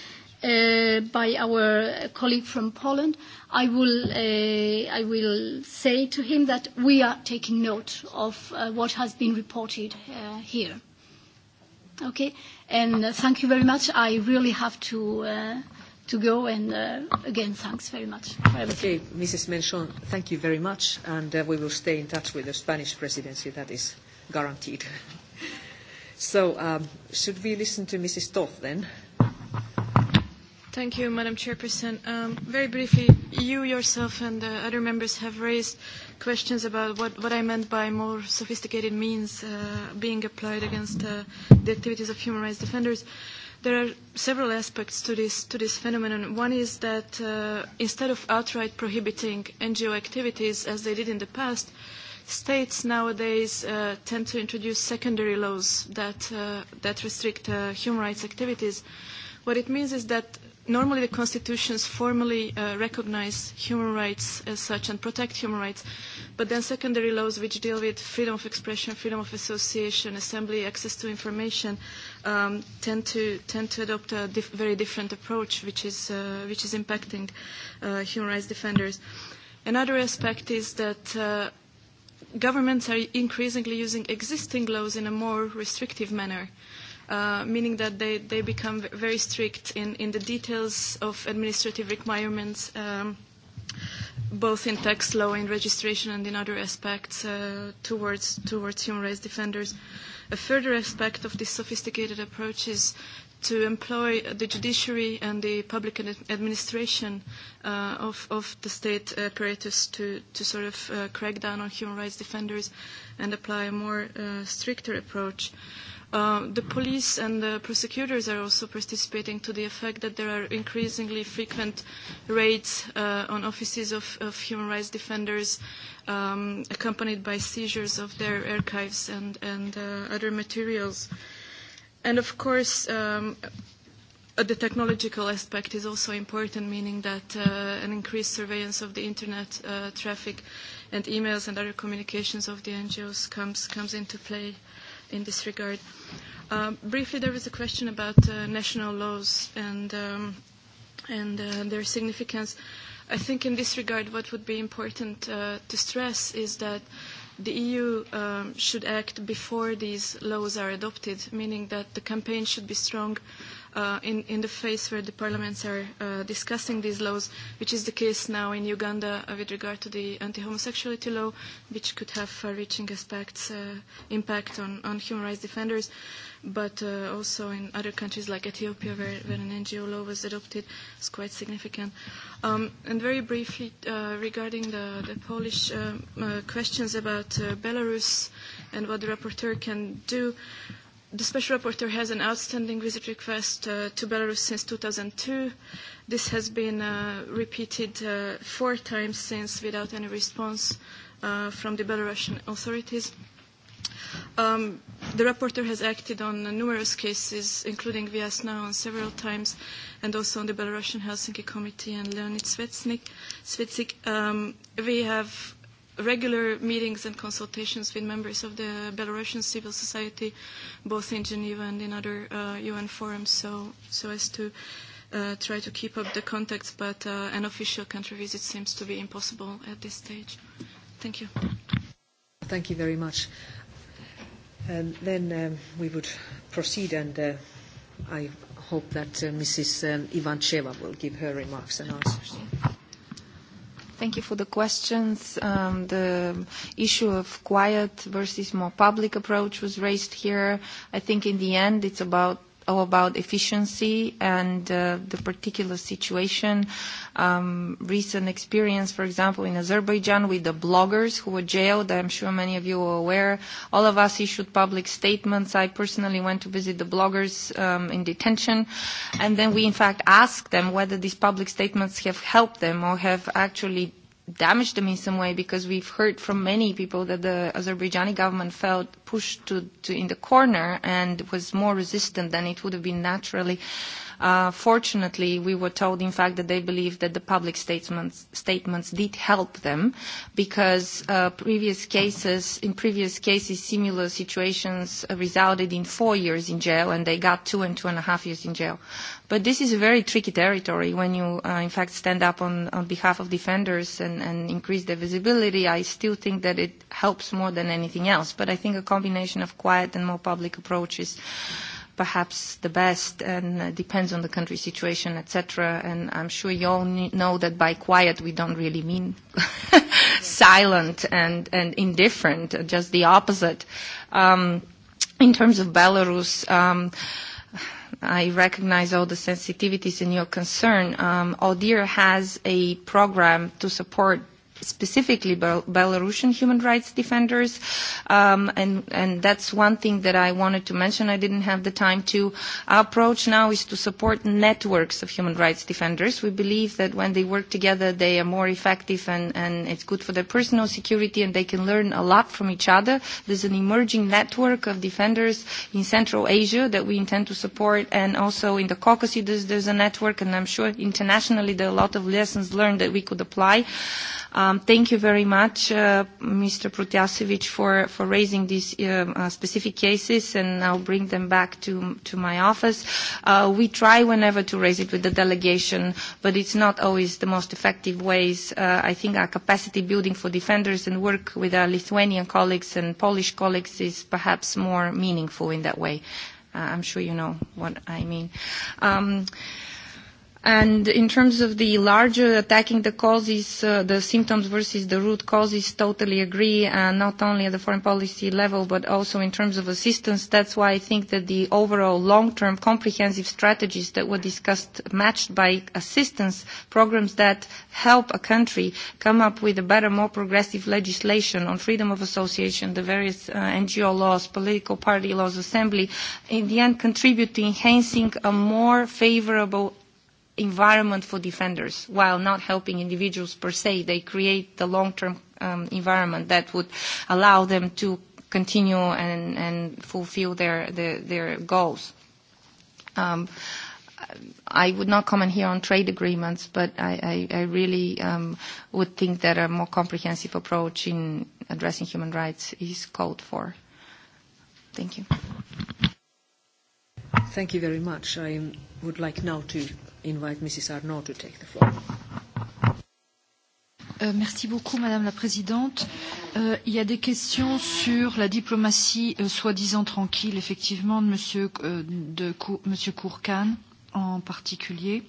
uh, by our colleague from Poland, I will, uh, I will say to him that we are taking note of uh, what has been reported uh, here. Okay, and uh, thank you very much. I really have to, uh, to go, and uh, again, thanks very much. Okay, Mrs. Menchon, thank you very much, and uh, we will stay in touch with the Spanish presidency, that is guaranteed. so, um, should we listen to Mrs. Toth then? Thank you, Madam Chairperson. Um, very briefly, you yourself and the other members have raised questions about what, what I meant by more sophisticated means uh, being applied against uh, the activities of human rights defenders. There are several aspects to this, to this phenomenon. One is that uh, instead of outright prohibiting NGO activities as they did in the past, states nowadays uh, tend to introduce secondary laws that, uh, that restrict uh, human rights activities. What it means is that normally the constitutions formally uh, recognize human rights as such and protect human rights, but then secondary laws which deal with freedom of expression, freedom of association, assembly, access to information, um, tend to tend to adopt a dif very different approach, which is uh, which is impacting uh, human rights defenders. Another aspect is that. Uh, Governments are increasingly using existing laws in a more restrictive manner. Uh, Uh, meaning that they, they become very strict in, in the details of administrative requirements, um, both in tax law, in registration, and in other aspects uh, towards, towards human rights defenders. A further aspect of this sophisticated approach is to employ the judiciary and the public administration uh, of, of the state apparatus to, to sort of uh, crack down on human rights defenders and apply a more uh, stricter approach. Uh, Uh, the police and the prosecutors are also participating to the effect that there are increasingly frequent raids uh, on offices of, of human rights defenders, um, accompanied by seizures of their archives and, and uh, other materials. And of course, um, uh, the technological aspect is also important, meaning that uh, an increased surveillance of the internet uh, traffic and emails and other communications of the NGOs comes, comes into play in this regard. Um, briefly, there was a question about uh, national laws and, um, and uh, their significance. I think in this regard, what would be important uh, to stress is that the EU um, should act before these laws are adopted, meaning that the campaign should be strong Uh, in, in the phase where the parliaments are uh, discussing these laws, which is the case now in Uganda uh, with regard to the anti-homosexuality law, which could have far-reaching aspects, uh, impact on, on human rights defenders, but uh, also in other countries like Ethiopia, where, where an NGO law was adopted, it's quite significant. Um, and very briefly, uh, regarding the, the Polish um, uh, questions about uh, Belarus and what the rapporteur can do, uh, the Special Rapporteur has an outstanding visit request uh, to Belarus since 2002. This has been uh, repeated uh, four times since without any response uh, from the Belarusian authorities. Um, the rapporteur has acted on uh, numerous cases, including Vyasna on several times, and also on the Belarusian Helsinki Committee and Leonid Svetsnik. Svetsik. Um, we have regular meetings and consultations with members of the Belarusian civil society, both in Geneva and in other uh, UN forums, so, so as to uh, try to keep up the contacts, but uh, an official country visit seems to be impossible at this stage. Thank you. Thank you very much. Um, then um, we would proceed, and uh, I hope that uh, Mrs. Um, Ivancheva will give her remarks and answers. Yeah. Thank you for the questions. Um, the issue of quiet versus more public approach was raised here. I think in the end, it's about about efficiency and uh, the particular situation. Um, recent experience, for example, in Azerbaijan with the bloggers who were jailed. I'm sure many of you are aware. All of us issued public statements. I personally went to visit the bloggers um, in detention. And then we, in fact, asked them whether these public statements have helped them or have actually damage them in some way because we've heard from many people that the Azerbaijani government felt pushed to, to in the corner and was more resistant than it would have been naturally. Uh, fortunately, we were told, in fact, that they believe that the public statements, statements did help them because uh, previous cases, in previous cases, similar situations resulted in four years in jail and they got two and two and a half years in jail. But this is a very tricky territory when you, uh, in fact, stand up on, on behalf of defenders and, and increase their visibility. I still think that it helps more than anything else. But I think a combination of quiet and more public approaches. mm perhaps the best and uh, depends on the country situation, etc. And I'm sure you all know that by quiet we don't really mean silent and, and indifferent, uh, just the opposite. Um, in terms of Belarus, um, I recognize all the sensitivities and your concern. Um, ODIR has a program to support specifically Belarusian human rights defenders. Um, and, and that's one thing that I wanted to mention. I didn't have the time to. Our approach now is to support networks of human rights defenders. We believe that when they work together, they are more effective and, and it's good for their personal security and they can learn a lot from each other. There's an emerging network of defenders in Central Asia that we intend to support and also in the Caucasus there's, there's a network and I'm sure internationally there are a lot of lessons learned that we could apply. Um, Um, thank you very much, uh, Mr. Protasevich, for, for raising these uh, uh, specific cases, and I'll bring them back to, to my office. Uh, we try whenever to raise it with the delegation, but it's not always the most effective ways. Uh, I think our capacity building for defenders and work with our Lithuanian colleagues and Polish colleagues is perhaps more meaningful in that way. Uh, I'm sure you know what I mean. Um, And in terms of the larger attacking the causes, uh, the symptoms versus the root causes, totally agree, uh, not only at the foreign policy level, but also in terms of assistance. That's why I think that the overall long-term comprehensive strategies that were discussed, matched by assistance programs that help a country come up with a better, more progressive legislation on freedom of association, the various uh, NGO laws, political party laws, assembly, in the end contribute to enhancing a more favorable environment for defenders while not helping individuals per se. They create the long-term um, environment that would allow them to continue and, and fulfill their, their, their goals. Um, I would not comment here on trade agreements, but I, I, I really um, would think that a more comprehensive approach in addressing human rights is called for. Thank you. Thank you very much. I would like now to invite Mrs. Arnaud to take the floor. Euh, merci beaucoup, Madame la Présidente. Euh, il y a des questions sur la diplomatie euh, soi-disant tranquille, effectivement, de Monsieur, euh, de Cou Monsieur Kourkan en particulier.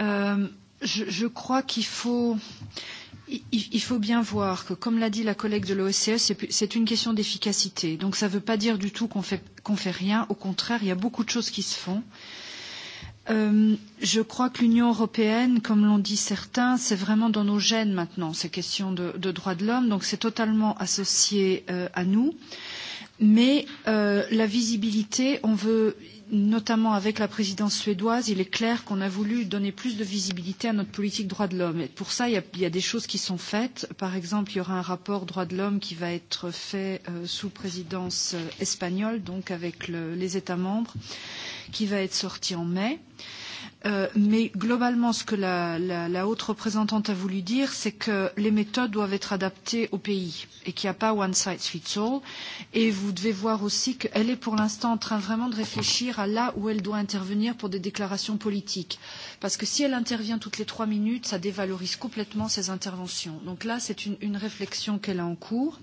Euh, je, je crois qu'il faut, il, il faut bien voir que, comme l'a dit la collègue de l'OSCE, e, c'est une question d'efficacité. Donc ça ne veut pas dire du tout qu'on fait, qu fait rien. Au contraire, il y a beaucoup de choses qui se font. Euh, Euh, je crois que l'Union européenne, comme l'ont dit certains, c'est vraiment dans nos gènes maintenant, ces questions de, de droits de l'homme, donc c'est totalement associé euh, à nous. Mais euh, la visibilité, on veut notamment avec la présidence suédoise, il est clair qu'on a voulu donner plus de visibilité à notre politique droits de l'homme. Et pour ça, il y, a, il y a des choses qui sont faites. Par exemple, il y aura un rapport droits de l'homme qui va être fait euh, sous présidence euh, espagnole, donc avec le, les États membres, qui va être sorti en mai. Euh, Euh, mais globalement, ce que la, la, la haute représentante a voulu dire, c'est que les méthodes doivent être adaptées au pays et qu'il n'y a pas one size fits all. Et vous devez voir aussi qu'elle est pour l'instant en train vraiment de réfléchir à là où elle doit intervenir pour des déclarations politiques. Parce que si elle intervient toutes les trois minutes, ça dévalorise complètement ses interventions. Donc là, c'est une, une réflexion qu'elle a en cours.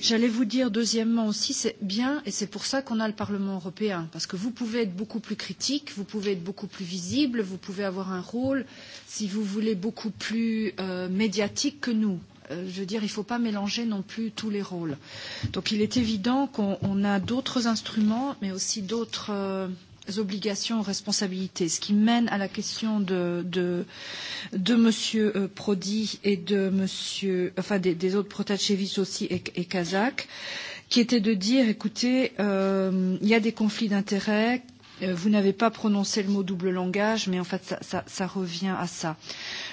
J'allais vous dire, deuxièmement aussi, c'est bien, et c'est pour ça qu'on a le Parlement européen, parce que vous pouvez être beaucoup plus critique, vous pouvez être beaucoup plus visible, vous pouvez avoir un rôle, si vous voulez, beaucoup plus euh, médiatique que nous Euh, je veux dire, il ne faut pas mélanger non plus tous les rôles. Donc il est évident qu'on a d'autres instruments, mais aussi d'autres, Euh, obligations, responsabilités, ce qui mène à la question de, de, de Monsieur euh, Prodi et de Monsieur, enfin des, des autres Protachevich aussi et, et Kazakh, qui était de dire, écoutez, euh, il y a des conflits d'intérêts, euh, vous n'avez pas prononcé le mot double langage, mais en fait, ça, ça, ça revient à ça.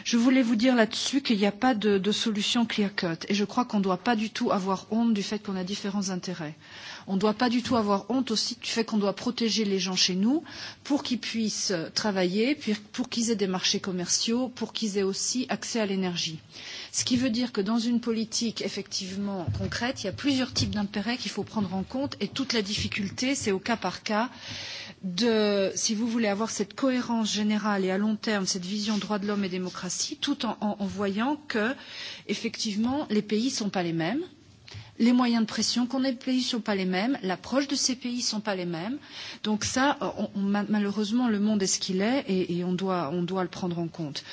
Je voulais vous dire là-dessus qu'il n'y a pas de, de solution clear-cut, et je crois qu'on ne doit pas du tout avoir honte du fait qu'on a différents intérêts. Euh, On ne doit pas du tout avoir honte aussi du fait qu'on doit protéger les gens chez nous pour qu'ils puissent euh, travailler, pour qu'ils aient des marchés commerciaux, pour qu'ils aient aussi accès à l'énergie. Ce qui veut dire que dans une politique effectivement concrète, il y a plusieurs types d'intérêts qu'il faut prendre en compte et toute la difficulté, c'est au cas par cas de, si vous voulez avoir cette cohérence générale et à long terme, cette vision droit de l'homme et démocratie, tout en, en, en voyant que, effectivement, les pays ne sont pas les mêmes, les moyens de pression qu'ont les pays ne sont pas les mêmes, l'approche de ces pays ne sont pas les mêmes. Donc ça, euh, on, on, malheureusement, le monde est ce qu'il est et, et on, doit, on doit le prendre en compte.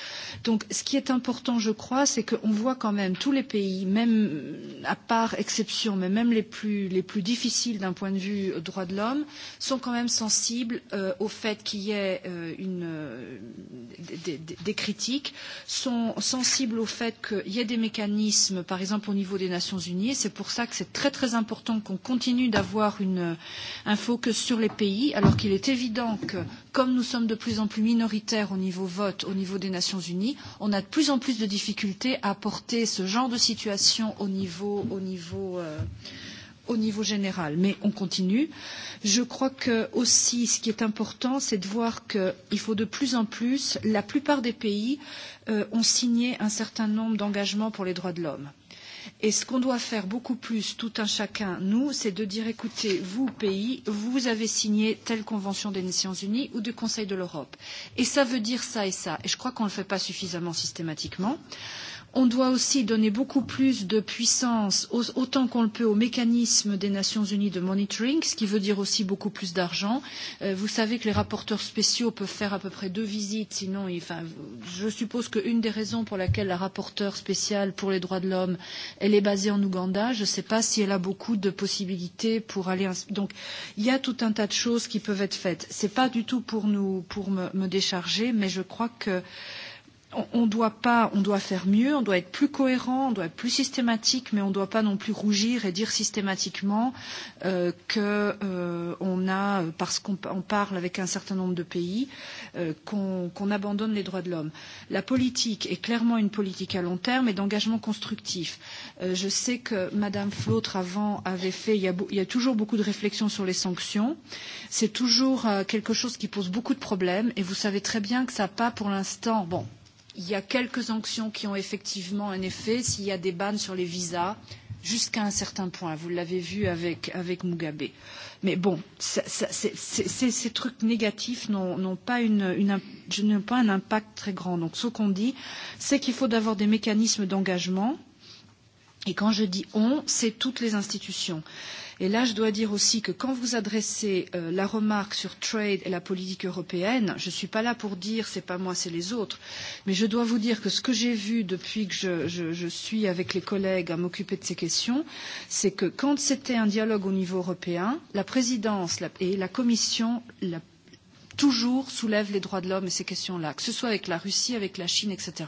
Donc ce qui est important, je crois, c'est qu'on voit quand même tous les pays, même à part exception, mais même les plus, les plus difficiles d'un point de vue euh, droit de l'homme, sont quand même sensibles euh, au fait qu'il y ait euh, une, euh, des, des, des critiques, sont sensibles au fait qu'il y ait des mécanismes, par exemple au niveau des Nations Unies, c'est pour pour ça que c'est très très important qu'on continue d'avoir une, euh, un focus sur les pays, alors qu'il est évident que, comme nous sommes de plus en plus minoritaires au niveau vote, au niveau des Nations Unies, on a de plus en plus de difficultés à porter ce genre de situation au niveau, au niveau euh, au niveau général, mais on continue. Je crois que aussi, ce qui est important, c'est de voir qu'il faut de plus en plus, la plupart des pays euh, ont signé un certain nombre d'engagements pour les droits de l'homme. Et ce qu'on doit faire beaucoup plus, tout un chacun, nous, c'est de dire écoutez, vous, pays, vous avez signé telle convention des Nations Unies ou du Conseil de l'Europe. Et ça veut dire ça et ça. Et je crois qu'on ne le fait pas suffisamment systématiquement. On doit aussi donner beaucoup plus de puissance, autant qu'on le peut, au mécanisme des Nations Unies de monitoring, ce qui veut dire aussi beaucoup plus d'argent. Euh, vous savez que les rapporteurs spéciaux peuvent faire à peu près deux visites, sinon, enfin, je suppose qu'une des raisons pour laquelle la rapporteure spéciale pour les droits de l'homme, elle est basée en Ouganda. Je ne sais pas si elle a beaucoup de possibilités pour aller. Donc, il y a tout un tas de choses qui peuvent être faites. Ce n'est pas du tout pour nous, pour me, me décharger, mais je crois que on, on doit pas, on doit faire mieux, on doit être plus cohérent, on doit être plus systématique, mais on ne doit pas non plus rougir et dire systématiquement euh, que euh, on a, parce qu'on parle avec un certain nombre de pays, euh, qu'on qu abandonne les droits de l'homme. La politique est clairement une politique à long terme et d'engagement constructif. Euh, je sais que Madame Flautre avant avait fait, il y a, il y a toujours beaucoup de réflexions sur les sanctions. C'est toujours euh, quelque chose qui pose beaucoup de problèmes et vous savez très bien que ça n'a pas pour l'instant, bon, Il y a quelques sanctions qui ont effectivement un effet s'il y a des bannes sur les visas jusqu'à un certain point. Vous l'avez vu avec, avec Mugabe. Mais bon, ça, ça, c est, c est, c est, ces trucs négatifs n'ont pas, une, une, une, pas un impact très grand. Donc ce qu'on dit, c'est qu'il faut d'avoir des mécanismes d'engagement. Et quand je dis on, c'est toutes les institutions. Et là, je dois dire aussi que quand vous adressez euh, la remarque sur trade et la politique européenne, je ne suis pas là pour dire c'est pas moi, c'est les autres, mais je dois vous dire que ce que j'ai vu depuis que je, je, je suis avec les collègues à m'occuper de ces questions, c'est que quand c'était un dialogue au niveau européen, la présidence et la commission la toujours soulève les droits de l'homme et ces questions-là, que ce soit avec la Russie, avec la Chine, etc.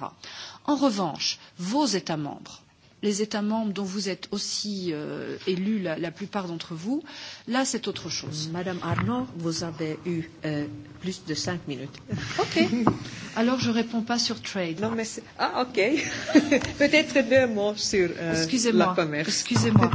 En revanche, vos États membres, les États membres dont vous êtes aussi euh, élus, la, la plupart d'entre vous. Là, c'est autre chose. Madame Arnaud, vous avez eu euh, plus de cinq minutes. OK. Alors, je ne réponds pas sur trade. Non, mais ah, OK. Peut-être deux mots sur euh, excusez le commerce. Excusez-moi.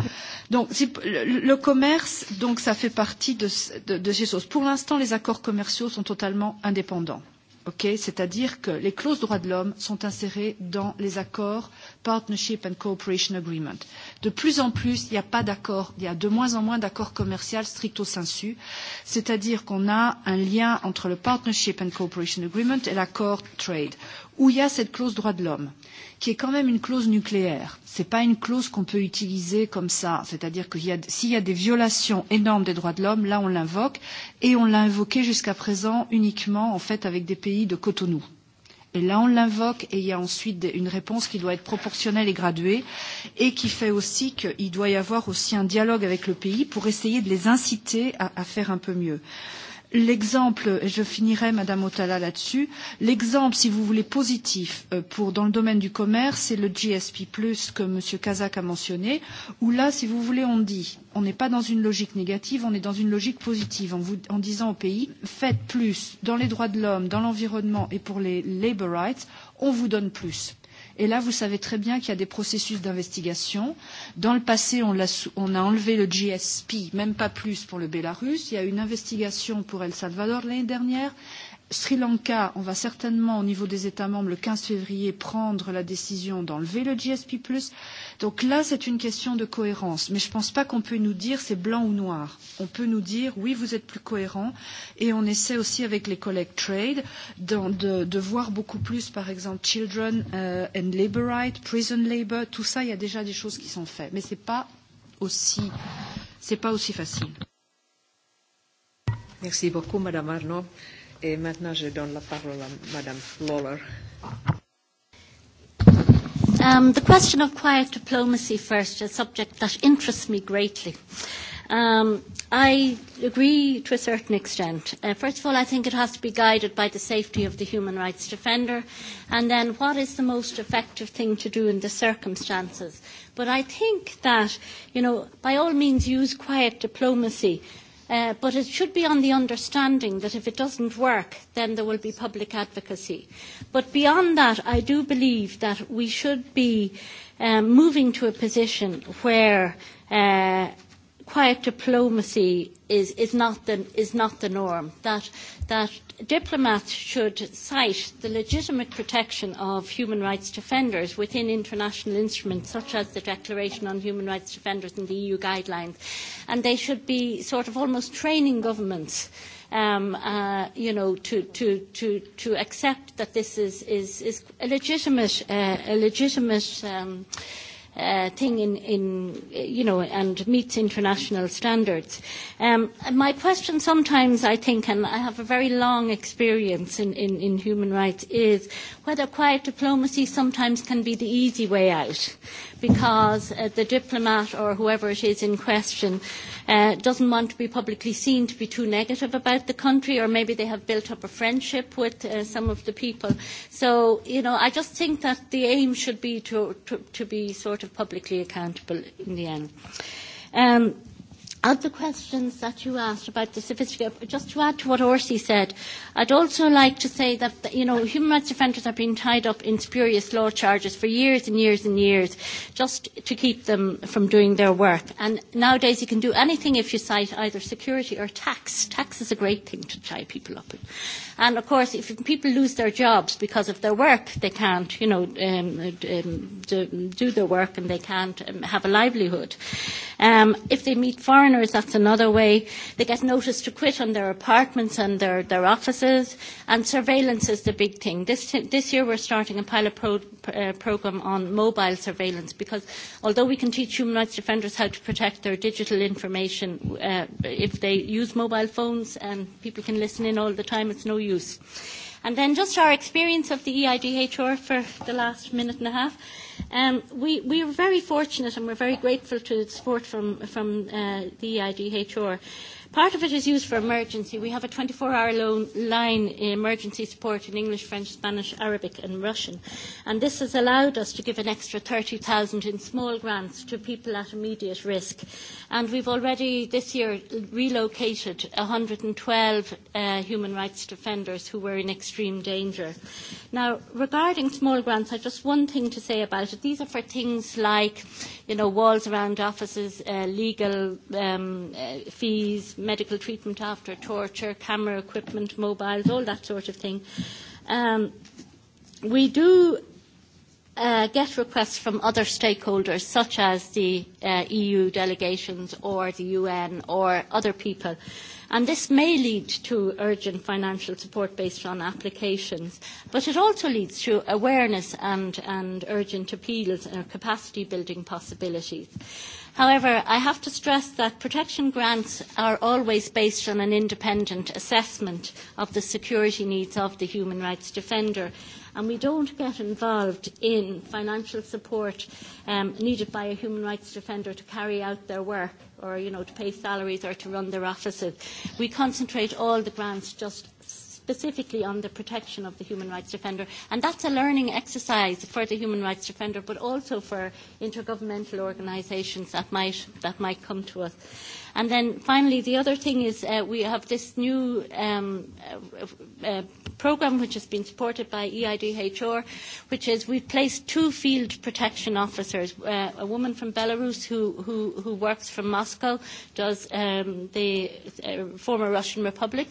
Donc, si, le, le commerce, donc, ça fait partie de, de, de ces choses. Pour l'instant, les accords commerciaux sont totalement indépendants. Okay, C'est-à-dire que les clauses droits de l'homme sont insérées dans les accords Partnership and Cooperation Agreement. De plus en plus, il n'y a pas d'accord, il y a de moins en moins d'accords commerciaux stricto sensu, c'est-à-dire qu'on a un lien entre le Partnership and Cooperation Agreement et l'accord Trade, où il y a cette clause droit de l'homme, qui est quand même une clause nucléaire. Ce n'est pas une clause qu'on peut utiliser comme ça. C'est-à-dire que s'il y a des violations énormes des droits de l'homme, là on l'invoque, et on l'a invoqué jusqu'à présent uniquement en fait avec des pays de Cotonou. Et là, on l'invoque et il y a ensuite une réponse qui doit être proportionnelle et graduée et qui fait aussi qu'il doit y avoir aussi un dialogue avec le pays pour essayer de les inciter à, à faire un peu mieux. Euh, L'exemple, et je finirai Madame Otala là-dessus, l'exemple, si vous voulez, positif euh, pour, dans le domaine du commerce, c'est le GSP+, que M. Kazak a mentionné, où là, si vous voulez, on dit, on n'est pas dans une logique négative, on est dans une logique positive, en, vous, en disant aux pays, faites plus dans les droits de l'homme, dans l'environnement et pour les labor rights, on vous donne plus. Et là, vous savez très bien qu'il y a des processus d'investigation. Dans le passé, on, a, on a enlevé le GSP, même pas plus pour le Bélarus. Il y a une investigation pour El Salvador l'année dernière. Sri Lanka, on va certainement, au niveau des États membres, le 15 février, prendre la décision d'enlever le GSP. Donc là, c'est une question de cohérence. Mais je ne pense pas qu'on peut nous dire c'est blanc ou noir. On peut nous dire oui, vous êtes plus cohérent. Et on essaie aussi avec les collègues trade de, de, de voir beaucoup plus, par exemple, children uh, and labor rights, prison labor, tout ça, il y a déjà des choses qui sont faites. Mais ce n'est pas, pas aussi facile. Merci beaucoup, Madame Arnaud. Et maintenant, je donne la parole à Madame Lawler. Um, the question of quiet diplomacy first, a subject that interests me greatly. Um, I agree to a certain extent. Uh, first of all, I think it has to be guided by the safety of the human rights defender, and then what is the most effective thing to do in the circumstances. But I think that, you know, by all means use quiet diplomacy Uh, but it should be on the understanding that if it doesn't work, then there will be public advocacy. But beyond that, I do believe that we should be um, moving to a position where uh, quiet diplomacy is, is, not the, is not the norm, that, that diplomats should cite the legitimate protection of human rights defenders within international instruments such as the Declaration on Human Rights Defenders and the EU guidelines. And they should be sort of almost training governments um, uh, you know, to, to, to, to accept that this is, is, is a legitimate, uh, a legitimate um, uh, thing in, in, you know, and meets international standards. Um, my question sometimes, I think, and I have a very long experience in, in, in human rights, is whether quiet diplomacy sometimes can be the easy way out because uh, the diplomat or whoever it is in question uh, doesn't want to be publicly seen to be too negative about the country, or maybe they have built up a friendship with uh, some of the people. So, you know, I just think that the aim should be to, to, to be sort of publicly accountable in the end. Um, Of the questions that you asked about the sophisticated, just to add to what Orsi said, I'd also like to say that, you know, human rights defenders have been tied up in spurious law charges for years and years and years, just to keep them from doing their work. And nowadays you can do anything if you cite either security or tax. Tax is a great thing to tie people up in. And of course, if people lose their jobs because of their work, they can't, you know, um, um, do, do their work and they can't um, have a livelihood. Um, if they meet foreigners, that's another way. They get notice to quit on their apartments and their, their offices. And surveillance is the big thing. This, this year we're starting a pilot pro, uh, program on mobile surveillance because although we can teach human rights defenders how to protect their digital information, uh, if they use mobile phones and people can listen in all the time, it's no use. And then just our experience of the EIDHR for the last minute and a half. Um, we, we were very fortunate and we're very grateful to the support from, from uh, the EIDHR. Part of it is used for emergency. We have a 24-hour line emergency support in English, French, Spanish, Arabic and Russian. And this has allowed us to give an extra 30,000 in small grants to people at immediate risk. And we've already this year relocated 112 uh, human rights defenders who were in extreme danger. Now, regarding small grants, I just one thing to say about it. These are for things like, you know, walls around offices, uh, legal um, uh, fees, medical treatment after torture, camera equipment, mobiles, all that sort of thing. Um, we do uh, get requests from other stakeholders, such as the uh, EU delegations or the UN or other people. And this may lead to urgent financial support based on applications, but it also leads to awareness and, and urgent appeals and capacity building possibilities. However, I have to stress that protection grants are always based on an independent assessment of the security needs of the human rights defender, and we don't get involved in financial support um, needed by a human rights defender to carry out their work or you know, to pay salaries or to run their offices. We concentrate all the grants just specifically on the protection of the human rights defender. And that's a learning exercise for the human rights defender, but also for intergovernmental organisations that might, that might come to us. And then finally, the other thing is uh, we have this new um, uh, uh, program which has been supported by EIDHR, which is we've placed two field protection officers, uh, a woman from Belarus who, who, who works from Moscow, does um, the uh, former Russian Republic,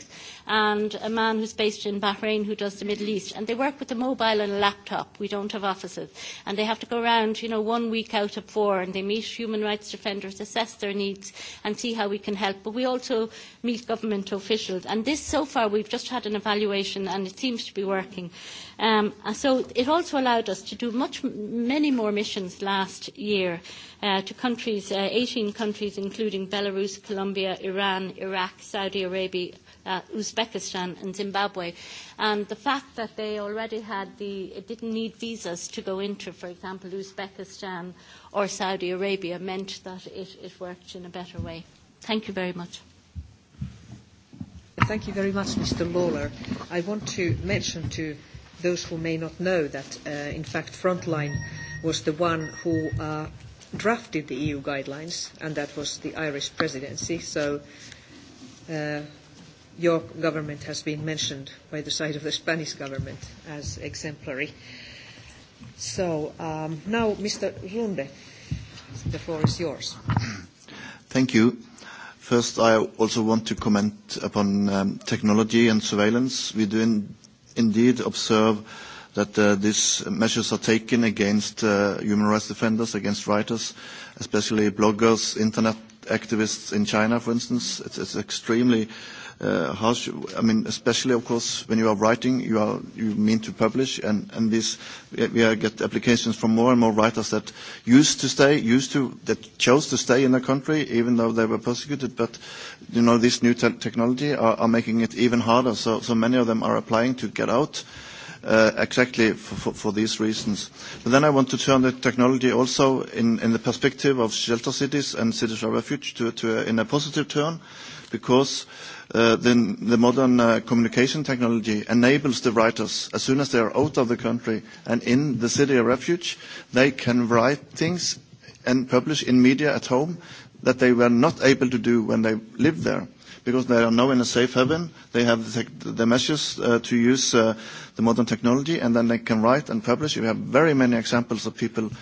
and a man who's based in Bahrain who does the Middle East. And they work with a mobile and a laptop. We don't have offices. And they have to go around, you know, one week out of four, and they meet human rights defenders, assess their needs, and see how we can help. But we also meet government officials. And this, so far, we've just had an evaluation and it seems to be working. Um, so it also allowed us to do much, many more missions last year uh, to countries, uh, 18 countries, including Belarus, Colombia, Iran, Iraq, Saudi Arabia, uh, Uzbekistan and Zimbabwe. And the fact that they already had the, it didn't need visas to go into, for example, Uzbekistan or Saudi Arabia meant that it, it worked in a better way. Thank you very much. Thank you very much, Mr. Lawler. I want to mention to those who may not know that, uh, in fact, Frontline was the one who uh, drafted the EU guidelines, and that was the Irish presidency. So uh, your government has been mentioned by the side of the Spanish government as exemplary. So um, now, Mr. Runde, the floor is yours. Thank you. First, I also want to comment upon um, technology and surveillance. We do indeed observe that uh, these measures are taken against uh, human rights defenders, against writers, especially bloggers, internet activists in China, for instance. It's, extremely uh, how should, I mean, especially of course when you are writing, you are you mean to publish, and and this we are get applications from more and more writers that used to stay, used to that chose to stay in the country even though they were persecuted, but you know this new te- technology are, are making it even harder. So so many of them are applying to get out. Uh, exactly for, for, for these reasons. But then I want to turn the technology also in, in the perspective of shelter cities and cities of refuge to, to, uh, in a positive turn. Uh, because uh, the, the modern uh, communication technology enables the writers, as soon as they are out of the country and in the city of refuge, they can write things and publish in media at home that they were not able to do when they lived there because they are now in a safe haven. They have the, the measures uh, to use uh, the modern technology, and then they can write and publish. We have very many examples of people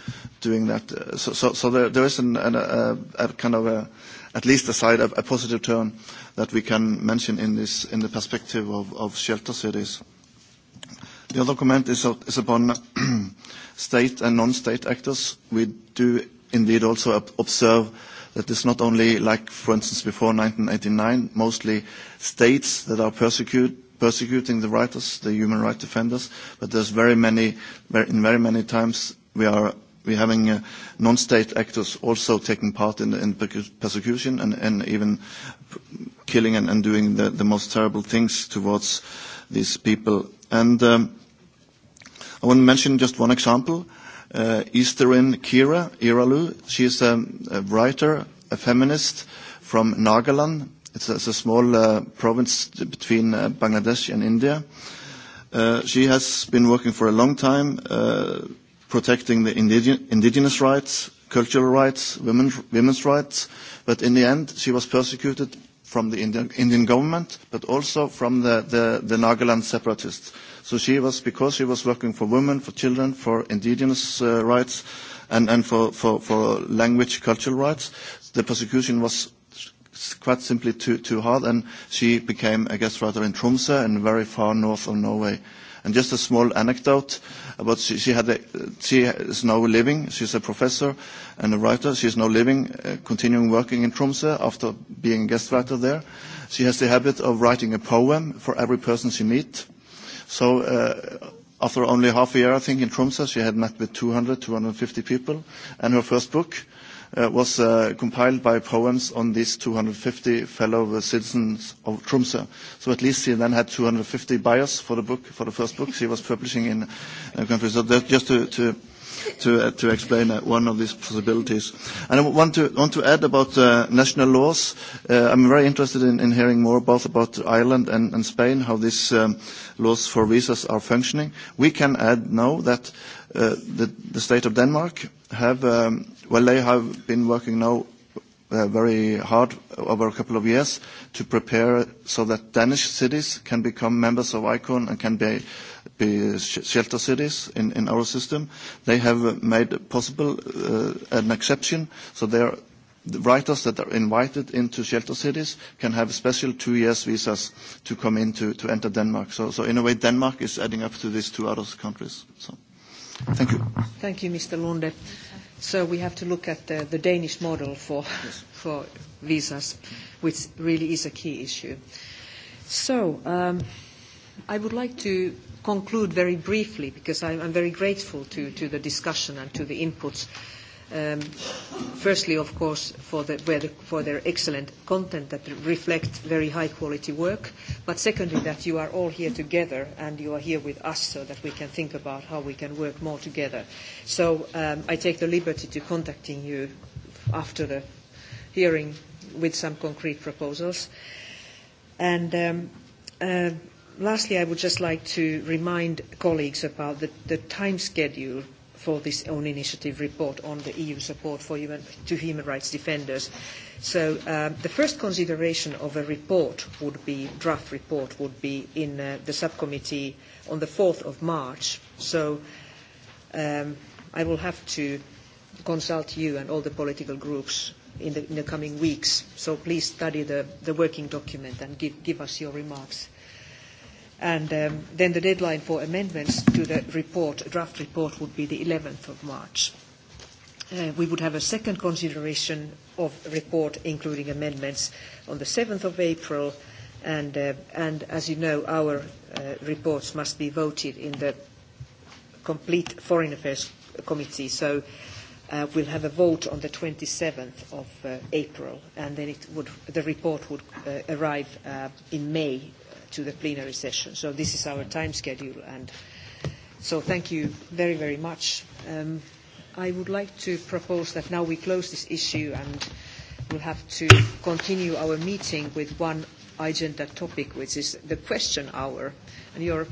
doing that. Uh, so, so, so there, there is an, an, a, a kind of a, at least aside a, a positive turn that we can mention in, this, in the perspective of, of shelter cities. The other comment is, is upon state and non-state actors. We do indeed also observe that it's not only like, for instance, before 1989, mostly states that are persecuted persecuting the writers, the human rights defenders, but there's very many, in very many times we are We're having uh, non-state actors also taking part in, in persecution and, and even killing and, and doing the, the most terrible things towards these people. And um, I want to mention just one example. Uh, Easterin Kira Iralu, she is a, a writer, a feminist from Nagaland. It's a, it's a small uh, province between uh, Bangladesh and India. Uh, she has been working for a long time. Uh, protecting the indigenous rights, cultural rights, women, women's rights. But in the end, she was persecuted from the Indian, Indian government, but also from the, the, the Nagaland separatists. So she was, because she was working for women, for children, for indigenous uh, rights, and, and for, for, for language, cultural rights, the persecution was quite simply too, too hard, and she became a guest writer in Tromsø and very far north of Norway. Uh, And just a small anecdote about she, she, had a, she is now living, she's a professor and a writer, she is now living, uh, continuing working in Tromsø after being a guest writer there. She has the habit of writing a poem for every person she meets. So uh, after only half a year, I think, in Tromsø, she had met with 200, 250 people, and her first book, Uh, was uh, compiled by poems on these 250 fellow citizens of Tromsø. So at least she then had 250 buyers for the book, for the first book she was publishing in uh, countries. So that just to, to to, uh, to explain uh, one of these possibilities. And I want to, want to add about uh, national laws. Uh, I'm very interested in, in hearing more both about Ireland and, and Spain, how these um, laws for visas are functioning. We can add now that uh, the, the state of Denmark have, um, well, they have been working now uh, very hard over a couple of years to prepare so that Danish cities can become members of ICON and can be, be shelter cities in, in our system. They have made possible uh, an exception, so are, the writers that are invited into shelter cities can have special two years visas to come in to, to enter Denmark. So, so in a way, Denmark is adding up to these two other countries. So, thank you. Thank you, Mr. Lunde. So we have to look at the, the Danish model for, yes. for visas, which really is a key issue. So um, I would like to conclude very briefly because I'm, I'm very grateful to, to the discussion and to the inputs. Uh, Um, firstly, of course, for, the, the, for their excellent content that reflect very high quality work, but secondly, that you are all here together and you are here with us so that we can think about how we can work more together. So um, I take the liberty to contacting you after the hearing with some concrete proposals. And um, uh, lastly, I would just like to remind colleagues about the, the time schedule for this own initiative report on the EU support for human, to human rights defenders. So um, the first consideration of a report would be, draft report would be in uh, the subcommittee on the 4th of March. So um, I will have to consult you and all the political groups in the, in the coming weeks. So please study the, the working document and give, give us your remarks And um, then the deadline for amendments to the report, draft report, would be the 11th of March. Uh, we would have a second consideration of report, including amendments, on the 7th of April. And, uh, and as you know, our uh, reports must be voted in the complete Foreign Affairs Committee. So uh, we'll have a vote on the 27th of uh, April, and then it would, the report would uh, arrive uh, in May to the plenary session. So this is our time schedule. And so thank you very, very much. Um, I would like to propose that now we close this issue and we'll have to continue our meeting with one agenda topic, which is the question hour. And you're,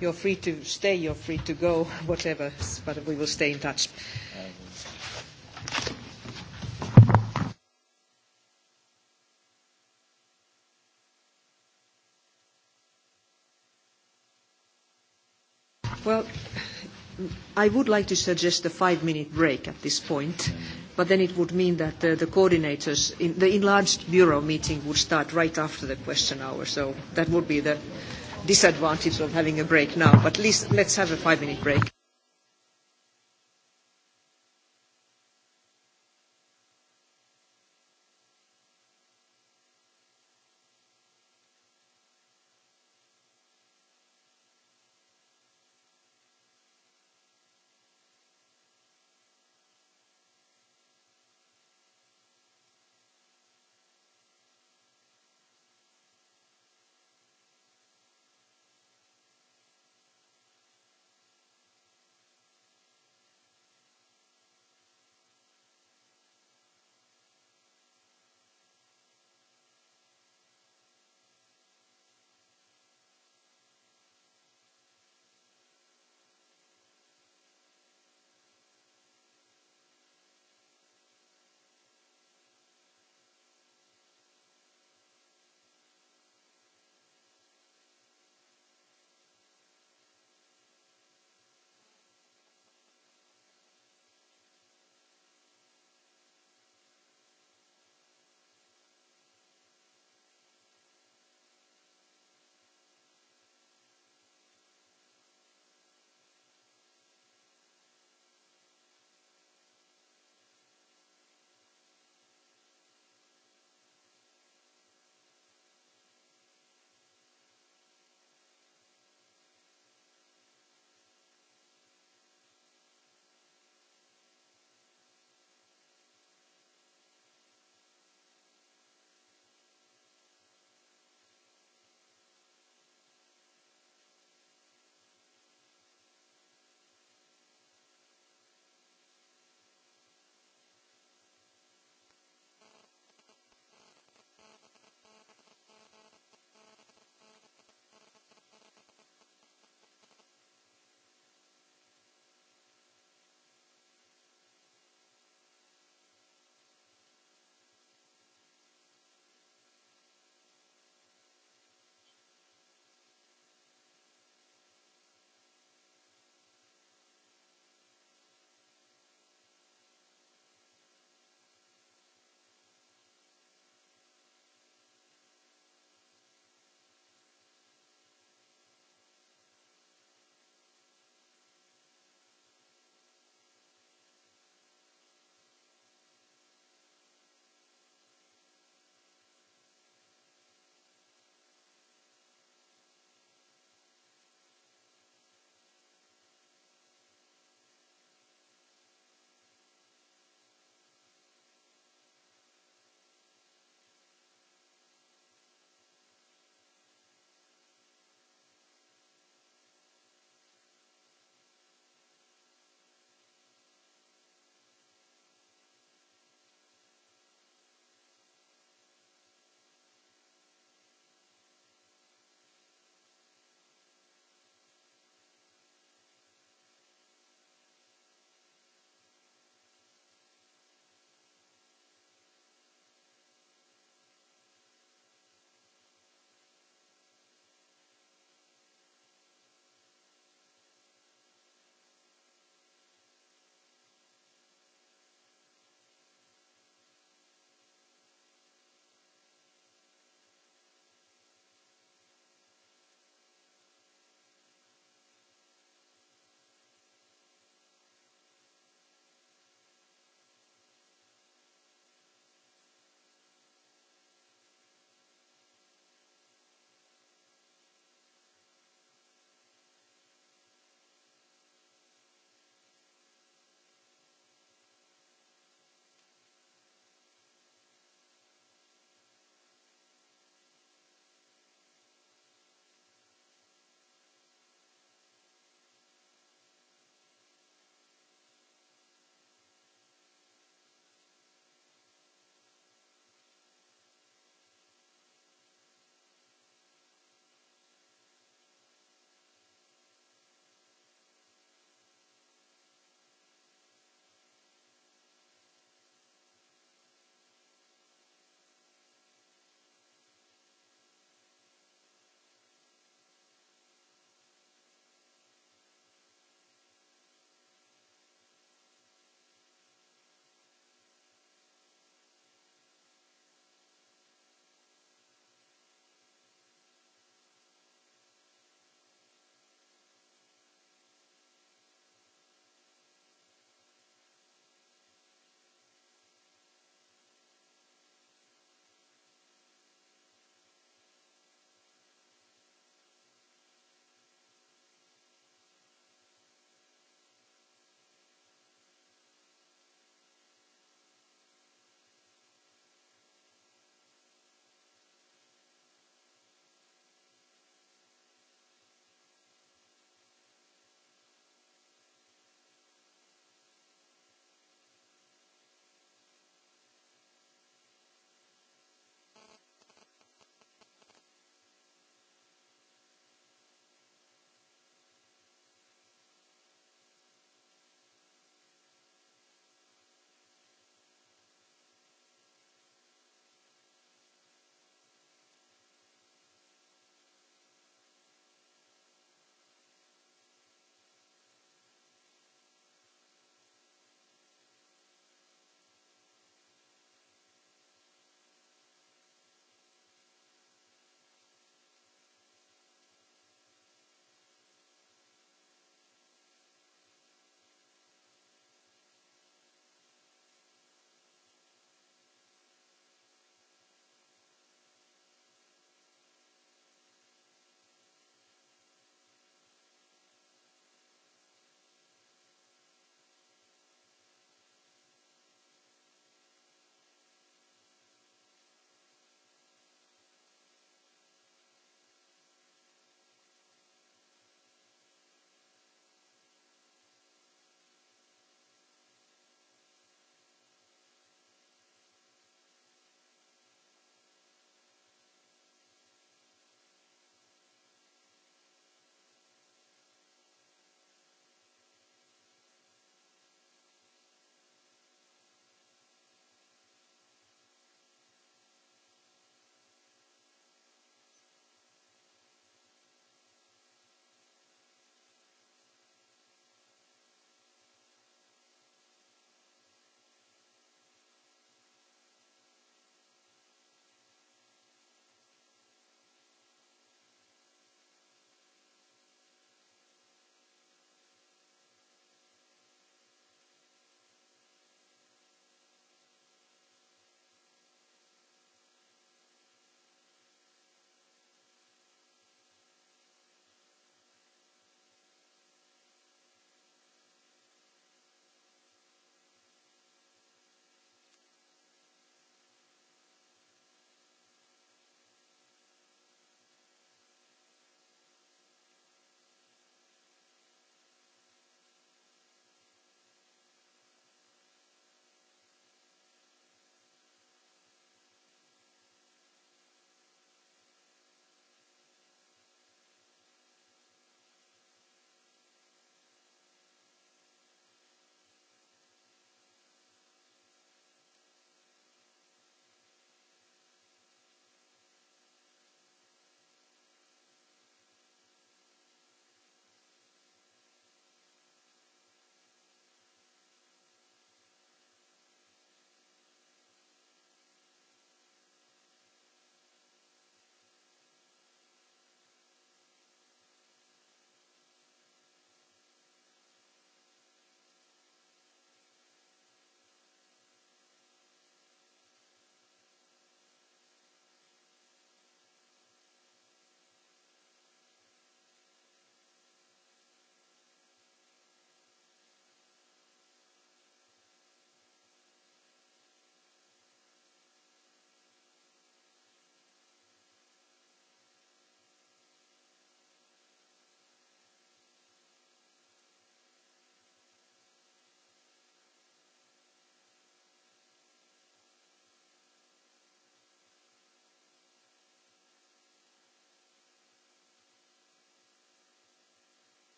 you're free to stay, you're free to go, whatever, but we will stay in touch. Thank you. I would like to suggest a five-minute break at this point, but then it would mean that uh, the coordinators, in the enlarged bureau meeting would start right after the question hour, so that would be the disadvantage of having a break now. But at least let's have a five-minute break.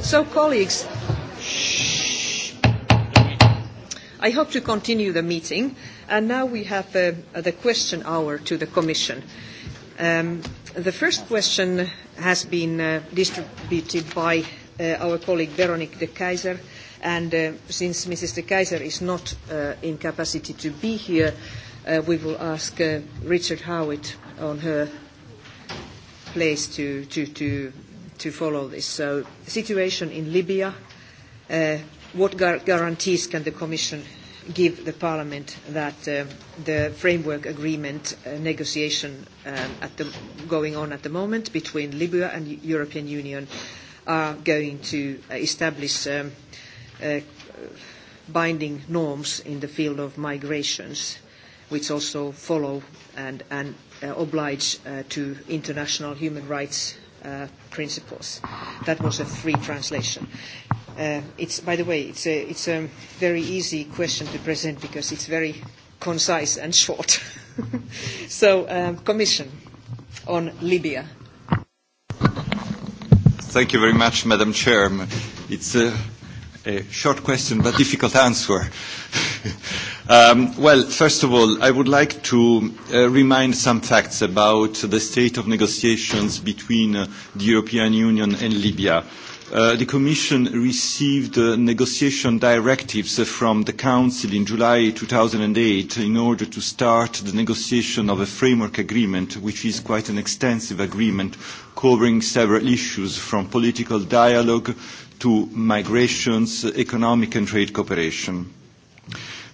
So, colleagues, I hope to continue the meeting. And now we have uh, the question hour to the Commission. Um, the first question has been uh, distributed by uh, our colleague Veronique de Keyser. And uh, since Mrs. de Keyser is not uh, in capacity to be here, uh, we will ask uh, Richard Howitt on her place to, to, to to follow this. So the situation in Libya, uh, what gar guarantees can the Commission give the Parliament that uh, the framework agreement uh, negotiation um, at the, going on at the moment between Libya and European Union are going to establish um, uh, binding norms in the field of migrations, which also follow and, and uh, oblige uh, to international human rights Uh, principles. That was a free translation. Uh, it's, by the way, it's a, it's a very easy question to present because it's very concise and short. so, um, Commission on Libya. Thank you very much, Madam Chair. It's a, a short question but difficult answer. Um, well, first of all, I would like to uh, remind some facts about the state of negotiations between uh, the European Union and Libya. Uh, the Commission received uh, negotiation directives uh, from the Council in July 2008 in order to start the negotiation of a framework agreement, which is quite an extensive agreement covering several issues from political dialogue to migrations, economic and trade cooperation.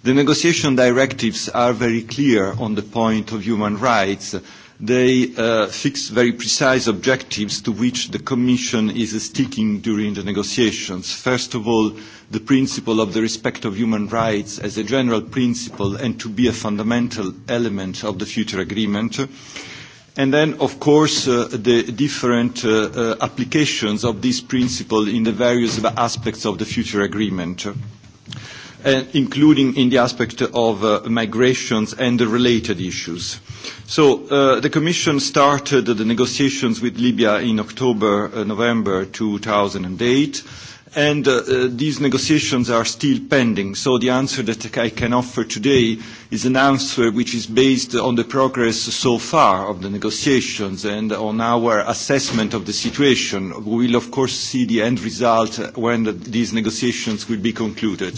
The negotiation directives are very clear on the point of human rights. They uh, fix very precise objectives to which the Commission is sticking during the negotiations. First of all, the principle of the respect of human rights as a general principle and to be a fundamental element of the future agreement. And then, of course, uh, the different uh, uh, applications of this principle in the various aspects of the future agreement including in the aspect of uh, migrations and the related issues. So uh, the Commission started the negotiations with Libya in October, uh, November 2008 and uh, uh, these negotiations are still pending. So the answer that I can offer today is an answer which is based on the progress so far of the negotiations and on our assessment of the situation. We will, of course, see the end result when the, these negotiations will be concluded.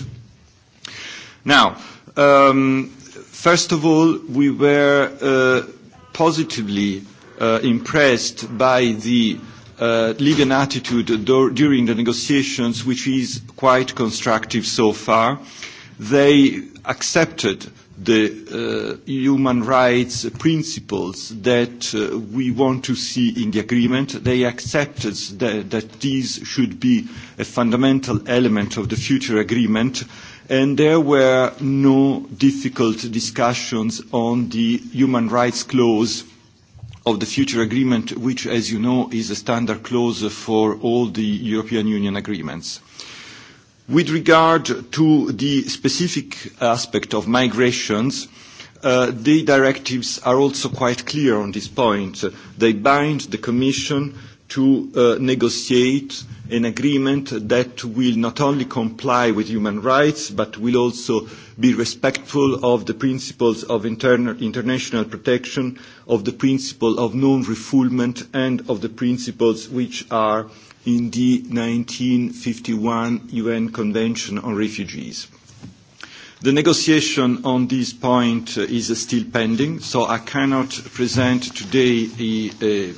Now, um, first of all, we were uh, positively uh, impressed by the uh, Libyan attitude during the negotiations, which is quite constructive so far. They accepted the human rights principles that we want to see in the agreement. They accepted that these should be a fundamental element of the future agreement and there were no difficult discussions on the human rights clause of the future agreement, which, as you know, is a standard clause for all the European Union agreements. With regard to the specific aspect of migrations, uh, the directives are also quite clear on this point. They bind the Commission to uh, negotiate an agreement that will not only comply with human rights, but will also be respectful of the principles of interna international protection, of the principle of non-refoulement, and of the principles which are in the 1951 UN Convention on Refugees. The negotiation on this point is still pending, so I cannot present today a, a uh,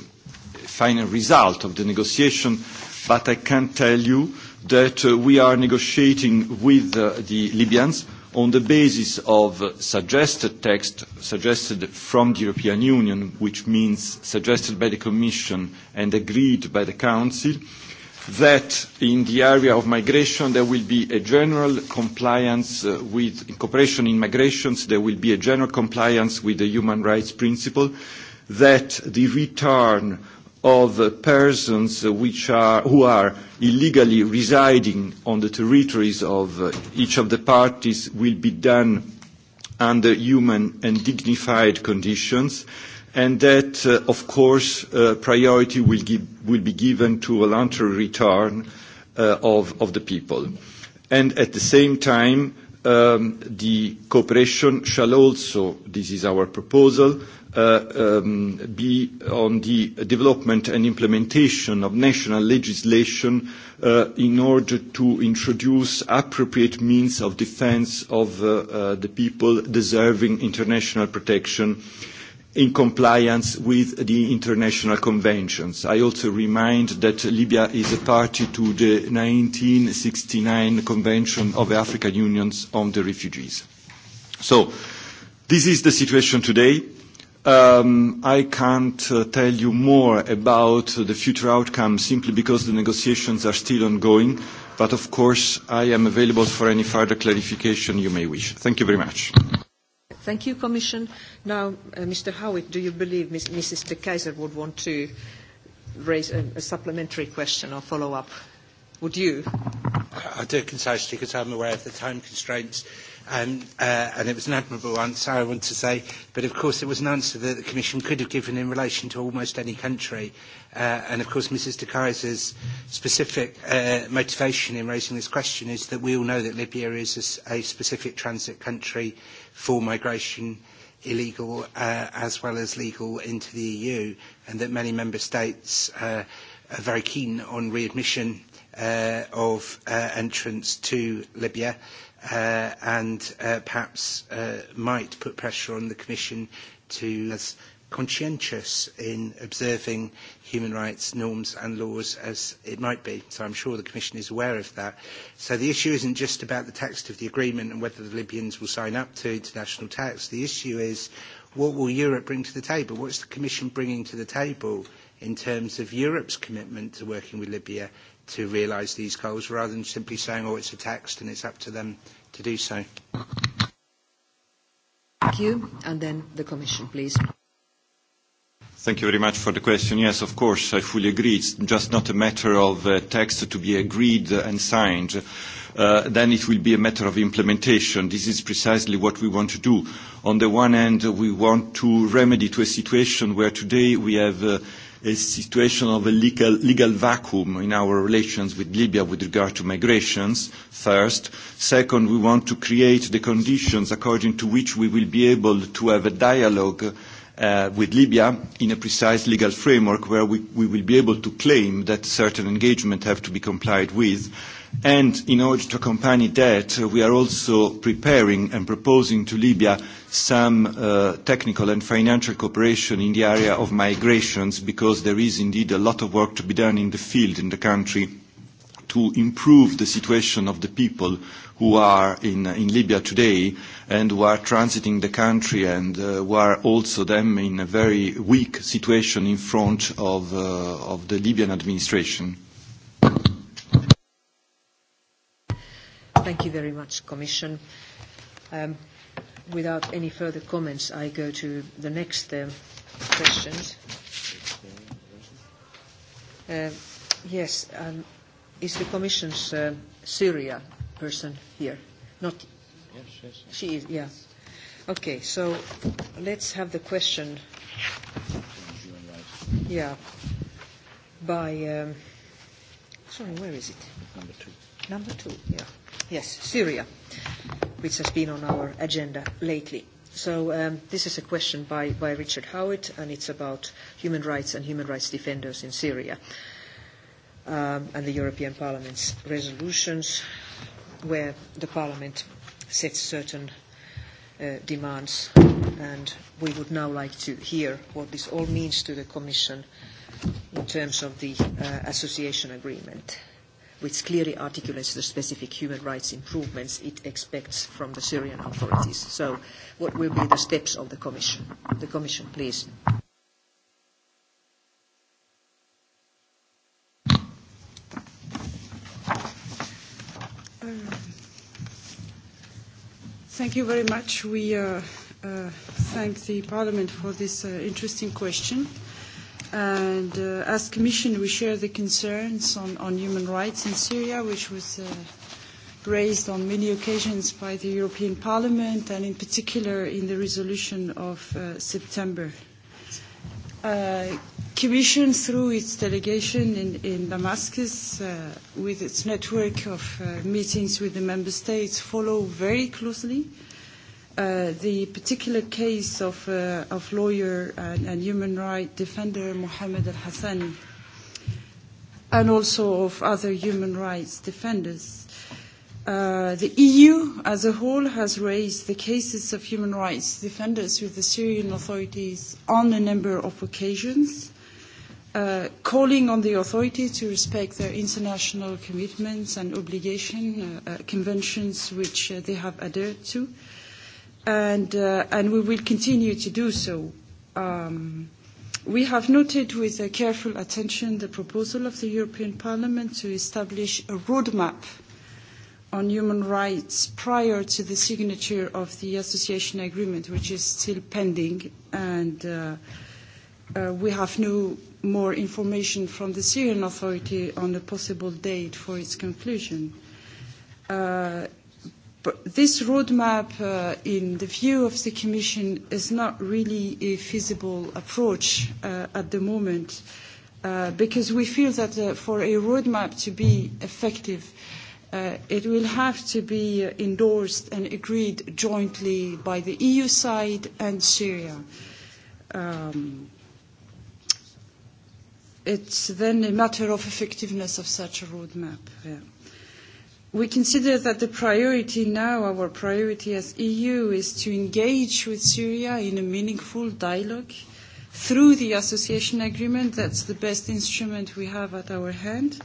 final result of the negotiation but I can tell you that uh, we are negotiating with uh, the Libyans on the basis of suggested text suggested from the European Union, which means suggested by the Commission and agreed by the Council, that in the area of migration there will be a general compliance uh, with in cooperation in migrations, there will be a general compliance with the human rights principle, that the return of persons which are, who are illegally residing on the territories of uh, each of the parties will be done under human and dignified conditions and that, uh, of course, uh, priority will, give, will be given to a voluntary return uh, of, of the people. And at the same time, um, the cooperation shall also, this is our proposal, uh, um, be on the development and implementation of national legislation uh, in order to introduce appropriate means of defense of uh, uh, the people deserving international protection in compliance with the international conventions. I also remind that Libya is a party to the 1969 Convention of the African Union on the Refugees. So this is the situation today. Um, I can't uh, tell you more about the future outcome simply because the negotiations are still ongoing, but of course I am available for any further clarification you may wish. Thank you very much. Thank you, Commission. Now, uh, Mr. Howitt, do you believe Mrs. De Keyser would want to raise a, supplementary question or follow up? Would you? I do it concisely because I'm aware of the time constraints. Um, uh, and it was an admirable answer, I want to say. But of course, it was an answer that the Commission could have given in relation to almost any country. Uh, and of course, Mrs. De Kaiser's specific uh, motivation in raising this question is that we all know that Libya is a, a specific transit country for migration, illegal uh, as well as legal, into the EU, and that many member states uh, are very keen on readmission uh, of uh, entrance to Libya uh, and uh, perhaps uh, might put pressure on the Commission to as conscientious in observing human rights norms and laws as it might be. So I'm sure the Commission is aware of that. So the issue isn't just about the text of the agreement and whether the Libyans will sign up to international tax. The issue is what will Europe bring to the table? What's the Commission bringing to the table in terms of Europe's commitment to working with Libya to realise these goals rather than simply saying, oh, it's a text and it's up to them to do so. Thank you. And then the Commission, please. Thank you very much for the question. Yes, of course, I fully agree. It's just not a matter of uh, text to be agreed and signed. Uh, then it will be a matter of implementation. This is precisely what we want to do. On the one hand, we want to remedy to a situation where today we have uh, a situation of a legal, legal vacuum in our relations with Libya with regard to migrations, first. Second, we want to create the conditions according to which we will be able to have a dialogue Uh, with Libya in a precise legal framework where we, we will be able to claim that certain engagements have to be complied with. And in order to accompany that, uh, we are also preparing and proposing to Libya some uh, technical and financial cooperation in the area of migrations because there is indeed a lot of work to be done in the field, in the country, to improve the situation of the people who are in, uh, Libya today and who are transiting the country and who are also them in a very weak situation in front of the Libyan administration. Thank you very much, Commission. Um, without any further comments, I go to the next uh, questions. Uh, yes, um, is the Commission's uh, Syria person here? Not. Yes, yes, yes. She is. Yeah. Okay. So let's have the question. Yeah. By. Um, sorry, where is it? Number two. Number two. Yeah yes, Syria, which has been on our agenda lately. So um, this is a question by, by Richard Howitt, and it's about human rights and human rights defenders in Syria um, and the European Parliament's resolutions, where the Parliament sets certain uh, demands, and we would now like to hear what this all means to the Commission in terms of the uh, association agreement which clearly articulates the specific human rights improvements it expects from the Syrian authorities. So what will be the steps of the Commission? The Commission, please. Um, thank you very much. We uh, uh, thank the Parliament for this uh, interesting question. And uh, as Commission, we share the concerns on, on human rights in Syria, which was uh, raised on many occasions by the European Parliament, and in particular in the resolution of uh, September. Uh, Commission, through its delegation in, in Damascus, uh, with its network of uh, meetings with the member states, follow very closely uh, Uh, the particular case of, uh, of lawyer and, and human rights defender Mohammed Al Hassani, and also of other human rights defenders. Uh, the EU as a whole has raised the cases of human rights defenders with the Syrian authorities on a number of occasions, uh, calling on the authorities to respect their international commitments and obligations, uh, uh, conventions which uh, they have adhered to. Uh, and, uh, and we will continue to do so. Um, we have noted with careful attention the proposal of the European Parliament to establish a roadmap on human rights prior to the signature of the association agreement, which is still pending, and uh, uh, we have no more information from the Syrian authority on a possible date for its conclusion. Uh, this roadmap, uh, in the view of the Commission, is not really a feasible approach uh, at the moment, uh, because we feel that uh, for a roadmap to be effective, uh, it will have to be endorsed and agreed jointly by the EU side and Syria. Um, it's then a matter of effectiveness of such a roadmap. Yeah. We consider that the priority now, our priority as EU, is to engage with Syria in a meaningful dialogue through the association agreement. That's the best instrument we have at our hand.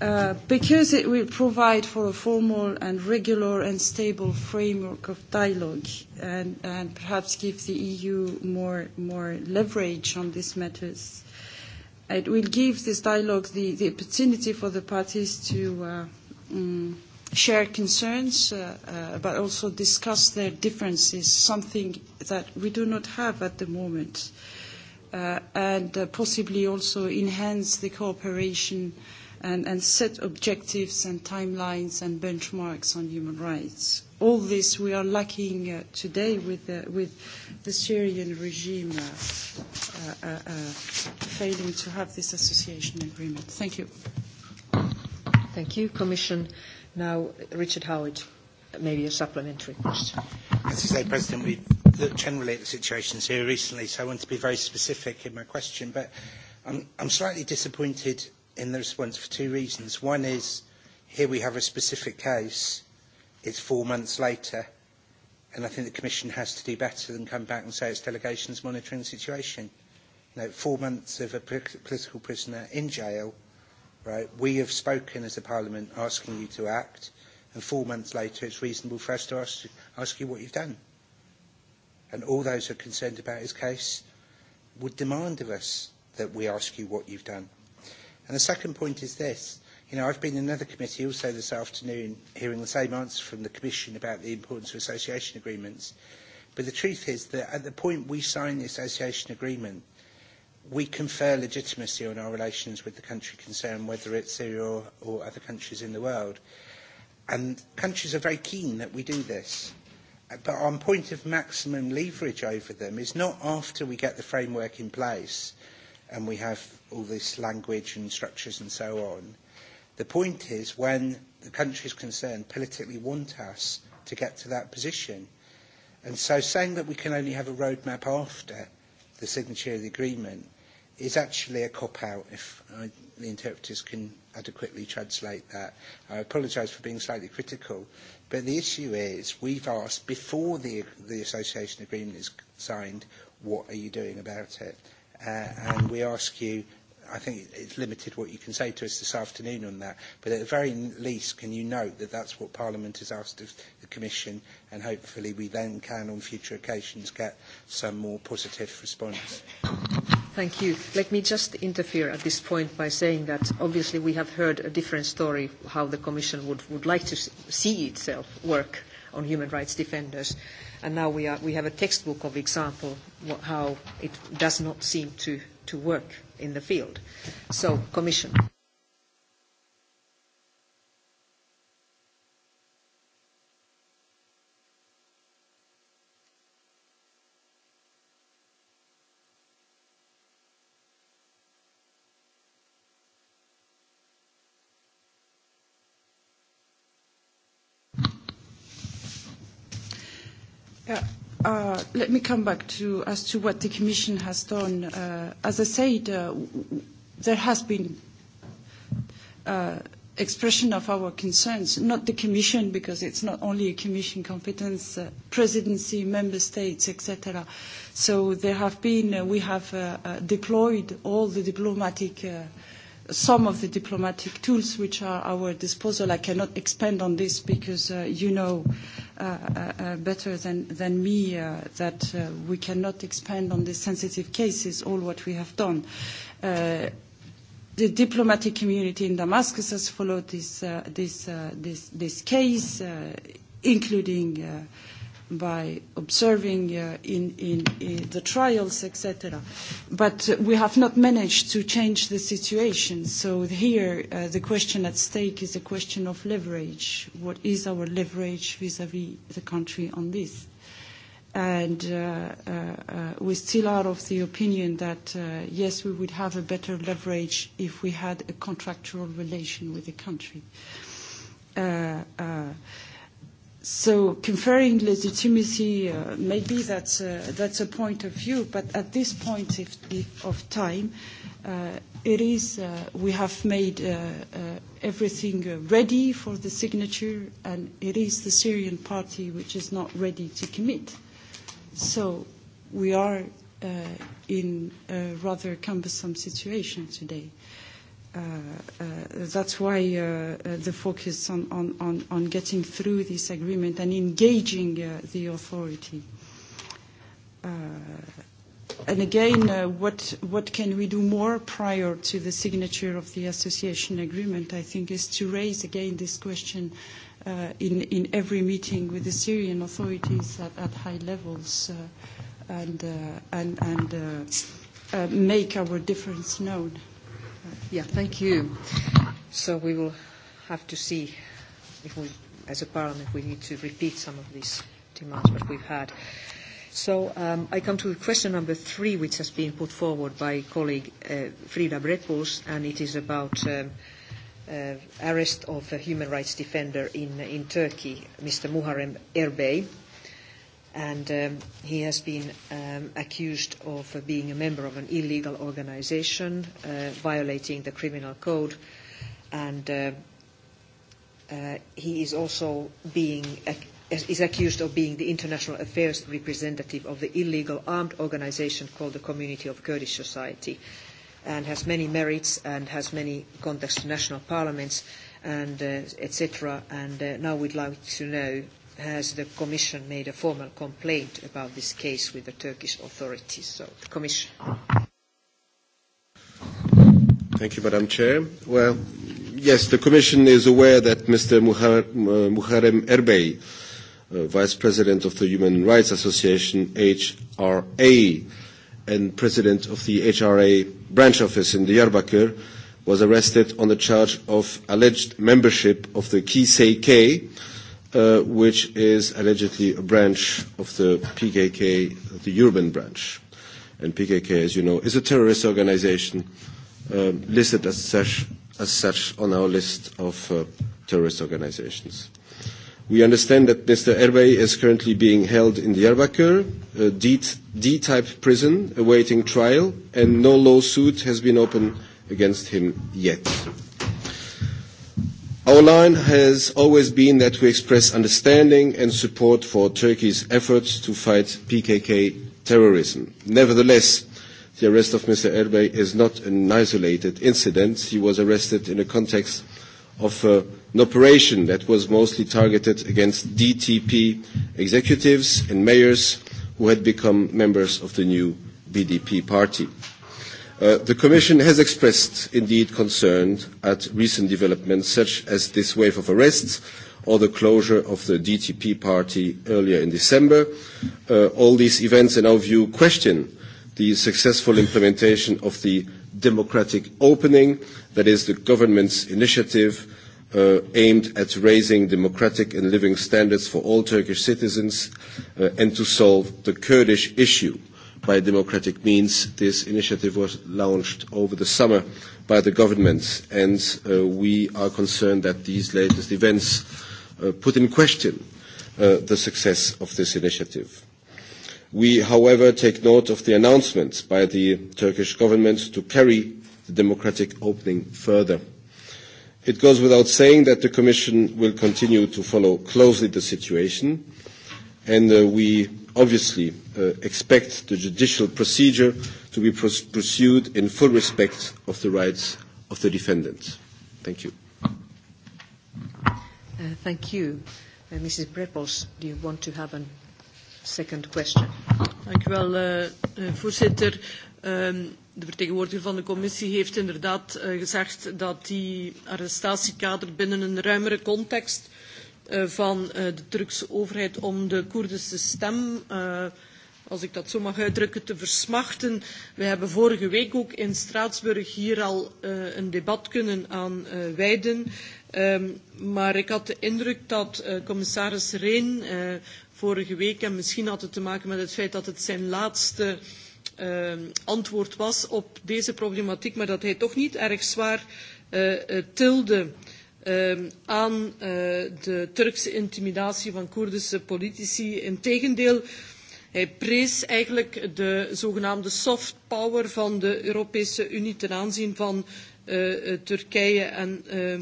Uh, because it will provide for a formal and regular and stable framework of dialogue and, and perhaps give the EU more, more leverage on these matters. It will give this dialogue the, the opportunity for the parties to uh, um, share concerns, uh, uh, but also discuss their differences, something that we do not have at the moment, uh, and uh, possibly also enhance the cooperation and, and set objectives and timelines and benchmarks on human rights. All this we are lacking uh, today with, uh, with the Syrian regime uh, uh, uh, failing to have this association agreement. Thank you. Thank you, Commission. Now, Richard Howard, maybe a supplementary question. As you say, President, we looked generally at the situations here recently, so I want to be very specific in my question. But I'm, I'm slightly disappointed in the response for two reasons. One is here we have a specific case, it's four months later, and I think the Commission has to do better than come back and say its delegation's monitoring the situation. You know, four months of a political prisoner in jail Right? We have spoken as a parliament asking you to act, and four months later it's reasonable for us to ask, ask you what you've done. And all those who are concerned about his case would demand of us that we ask you what you've done. And the second point is this. You know, I've been in another committee also this afternoon hearing the same answer from the Commission about the importance of association agreements. But the truth is that at the point we sign the association agreement, we confer legitimacy on our relations with the country concerned, whether it's Syria or, or other countries in the world. And countries are very keen that we do this. Uh, but our point of maximum leverage over them is not after we get the framework in place and we have all this language and structures and so on. The point is when the countries concerned politically want us to get to that position. And so saying that we can only have a roadmap after the signature of the agreement is actually a cop-out if I, the interpreters can adequately translate that. I apologise for being slightly critical, but the issue is we've asked before the, the association agreement is signed, what are you doing about it? Uh, and we ask you, I think it's limited what you can say to us this afternoon on that, but at the very least, can you note that that's what Parliament has asked of the Commission and hopefully we then can on future occasions get some more positive response. Thank you. Let me just interfere at this point by saying that obviously we have heard a different story how the Commission would, would like to see itself work on human rights defenders. And now we, are, we have a textbook of example what, how it does not seem to, to work in the field. So, Commissioner. Uh, let me come back to as to what the Commission has done. Uh, as I said, uh, there has been uh, expression of our concerns, not the Commission, because it's not only a Commission competence, uh, presidency, member states, etc. So there have been, uh, we have uh, uh, deployed all the diplomatic uh, some of the diplomatic tools which are our disposal. I cannot expand on this because uh, you know Uh, uh, uh, better than, than me uh, that uh, we cannot expand on these sensitive cases all what we have done. Uh, the diplomatic community in Damascus has followed this, uh, this, uh, this, this case, uh, including uh, by observing uh, in, in, in the trials, etc. But we have not managed to change the situation. So here, uh, the question at stake is a question of leverage. What is our leverage vis-à-vis the country on this? And uh, uh, uh, we still are of the opinion that, uh, yes, we would have a better leverage if we had a contractual relation with the country. Uh, uh, So conferring legitimacy, uh, maybe that's a, that's a point of view, but at this point if, if of time, uh, it is, uh, we have made uh, uh, everything uh, ready for the signature, and it is the Syrian party which is not ready to commit. So we are uh, in a rather cumbersome situation today. Uh, Uh, uh, that's why uh, uh, the focus on, on, on, on getting through this agreement and engaging uh, the authority. Uh, and again, uh, what, what can we do more prior to the signature of the association agreement, I think, is to raise again this question uh, in, in every meeting with the Syrian authorities at, at high levels uh, and, uh, and, and uh, uh, make our difference known. Yeah, thank you. So we will have to see if we, as a parliament, we need to repeat some of these demands that we've had. So um, I come to question number three, which has been put forward by colleague uh, Frida Brepols, and it is about um, uh, arrest of a human rights defender in, in Turkey, Mr. Muharrem Erbey and um, he has been um, accused of uh, being a member of an illegal organization, uh, violating the criminal code, and uh, uh, he is also being ac- is accused of being the international affairs representative of the illegal armed organization called the Community of Kurdish Society, and has many merits and has many contacts to national parliaments and uh, etc. And uh, now we'd like to know has the Commission made a formal complaint about this case with the Turkish authorities? So, the Commission. Thank you, Madam Chair. Well, yes, the Commission is aware that Mr. Uh, Muharrem Erbey, uh, Vice President of the Human Rights Association, HRA, and President of the HRA branch office in Diyarbakir, was arrested on the charge of alleged membership of the KCK, Uh, which is allegedly a branch of the PKK, the urban branch. And PKK, as you know, is a terrorist organization uh, listed as such, as such on our list of uh, terrorist organizations. We understand that Mr. Erbey is currently being held in Diyarbakir, a D-type prison awaiting trial, and no lawsuit has been opened against him yet. Our line has always been that we express understanding and support for Turkey's efforts to fight PKK terrorism. Nevertheless, the arrest of Mr. Erbey is not an isolated incident. He was arrested in the context of uh, an operation that was mostly targeted against DTP executives and mayors who had become members of the new BDP party. Uh, the Commission has expressed indeed concern at recent developments such as this wave of arrests or the closure of the DTP party earlier in December. Uh, all these events, in our view, question the successful implementation of the democratic opening, that is, the government's initiative uh, aimed at raising democratic and living standards for all Turkish citizens uh, and to solve the Kurdish issue by democratic means. This initiative was launched over the summer by the government, and uh, we are concerned that these latest events uh, put in question uh, the success of this initiative. We, however, take note of the announcement by the Turkish government to carry the democratic opening further. It goes without saying that the Commission will continue to follow closely the situation, and uh, we obviously Uh, expect the judicial procedure to be pros- pursued in full respect of the rights of the defendant. Thank you. Uh, thank you. Uh, Mrs. Breppels, do you want to have a second question? Thank you, well, uh, eh, uh, eh, voorzitter. Um, de vertegenwoordiger van de commissie heeft inderdaad uh, gezegd dat die arrestatiekader binnen een ruimere context uh, van uh, de Turkse overheid om de Koerdische stem uh, als ik dat zo mag uitdrukken, te versmachten. We hebben vorige week ook in Straatsburg hier al uh, een debat kunnen aan uh, wijden. Um, maar ik had de indruk dat uh, commissaris Rehn uh, vorige week, en misschien had het te maken met het feit dat het zijn laatste uh, antwoord was op deze problematiek, maar dat hij toch niet erg zwaar uh, tilde uh, aan uh, de Turkse intimidatie van Koerdische politici. Integendeel, uh, Hij prees eigenlijk de zogenaamde soft power van de Europese Unie ten aanzien van uh, Turkije. En uh,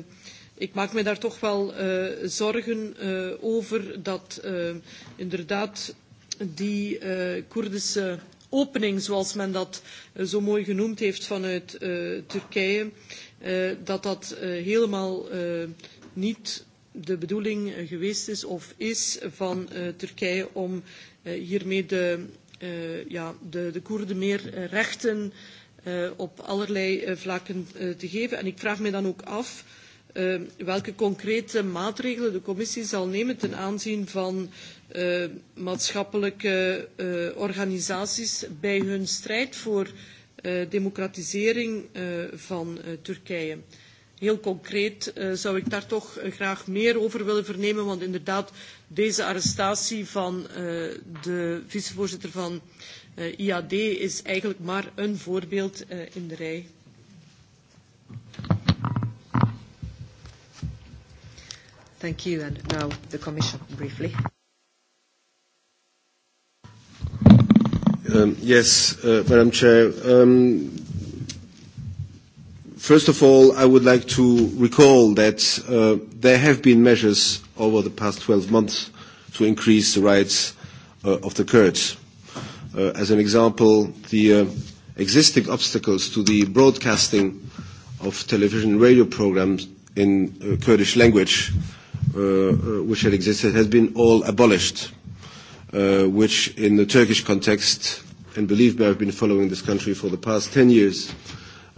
ik maak me daar toch wel uh, zorgen uh, over dat uh, inderdaad die uh, Koerdische opening, zoals men dat uh, zo mooi genoemd heeft vanuit uh, Turkije, uh, dat dat uh, helemaal uh, niet de bedoeling geweest is of is van uh, Turkije om Eh, hiermee de, uh, ja, de, de Koerden meer eh, rechten uh, op allerlei uh, vlakken uh, te geven. En ik vraag me dan ook af uh, welke concrete maatregelen de commissie zal nemen ten aanzien van uh, maatschappelijke uh, organisaties bij hun strijd voor uh, democratisering uh, van uh, Turkije. Heel concreet uh, zou ik daar toch eh, graag meer over willen vernemen, want inderdaad, deze arrestatie van uh, de vicevoorzitter van uh, IAD is eigenlijk maar een voorbeeld uh, in de rij. Thank you, and now the Commission briefly. Um, yes, uh, Madam Chair. Um, First of all, I would like to recall that uh, there have been measures over the past 12 months to increase the rights uh, of the Kurds. Uh, as an example, the uh, existing obstacles to the broadcasting of television and radio programs in uh, Kurdish language, uh, uh, which had existed, has been all abolished, uh, which in the Turkish context, and believe me, I've been following this country for the past 10 years, uh,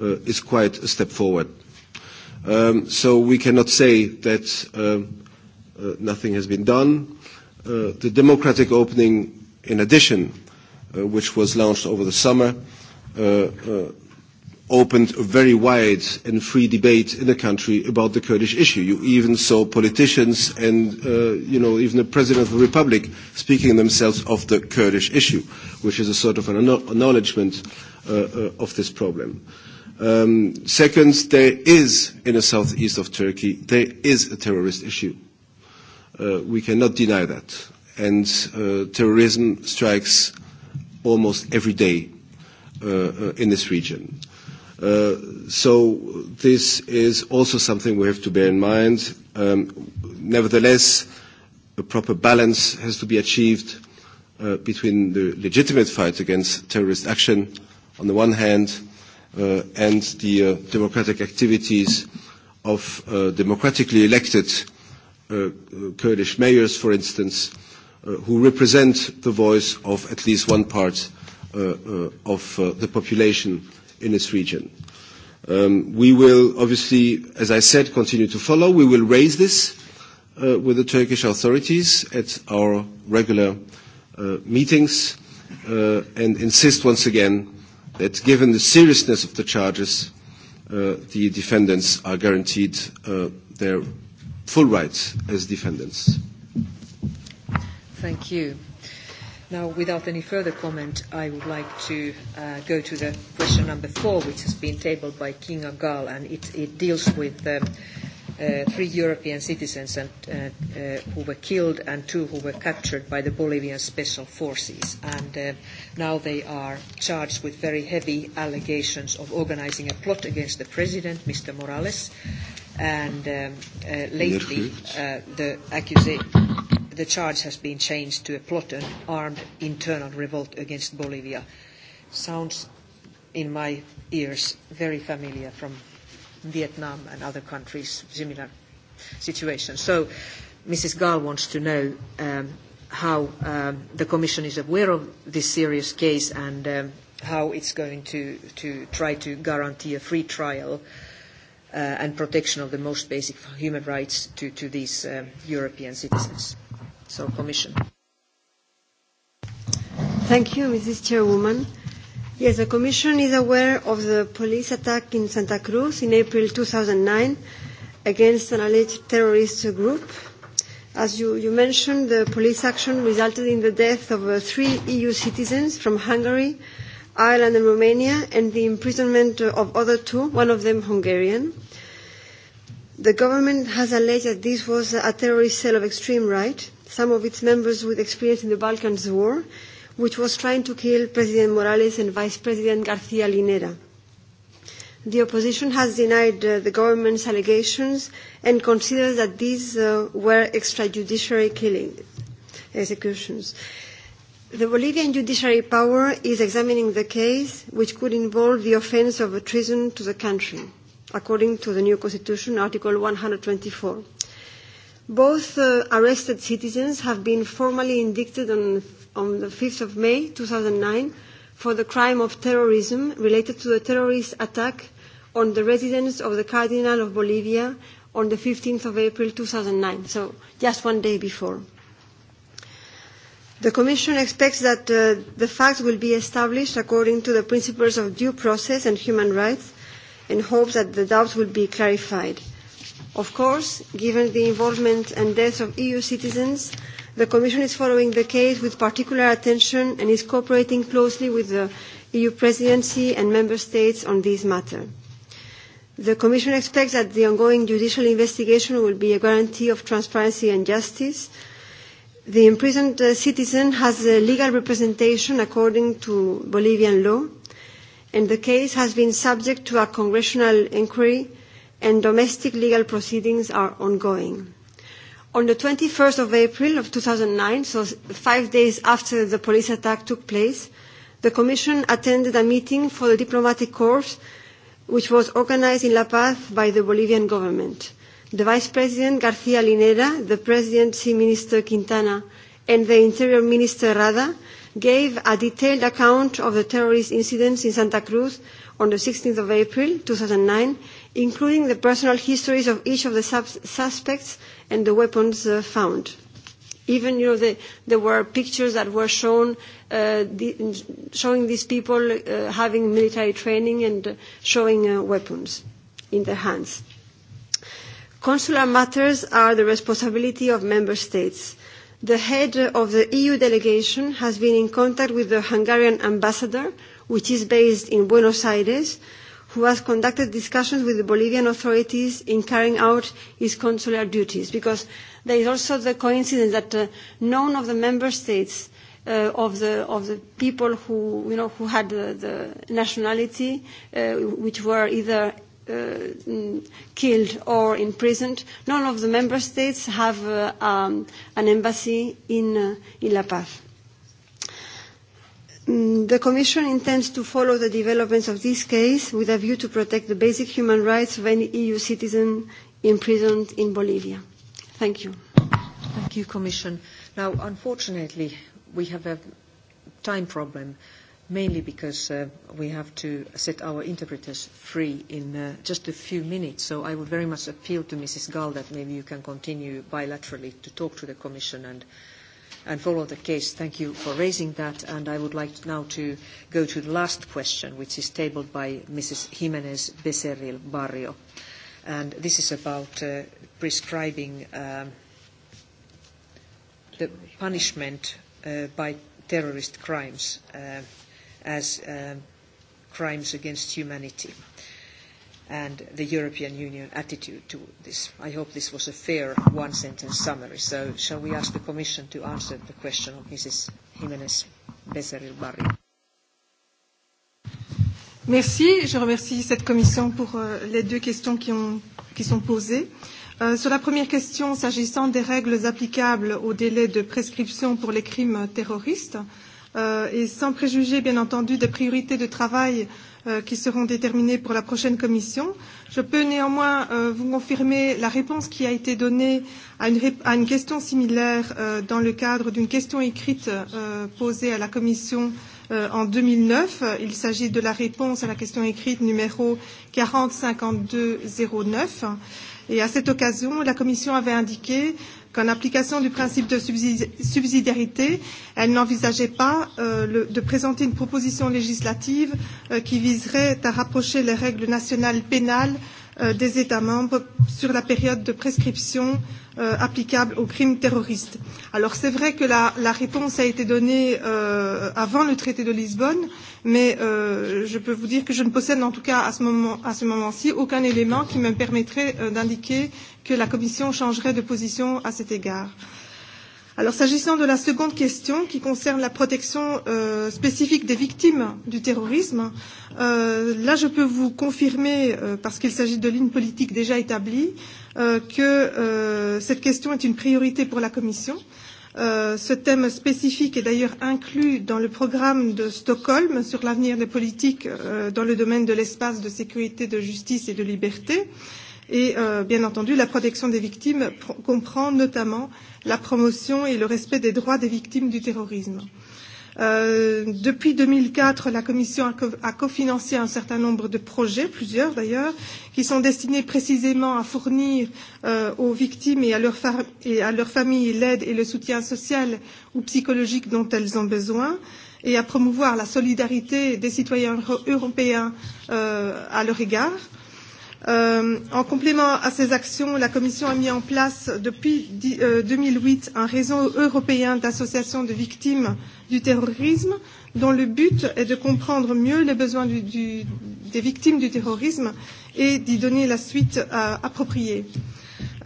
uh, is quite a step forward. Um, so we cannot say that um, uh, nothing has been done. Uh, the democratic opening, in addition, uh, which was launched over the summer, uh, uh, opened a very wide and free debate in the country about the Kurdish issue. You even saw politicians and, uh, you know, even the President of the Republic speaking themselves of the Kurdish issue, which is a sort of an acknowledgement uh, uh, of this problem. Uh, Um, second, there is, in the southeast of Turkey, there is a terrorist issue. Uh, we cannot deny that. And uh, terrorism strikes almost every day uh, uh, in this region. Uh, so this is also something we have to bear in mind. Um, nevertheless, a proper balance has to be achieved uh, between the legitimate fight against terrorist action on the one hand uh, and the uh, democratic activities of uh, democratically elected uh, uh, Kurdish mayors, for instance, uh, who represent the voice of at least one part uh, uh, of uh, the population in this region. Um, we will obviously, as I said, continue to follow. We will raise this uh, with the Turkish authorities at our regular uh, meetings uh, and insist once again that given the seriousness of the charges, uh, the defendants are guaranteed uh, their full rights as defendants. Thank you. Now, without any further comment, I would like to uh, go to the question number four, which has been tabled by King Agal, and it, it deals with um, uh, three European citizens and, uh, uh, who were killed and two who were captured by the Bolivian special forces. And uh, now they are charged with very heavy allegations of organizing a plot against the president, Mr. Morales. And um, uh, lately, uh, the accusation the charge has been changed to a plot and armed internal revolt against Bolivia. Sounds in my ears very familiar from Vietnam and other countries, similar situations. So Mrs. Gall wants to know um, how um, the Commission is aware of this serious case and um, how it's going to, to try to guarantee a free trial uh, and protection of the most basic human rights to, to these um, European citizens. So, Commission. Thank you, Mrs. Chairwoman. Yes, the Commission is aware of the police attack in Santa Cruz in April 2009 against an alleged terrorist group. As you, you mentioned, the police action resulted in the death of uh, three EU citizens from Hungary, Ireland and Romania, and the imprisonment of other two, one of them Hungarian. The government has alleged that this was a terrorist cell of extreme right, some of its members with experience in the Balkans war, which was trying to kill President Morales and Vice President García Linera. The opposition has denied uh, the government's allegations and considers that these uh, were extrajudiciary killings, executions. The Bolivian judiciary power is examining the case, which could involve the offence of treason to the country, according to the new constitution, Article 124. Both uh, arrested citizens have been formally indicted on, on the 5th of May 2009 for the crime of terrorism related to the terrorist attack on the residence of the Cardinal of Bolivia on the 15th of April 2009, so just one day before. The Commission expects that uh, the facts will be established according to the principles of due process and human rights and hopes that the doubts will be clarified. Of course, given the involvement and death of EU citizens, the Commission is following the case with particular attention and is cooperating closely with the EU Presidency and Member States on this matter. The Commission expects that the ongoing judicial investigation will be a guarantee of transparency and justice. The imprisoned uh, citizen has a legal representation according to Bolivian law, and the case has been subject to a congressional inquiry and domestic legal proceedings are ongoing. On the 21st of April of 2009, so five days after the police attack took place, the Commission attended a meeting for the diplomatic corps which was organized in La Paz by the Bolivian government. The Vice President García Linera, the Presidency Minister Quintana, and the Interior Minister Rada gave a detailed account of the terrorist incidents in Santa Cruz on the 16th of April 2009 including the personal histories of each of the suspects and the weapons uh, found. Even you know, the, there were pictures that were shown uh, the, showing these people uh, having military training and uh, showing uh, weapons in their hands. Consular matters are the responsibility of member states. The head of the EU delegation has been in contact with the Hungarian ambassador, which is based in Buenos Aires, who has conducted discussions with the Bolivian authorities in carrying out its consular duties, because there is also the coincidence that uh, none of the member states uh, of the of the people who you know who had the, the nationality, uh, which were either uh, mm, killed or imprisoned, none of the member states have uh, um, an embassy in uh, in La Paz. Mm, the Commission intends to follow the developments of this case with a view to protect the basic human rights of any EU citizen imprisoned in Bolivia. Thank you. Thank you, Commission. Now, unfortunately, we have a time problem, mainly because uh, we have to set our interpreters free in uh, just a few minutes. So I would very much appeal to Mrs. Gall that maybe you can continue bilaterally to talk to the Commission and and follow the case. Thank you for raising that. And I would like now to go to the last question, which is tabled by Mrs. Jimenez Becerril Barrio. And this is about uh, prescribing um, the punishment uh, by terrorist crimes uh, as uh, crimes against humanity and the European Union attitude to this. I hope this was a fair one-sentence summary. So shall we ask the Commission to answer the question of Mrs. Jiménez Becerril Barrio? Merci. Je remercie cette commission pour euh, les deux questions qui, ont, qui sont posées. Euh, sur la première question, s'agissant des règles applicables au délai de prescription pour les crimes terroristes, euh, et sans préjuger bien entendu des priorités de travail euh, euh, qui seront déterminées pour la prochaine commission. Je peux néanmoins euh, vous confirmer la réponse qui a été donnée à une, à une question similaire euh, dans le cadre d'une question écrite euh, posée à la commission euh, en 2009. Il s'agit de la réponse à la question écrite numéro 40 52 09. Et à cette occasion, la commission avait indiqué euh, qu'en application du principe de subsidiarité, elle n'envisageait pas euh, le, de présenter une proposition législative euh, qui viserait à rapprocher les règles nationales pénales euh, Euh, des États membres sur la période de prescription euh, applicable aux crimes terroristes. Alors c'est vrai que la, la réponse a été donnée euh, avant le traité de Lisbonne, mais euh, je peux vous dire que je ne possède en tout cas à ce moment ci ce moment aucun élément qui me permettrait euh, d'indiquer que la Commission changerait de position à cet égard. Euh, Alors s'agissant de la seconde question qui concerne la protection euh, spécifique des victimes du terrorisme, euh, là je peux vous confirmer, euh, parce qu'il s'agit de lignes politiques déjà établies, euh, que euh, cette question est une priorité pour la Commission. Euh, ce thème spécifique est d'ailleurs inclus dans le programme de Stockholm sur l'avenir des politiques euh, dans le domaine de l'espace de sécurité, de justice et de liberté. Euh, Et euh, bien entendu, la protection des victimes pr comprend notamment la promotion et le respect des droits des victimes du terrorisme. Euh, depuis 2004, la Commission a, cofinancé co un certain nombre de projets, plusieurs d'ailleurs, qui sont destinés précisément à fournir euh, aux victimes et à leurs fa leur familles l'aide et le soutien social ou psychologique dont elles ont besoin et à promouvoir la solidarité des citoyens euro européens euh, à leur égard. Euh, Euh, en complément à ces actions, la Commission a mis en place depuis euh, 2008 un réseau européen d'associations de victimes du terrorisme dont le but est de comprendre mieux les besoins du, du, des victimes du terrorisme et d'y donner la suite euh, appropriée.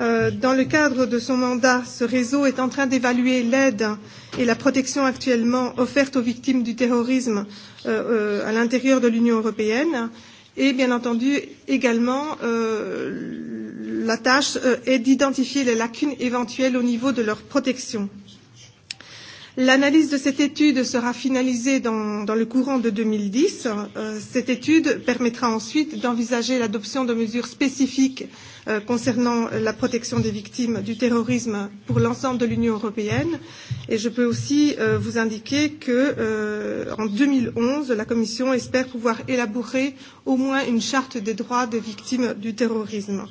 Euh, dans le cadre de son mandat, ce réseau est en train d'évaluer l'aide et la protection actuellement offerte aux victimes du terrorisme euh, euh, à l'intérieur de l'Union européenne. Euh, Et bien entendu, également, euh, la tâche euh, est d'identifier les lacunes éventuelles au niveau de leur protection. L'analyse de cette étude sera finalisée dans, dans le courant de 2010. Euh, cette étude permettra ensuite d'envisager l'adoption de mesures spécifiques euh, concernant la protection des victimes du terrorisme pour l'ensemble de l'Union européenne. Et je peux aussi euh, vous indiquer que en 2011, la Commission espère pouvoir élaborer au moins une charte des droits des victimes du terrorisme.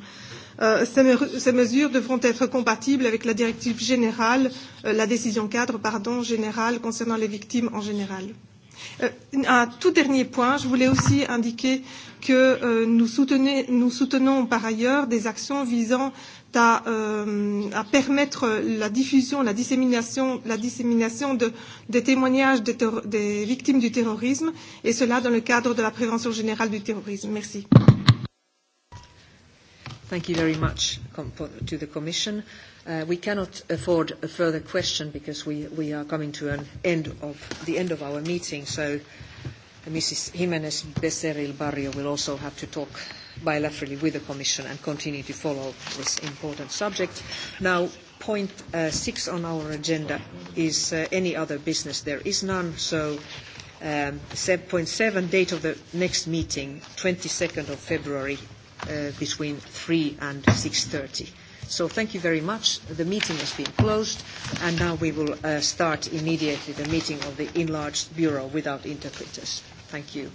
Euh, ces, me ces mesures devront être compatibles avec la directive générale, euh, la décision cadre, pardon, générale concernant les victimes en général. Euh, un tout dernier point, je voulais aussi indiquer que euh, nous, nous soutenons par ailleurs des actions visant à, euh, à permettre la diffusion, la dissémination, la dissémination de, des témoignages des, des victimes du terrorisme, et cela dans le cadre de la prévention générale du terrorisme. Merci. Thank you very much to the Commission. Uh, we cannot afford a further question because we, we are coming to an end of the end of our meeting. So uh, Mrs. Jimenez Becerril Barrio will also have to talk bilaterally with the Commission and continue to follow this important subject. Now, point uh, six on our agenda is uh, any other business. There is none. So um, seven, date of the next meeting, 22nd of February Uh, between 3 and 6.30. So thank you very much. The meeting has been closed, and now we will uh, start immediately the meeting of the enlarged bureau without interpreters. Thank you.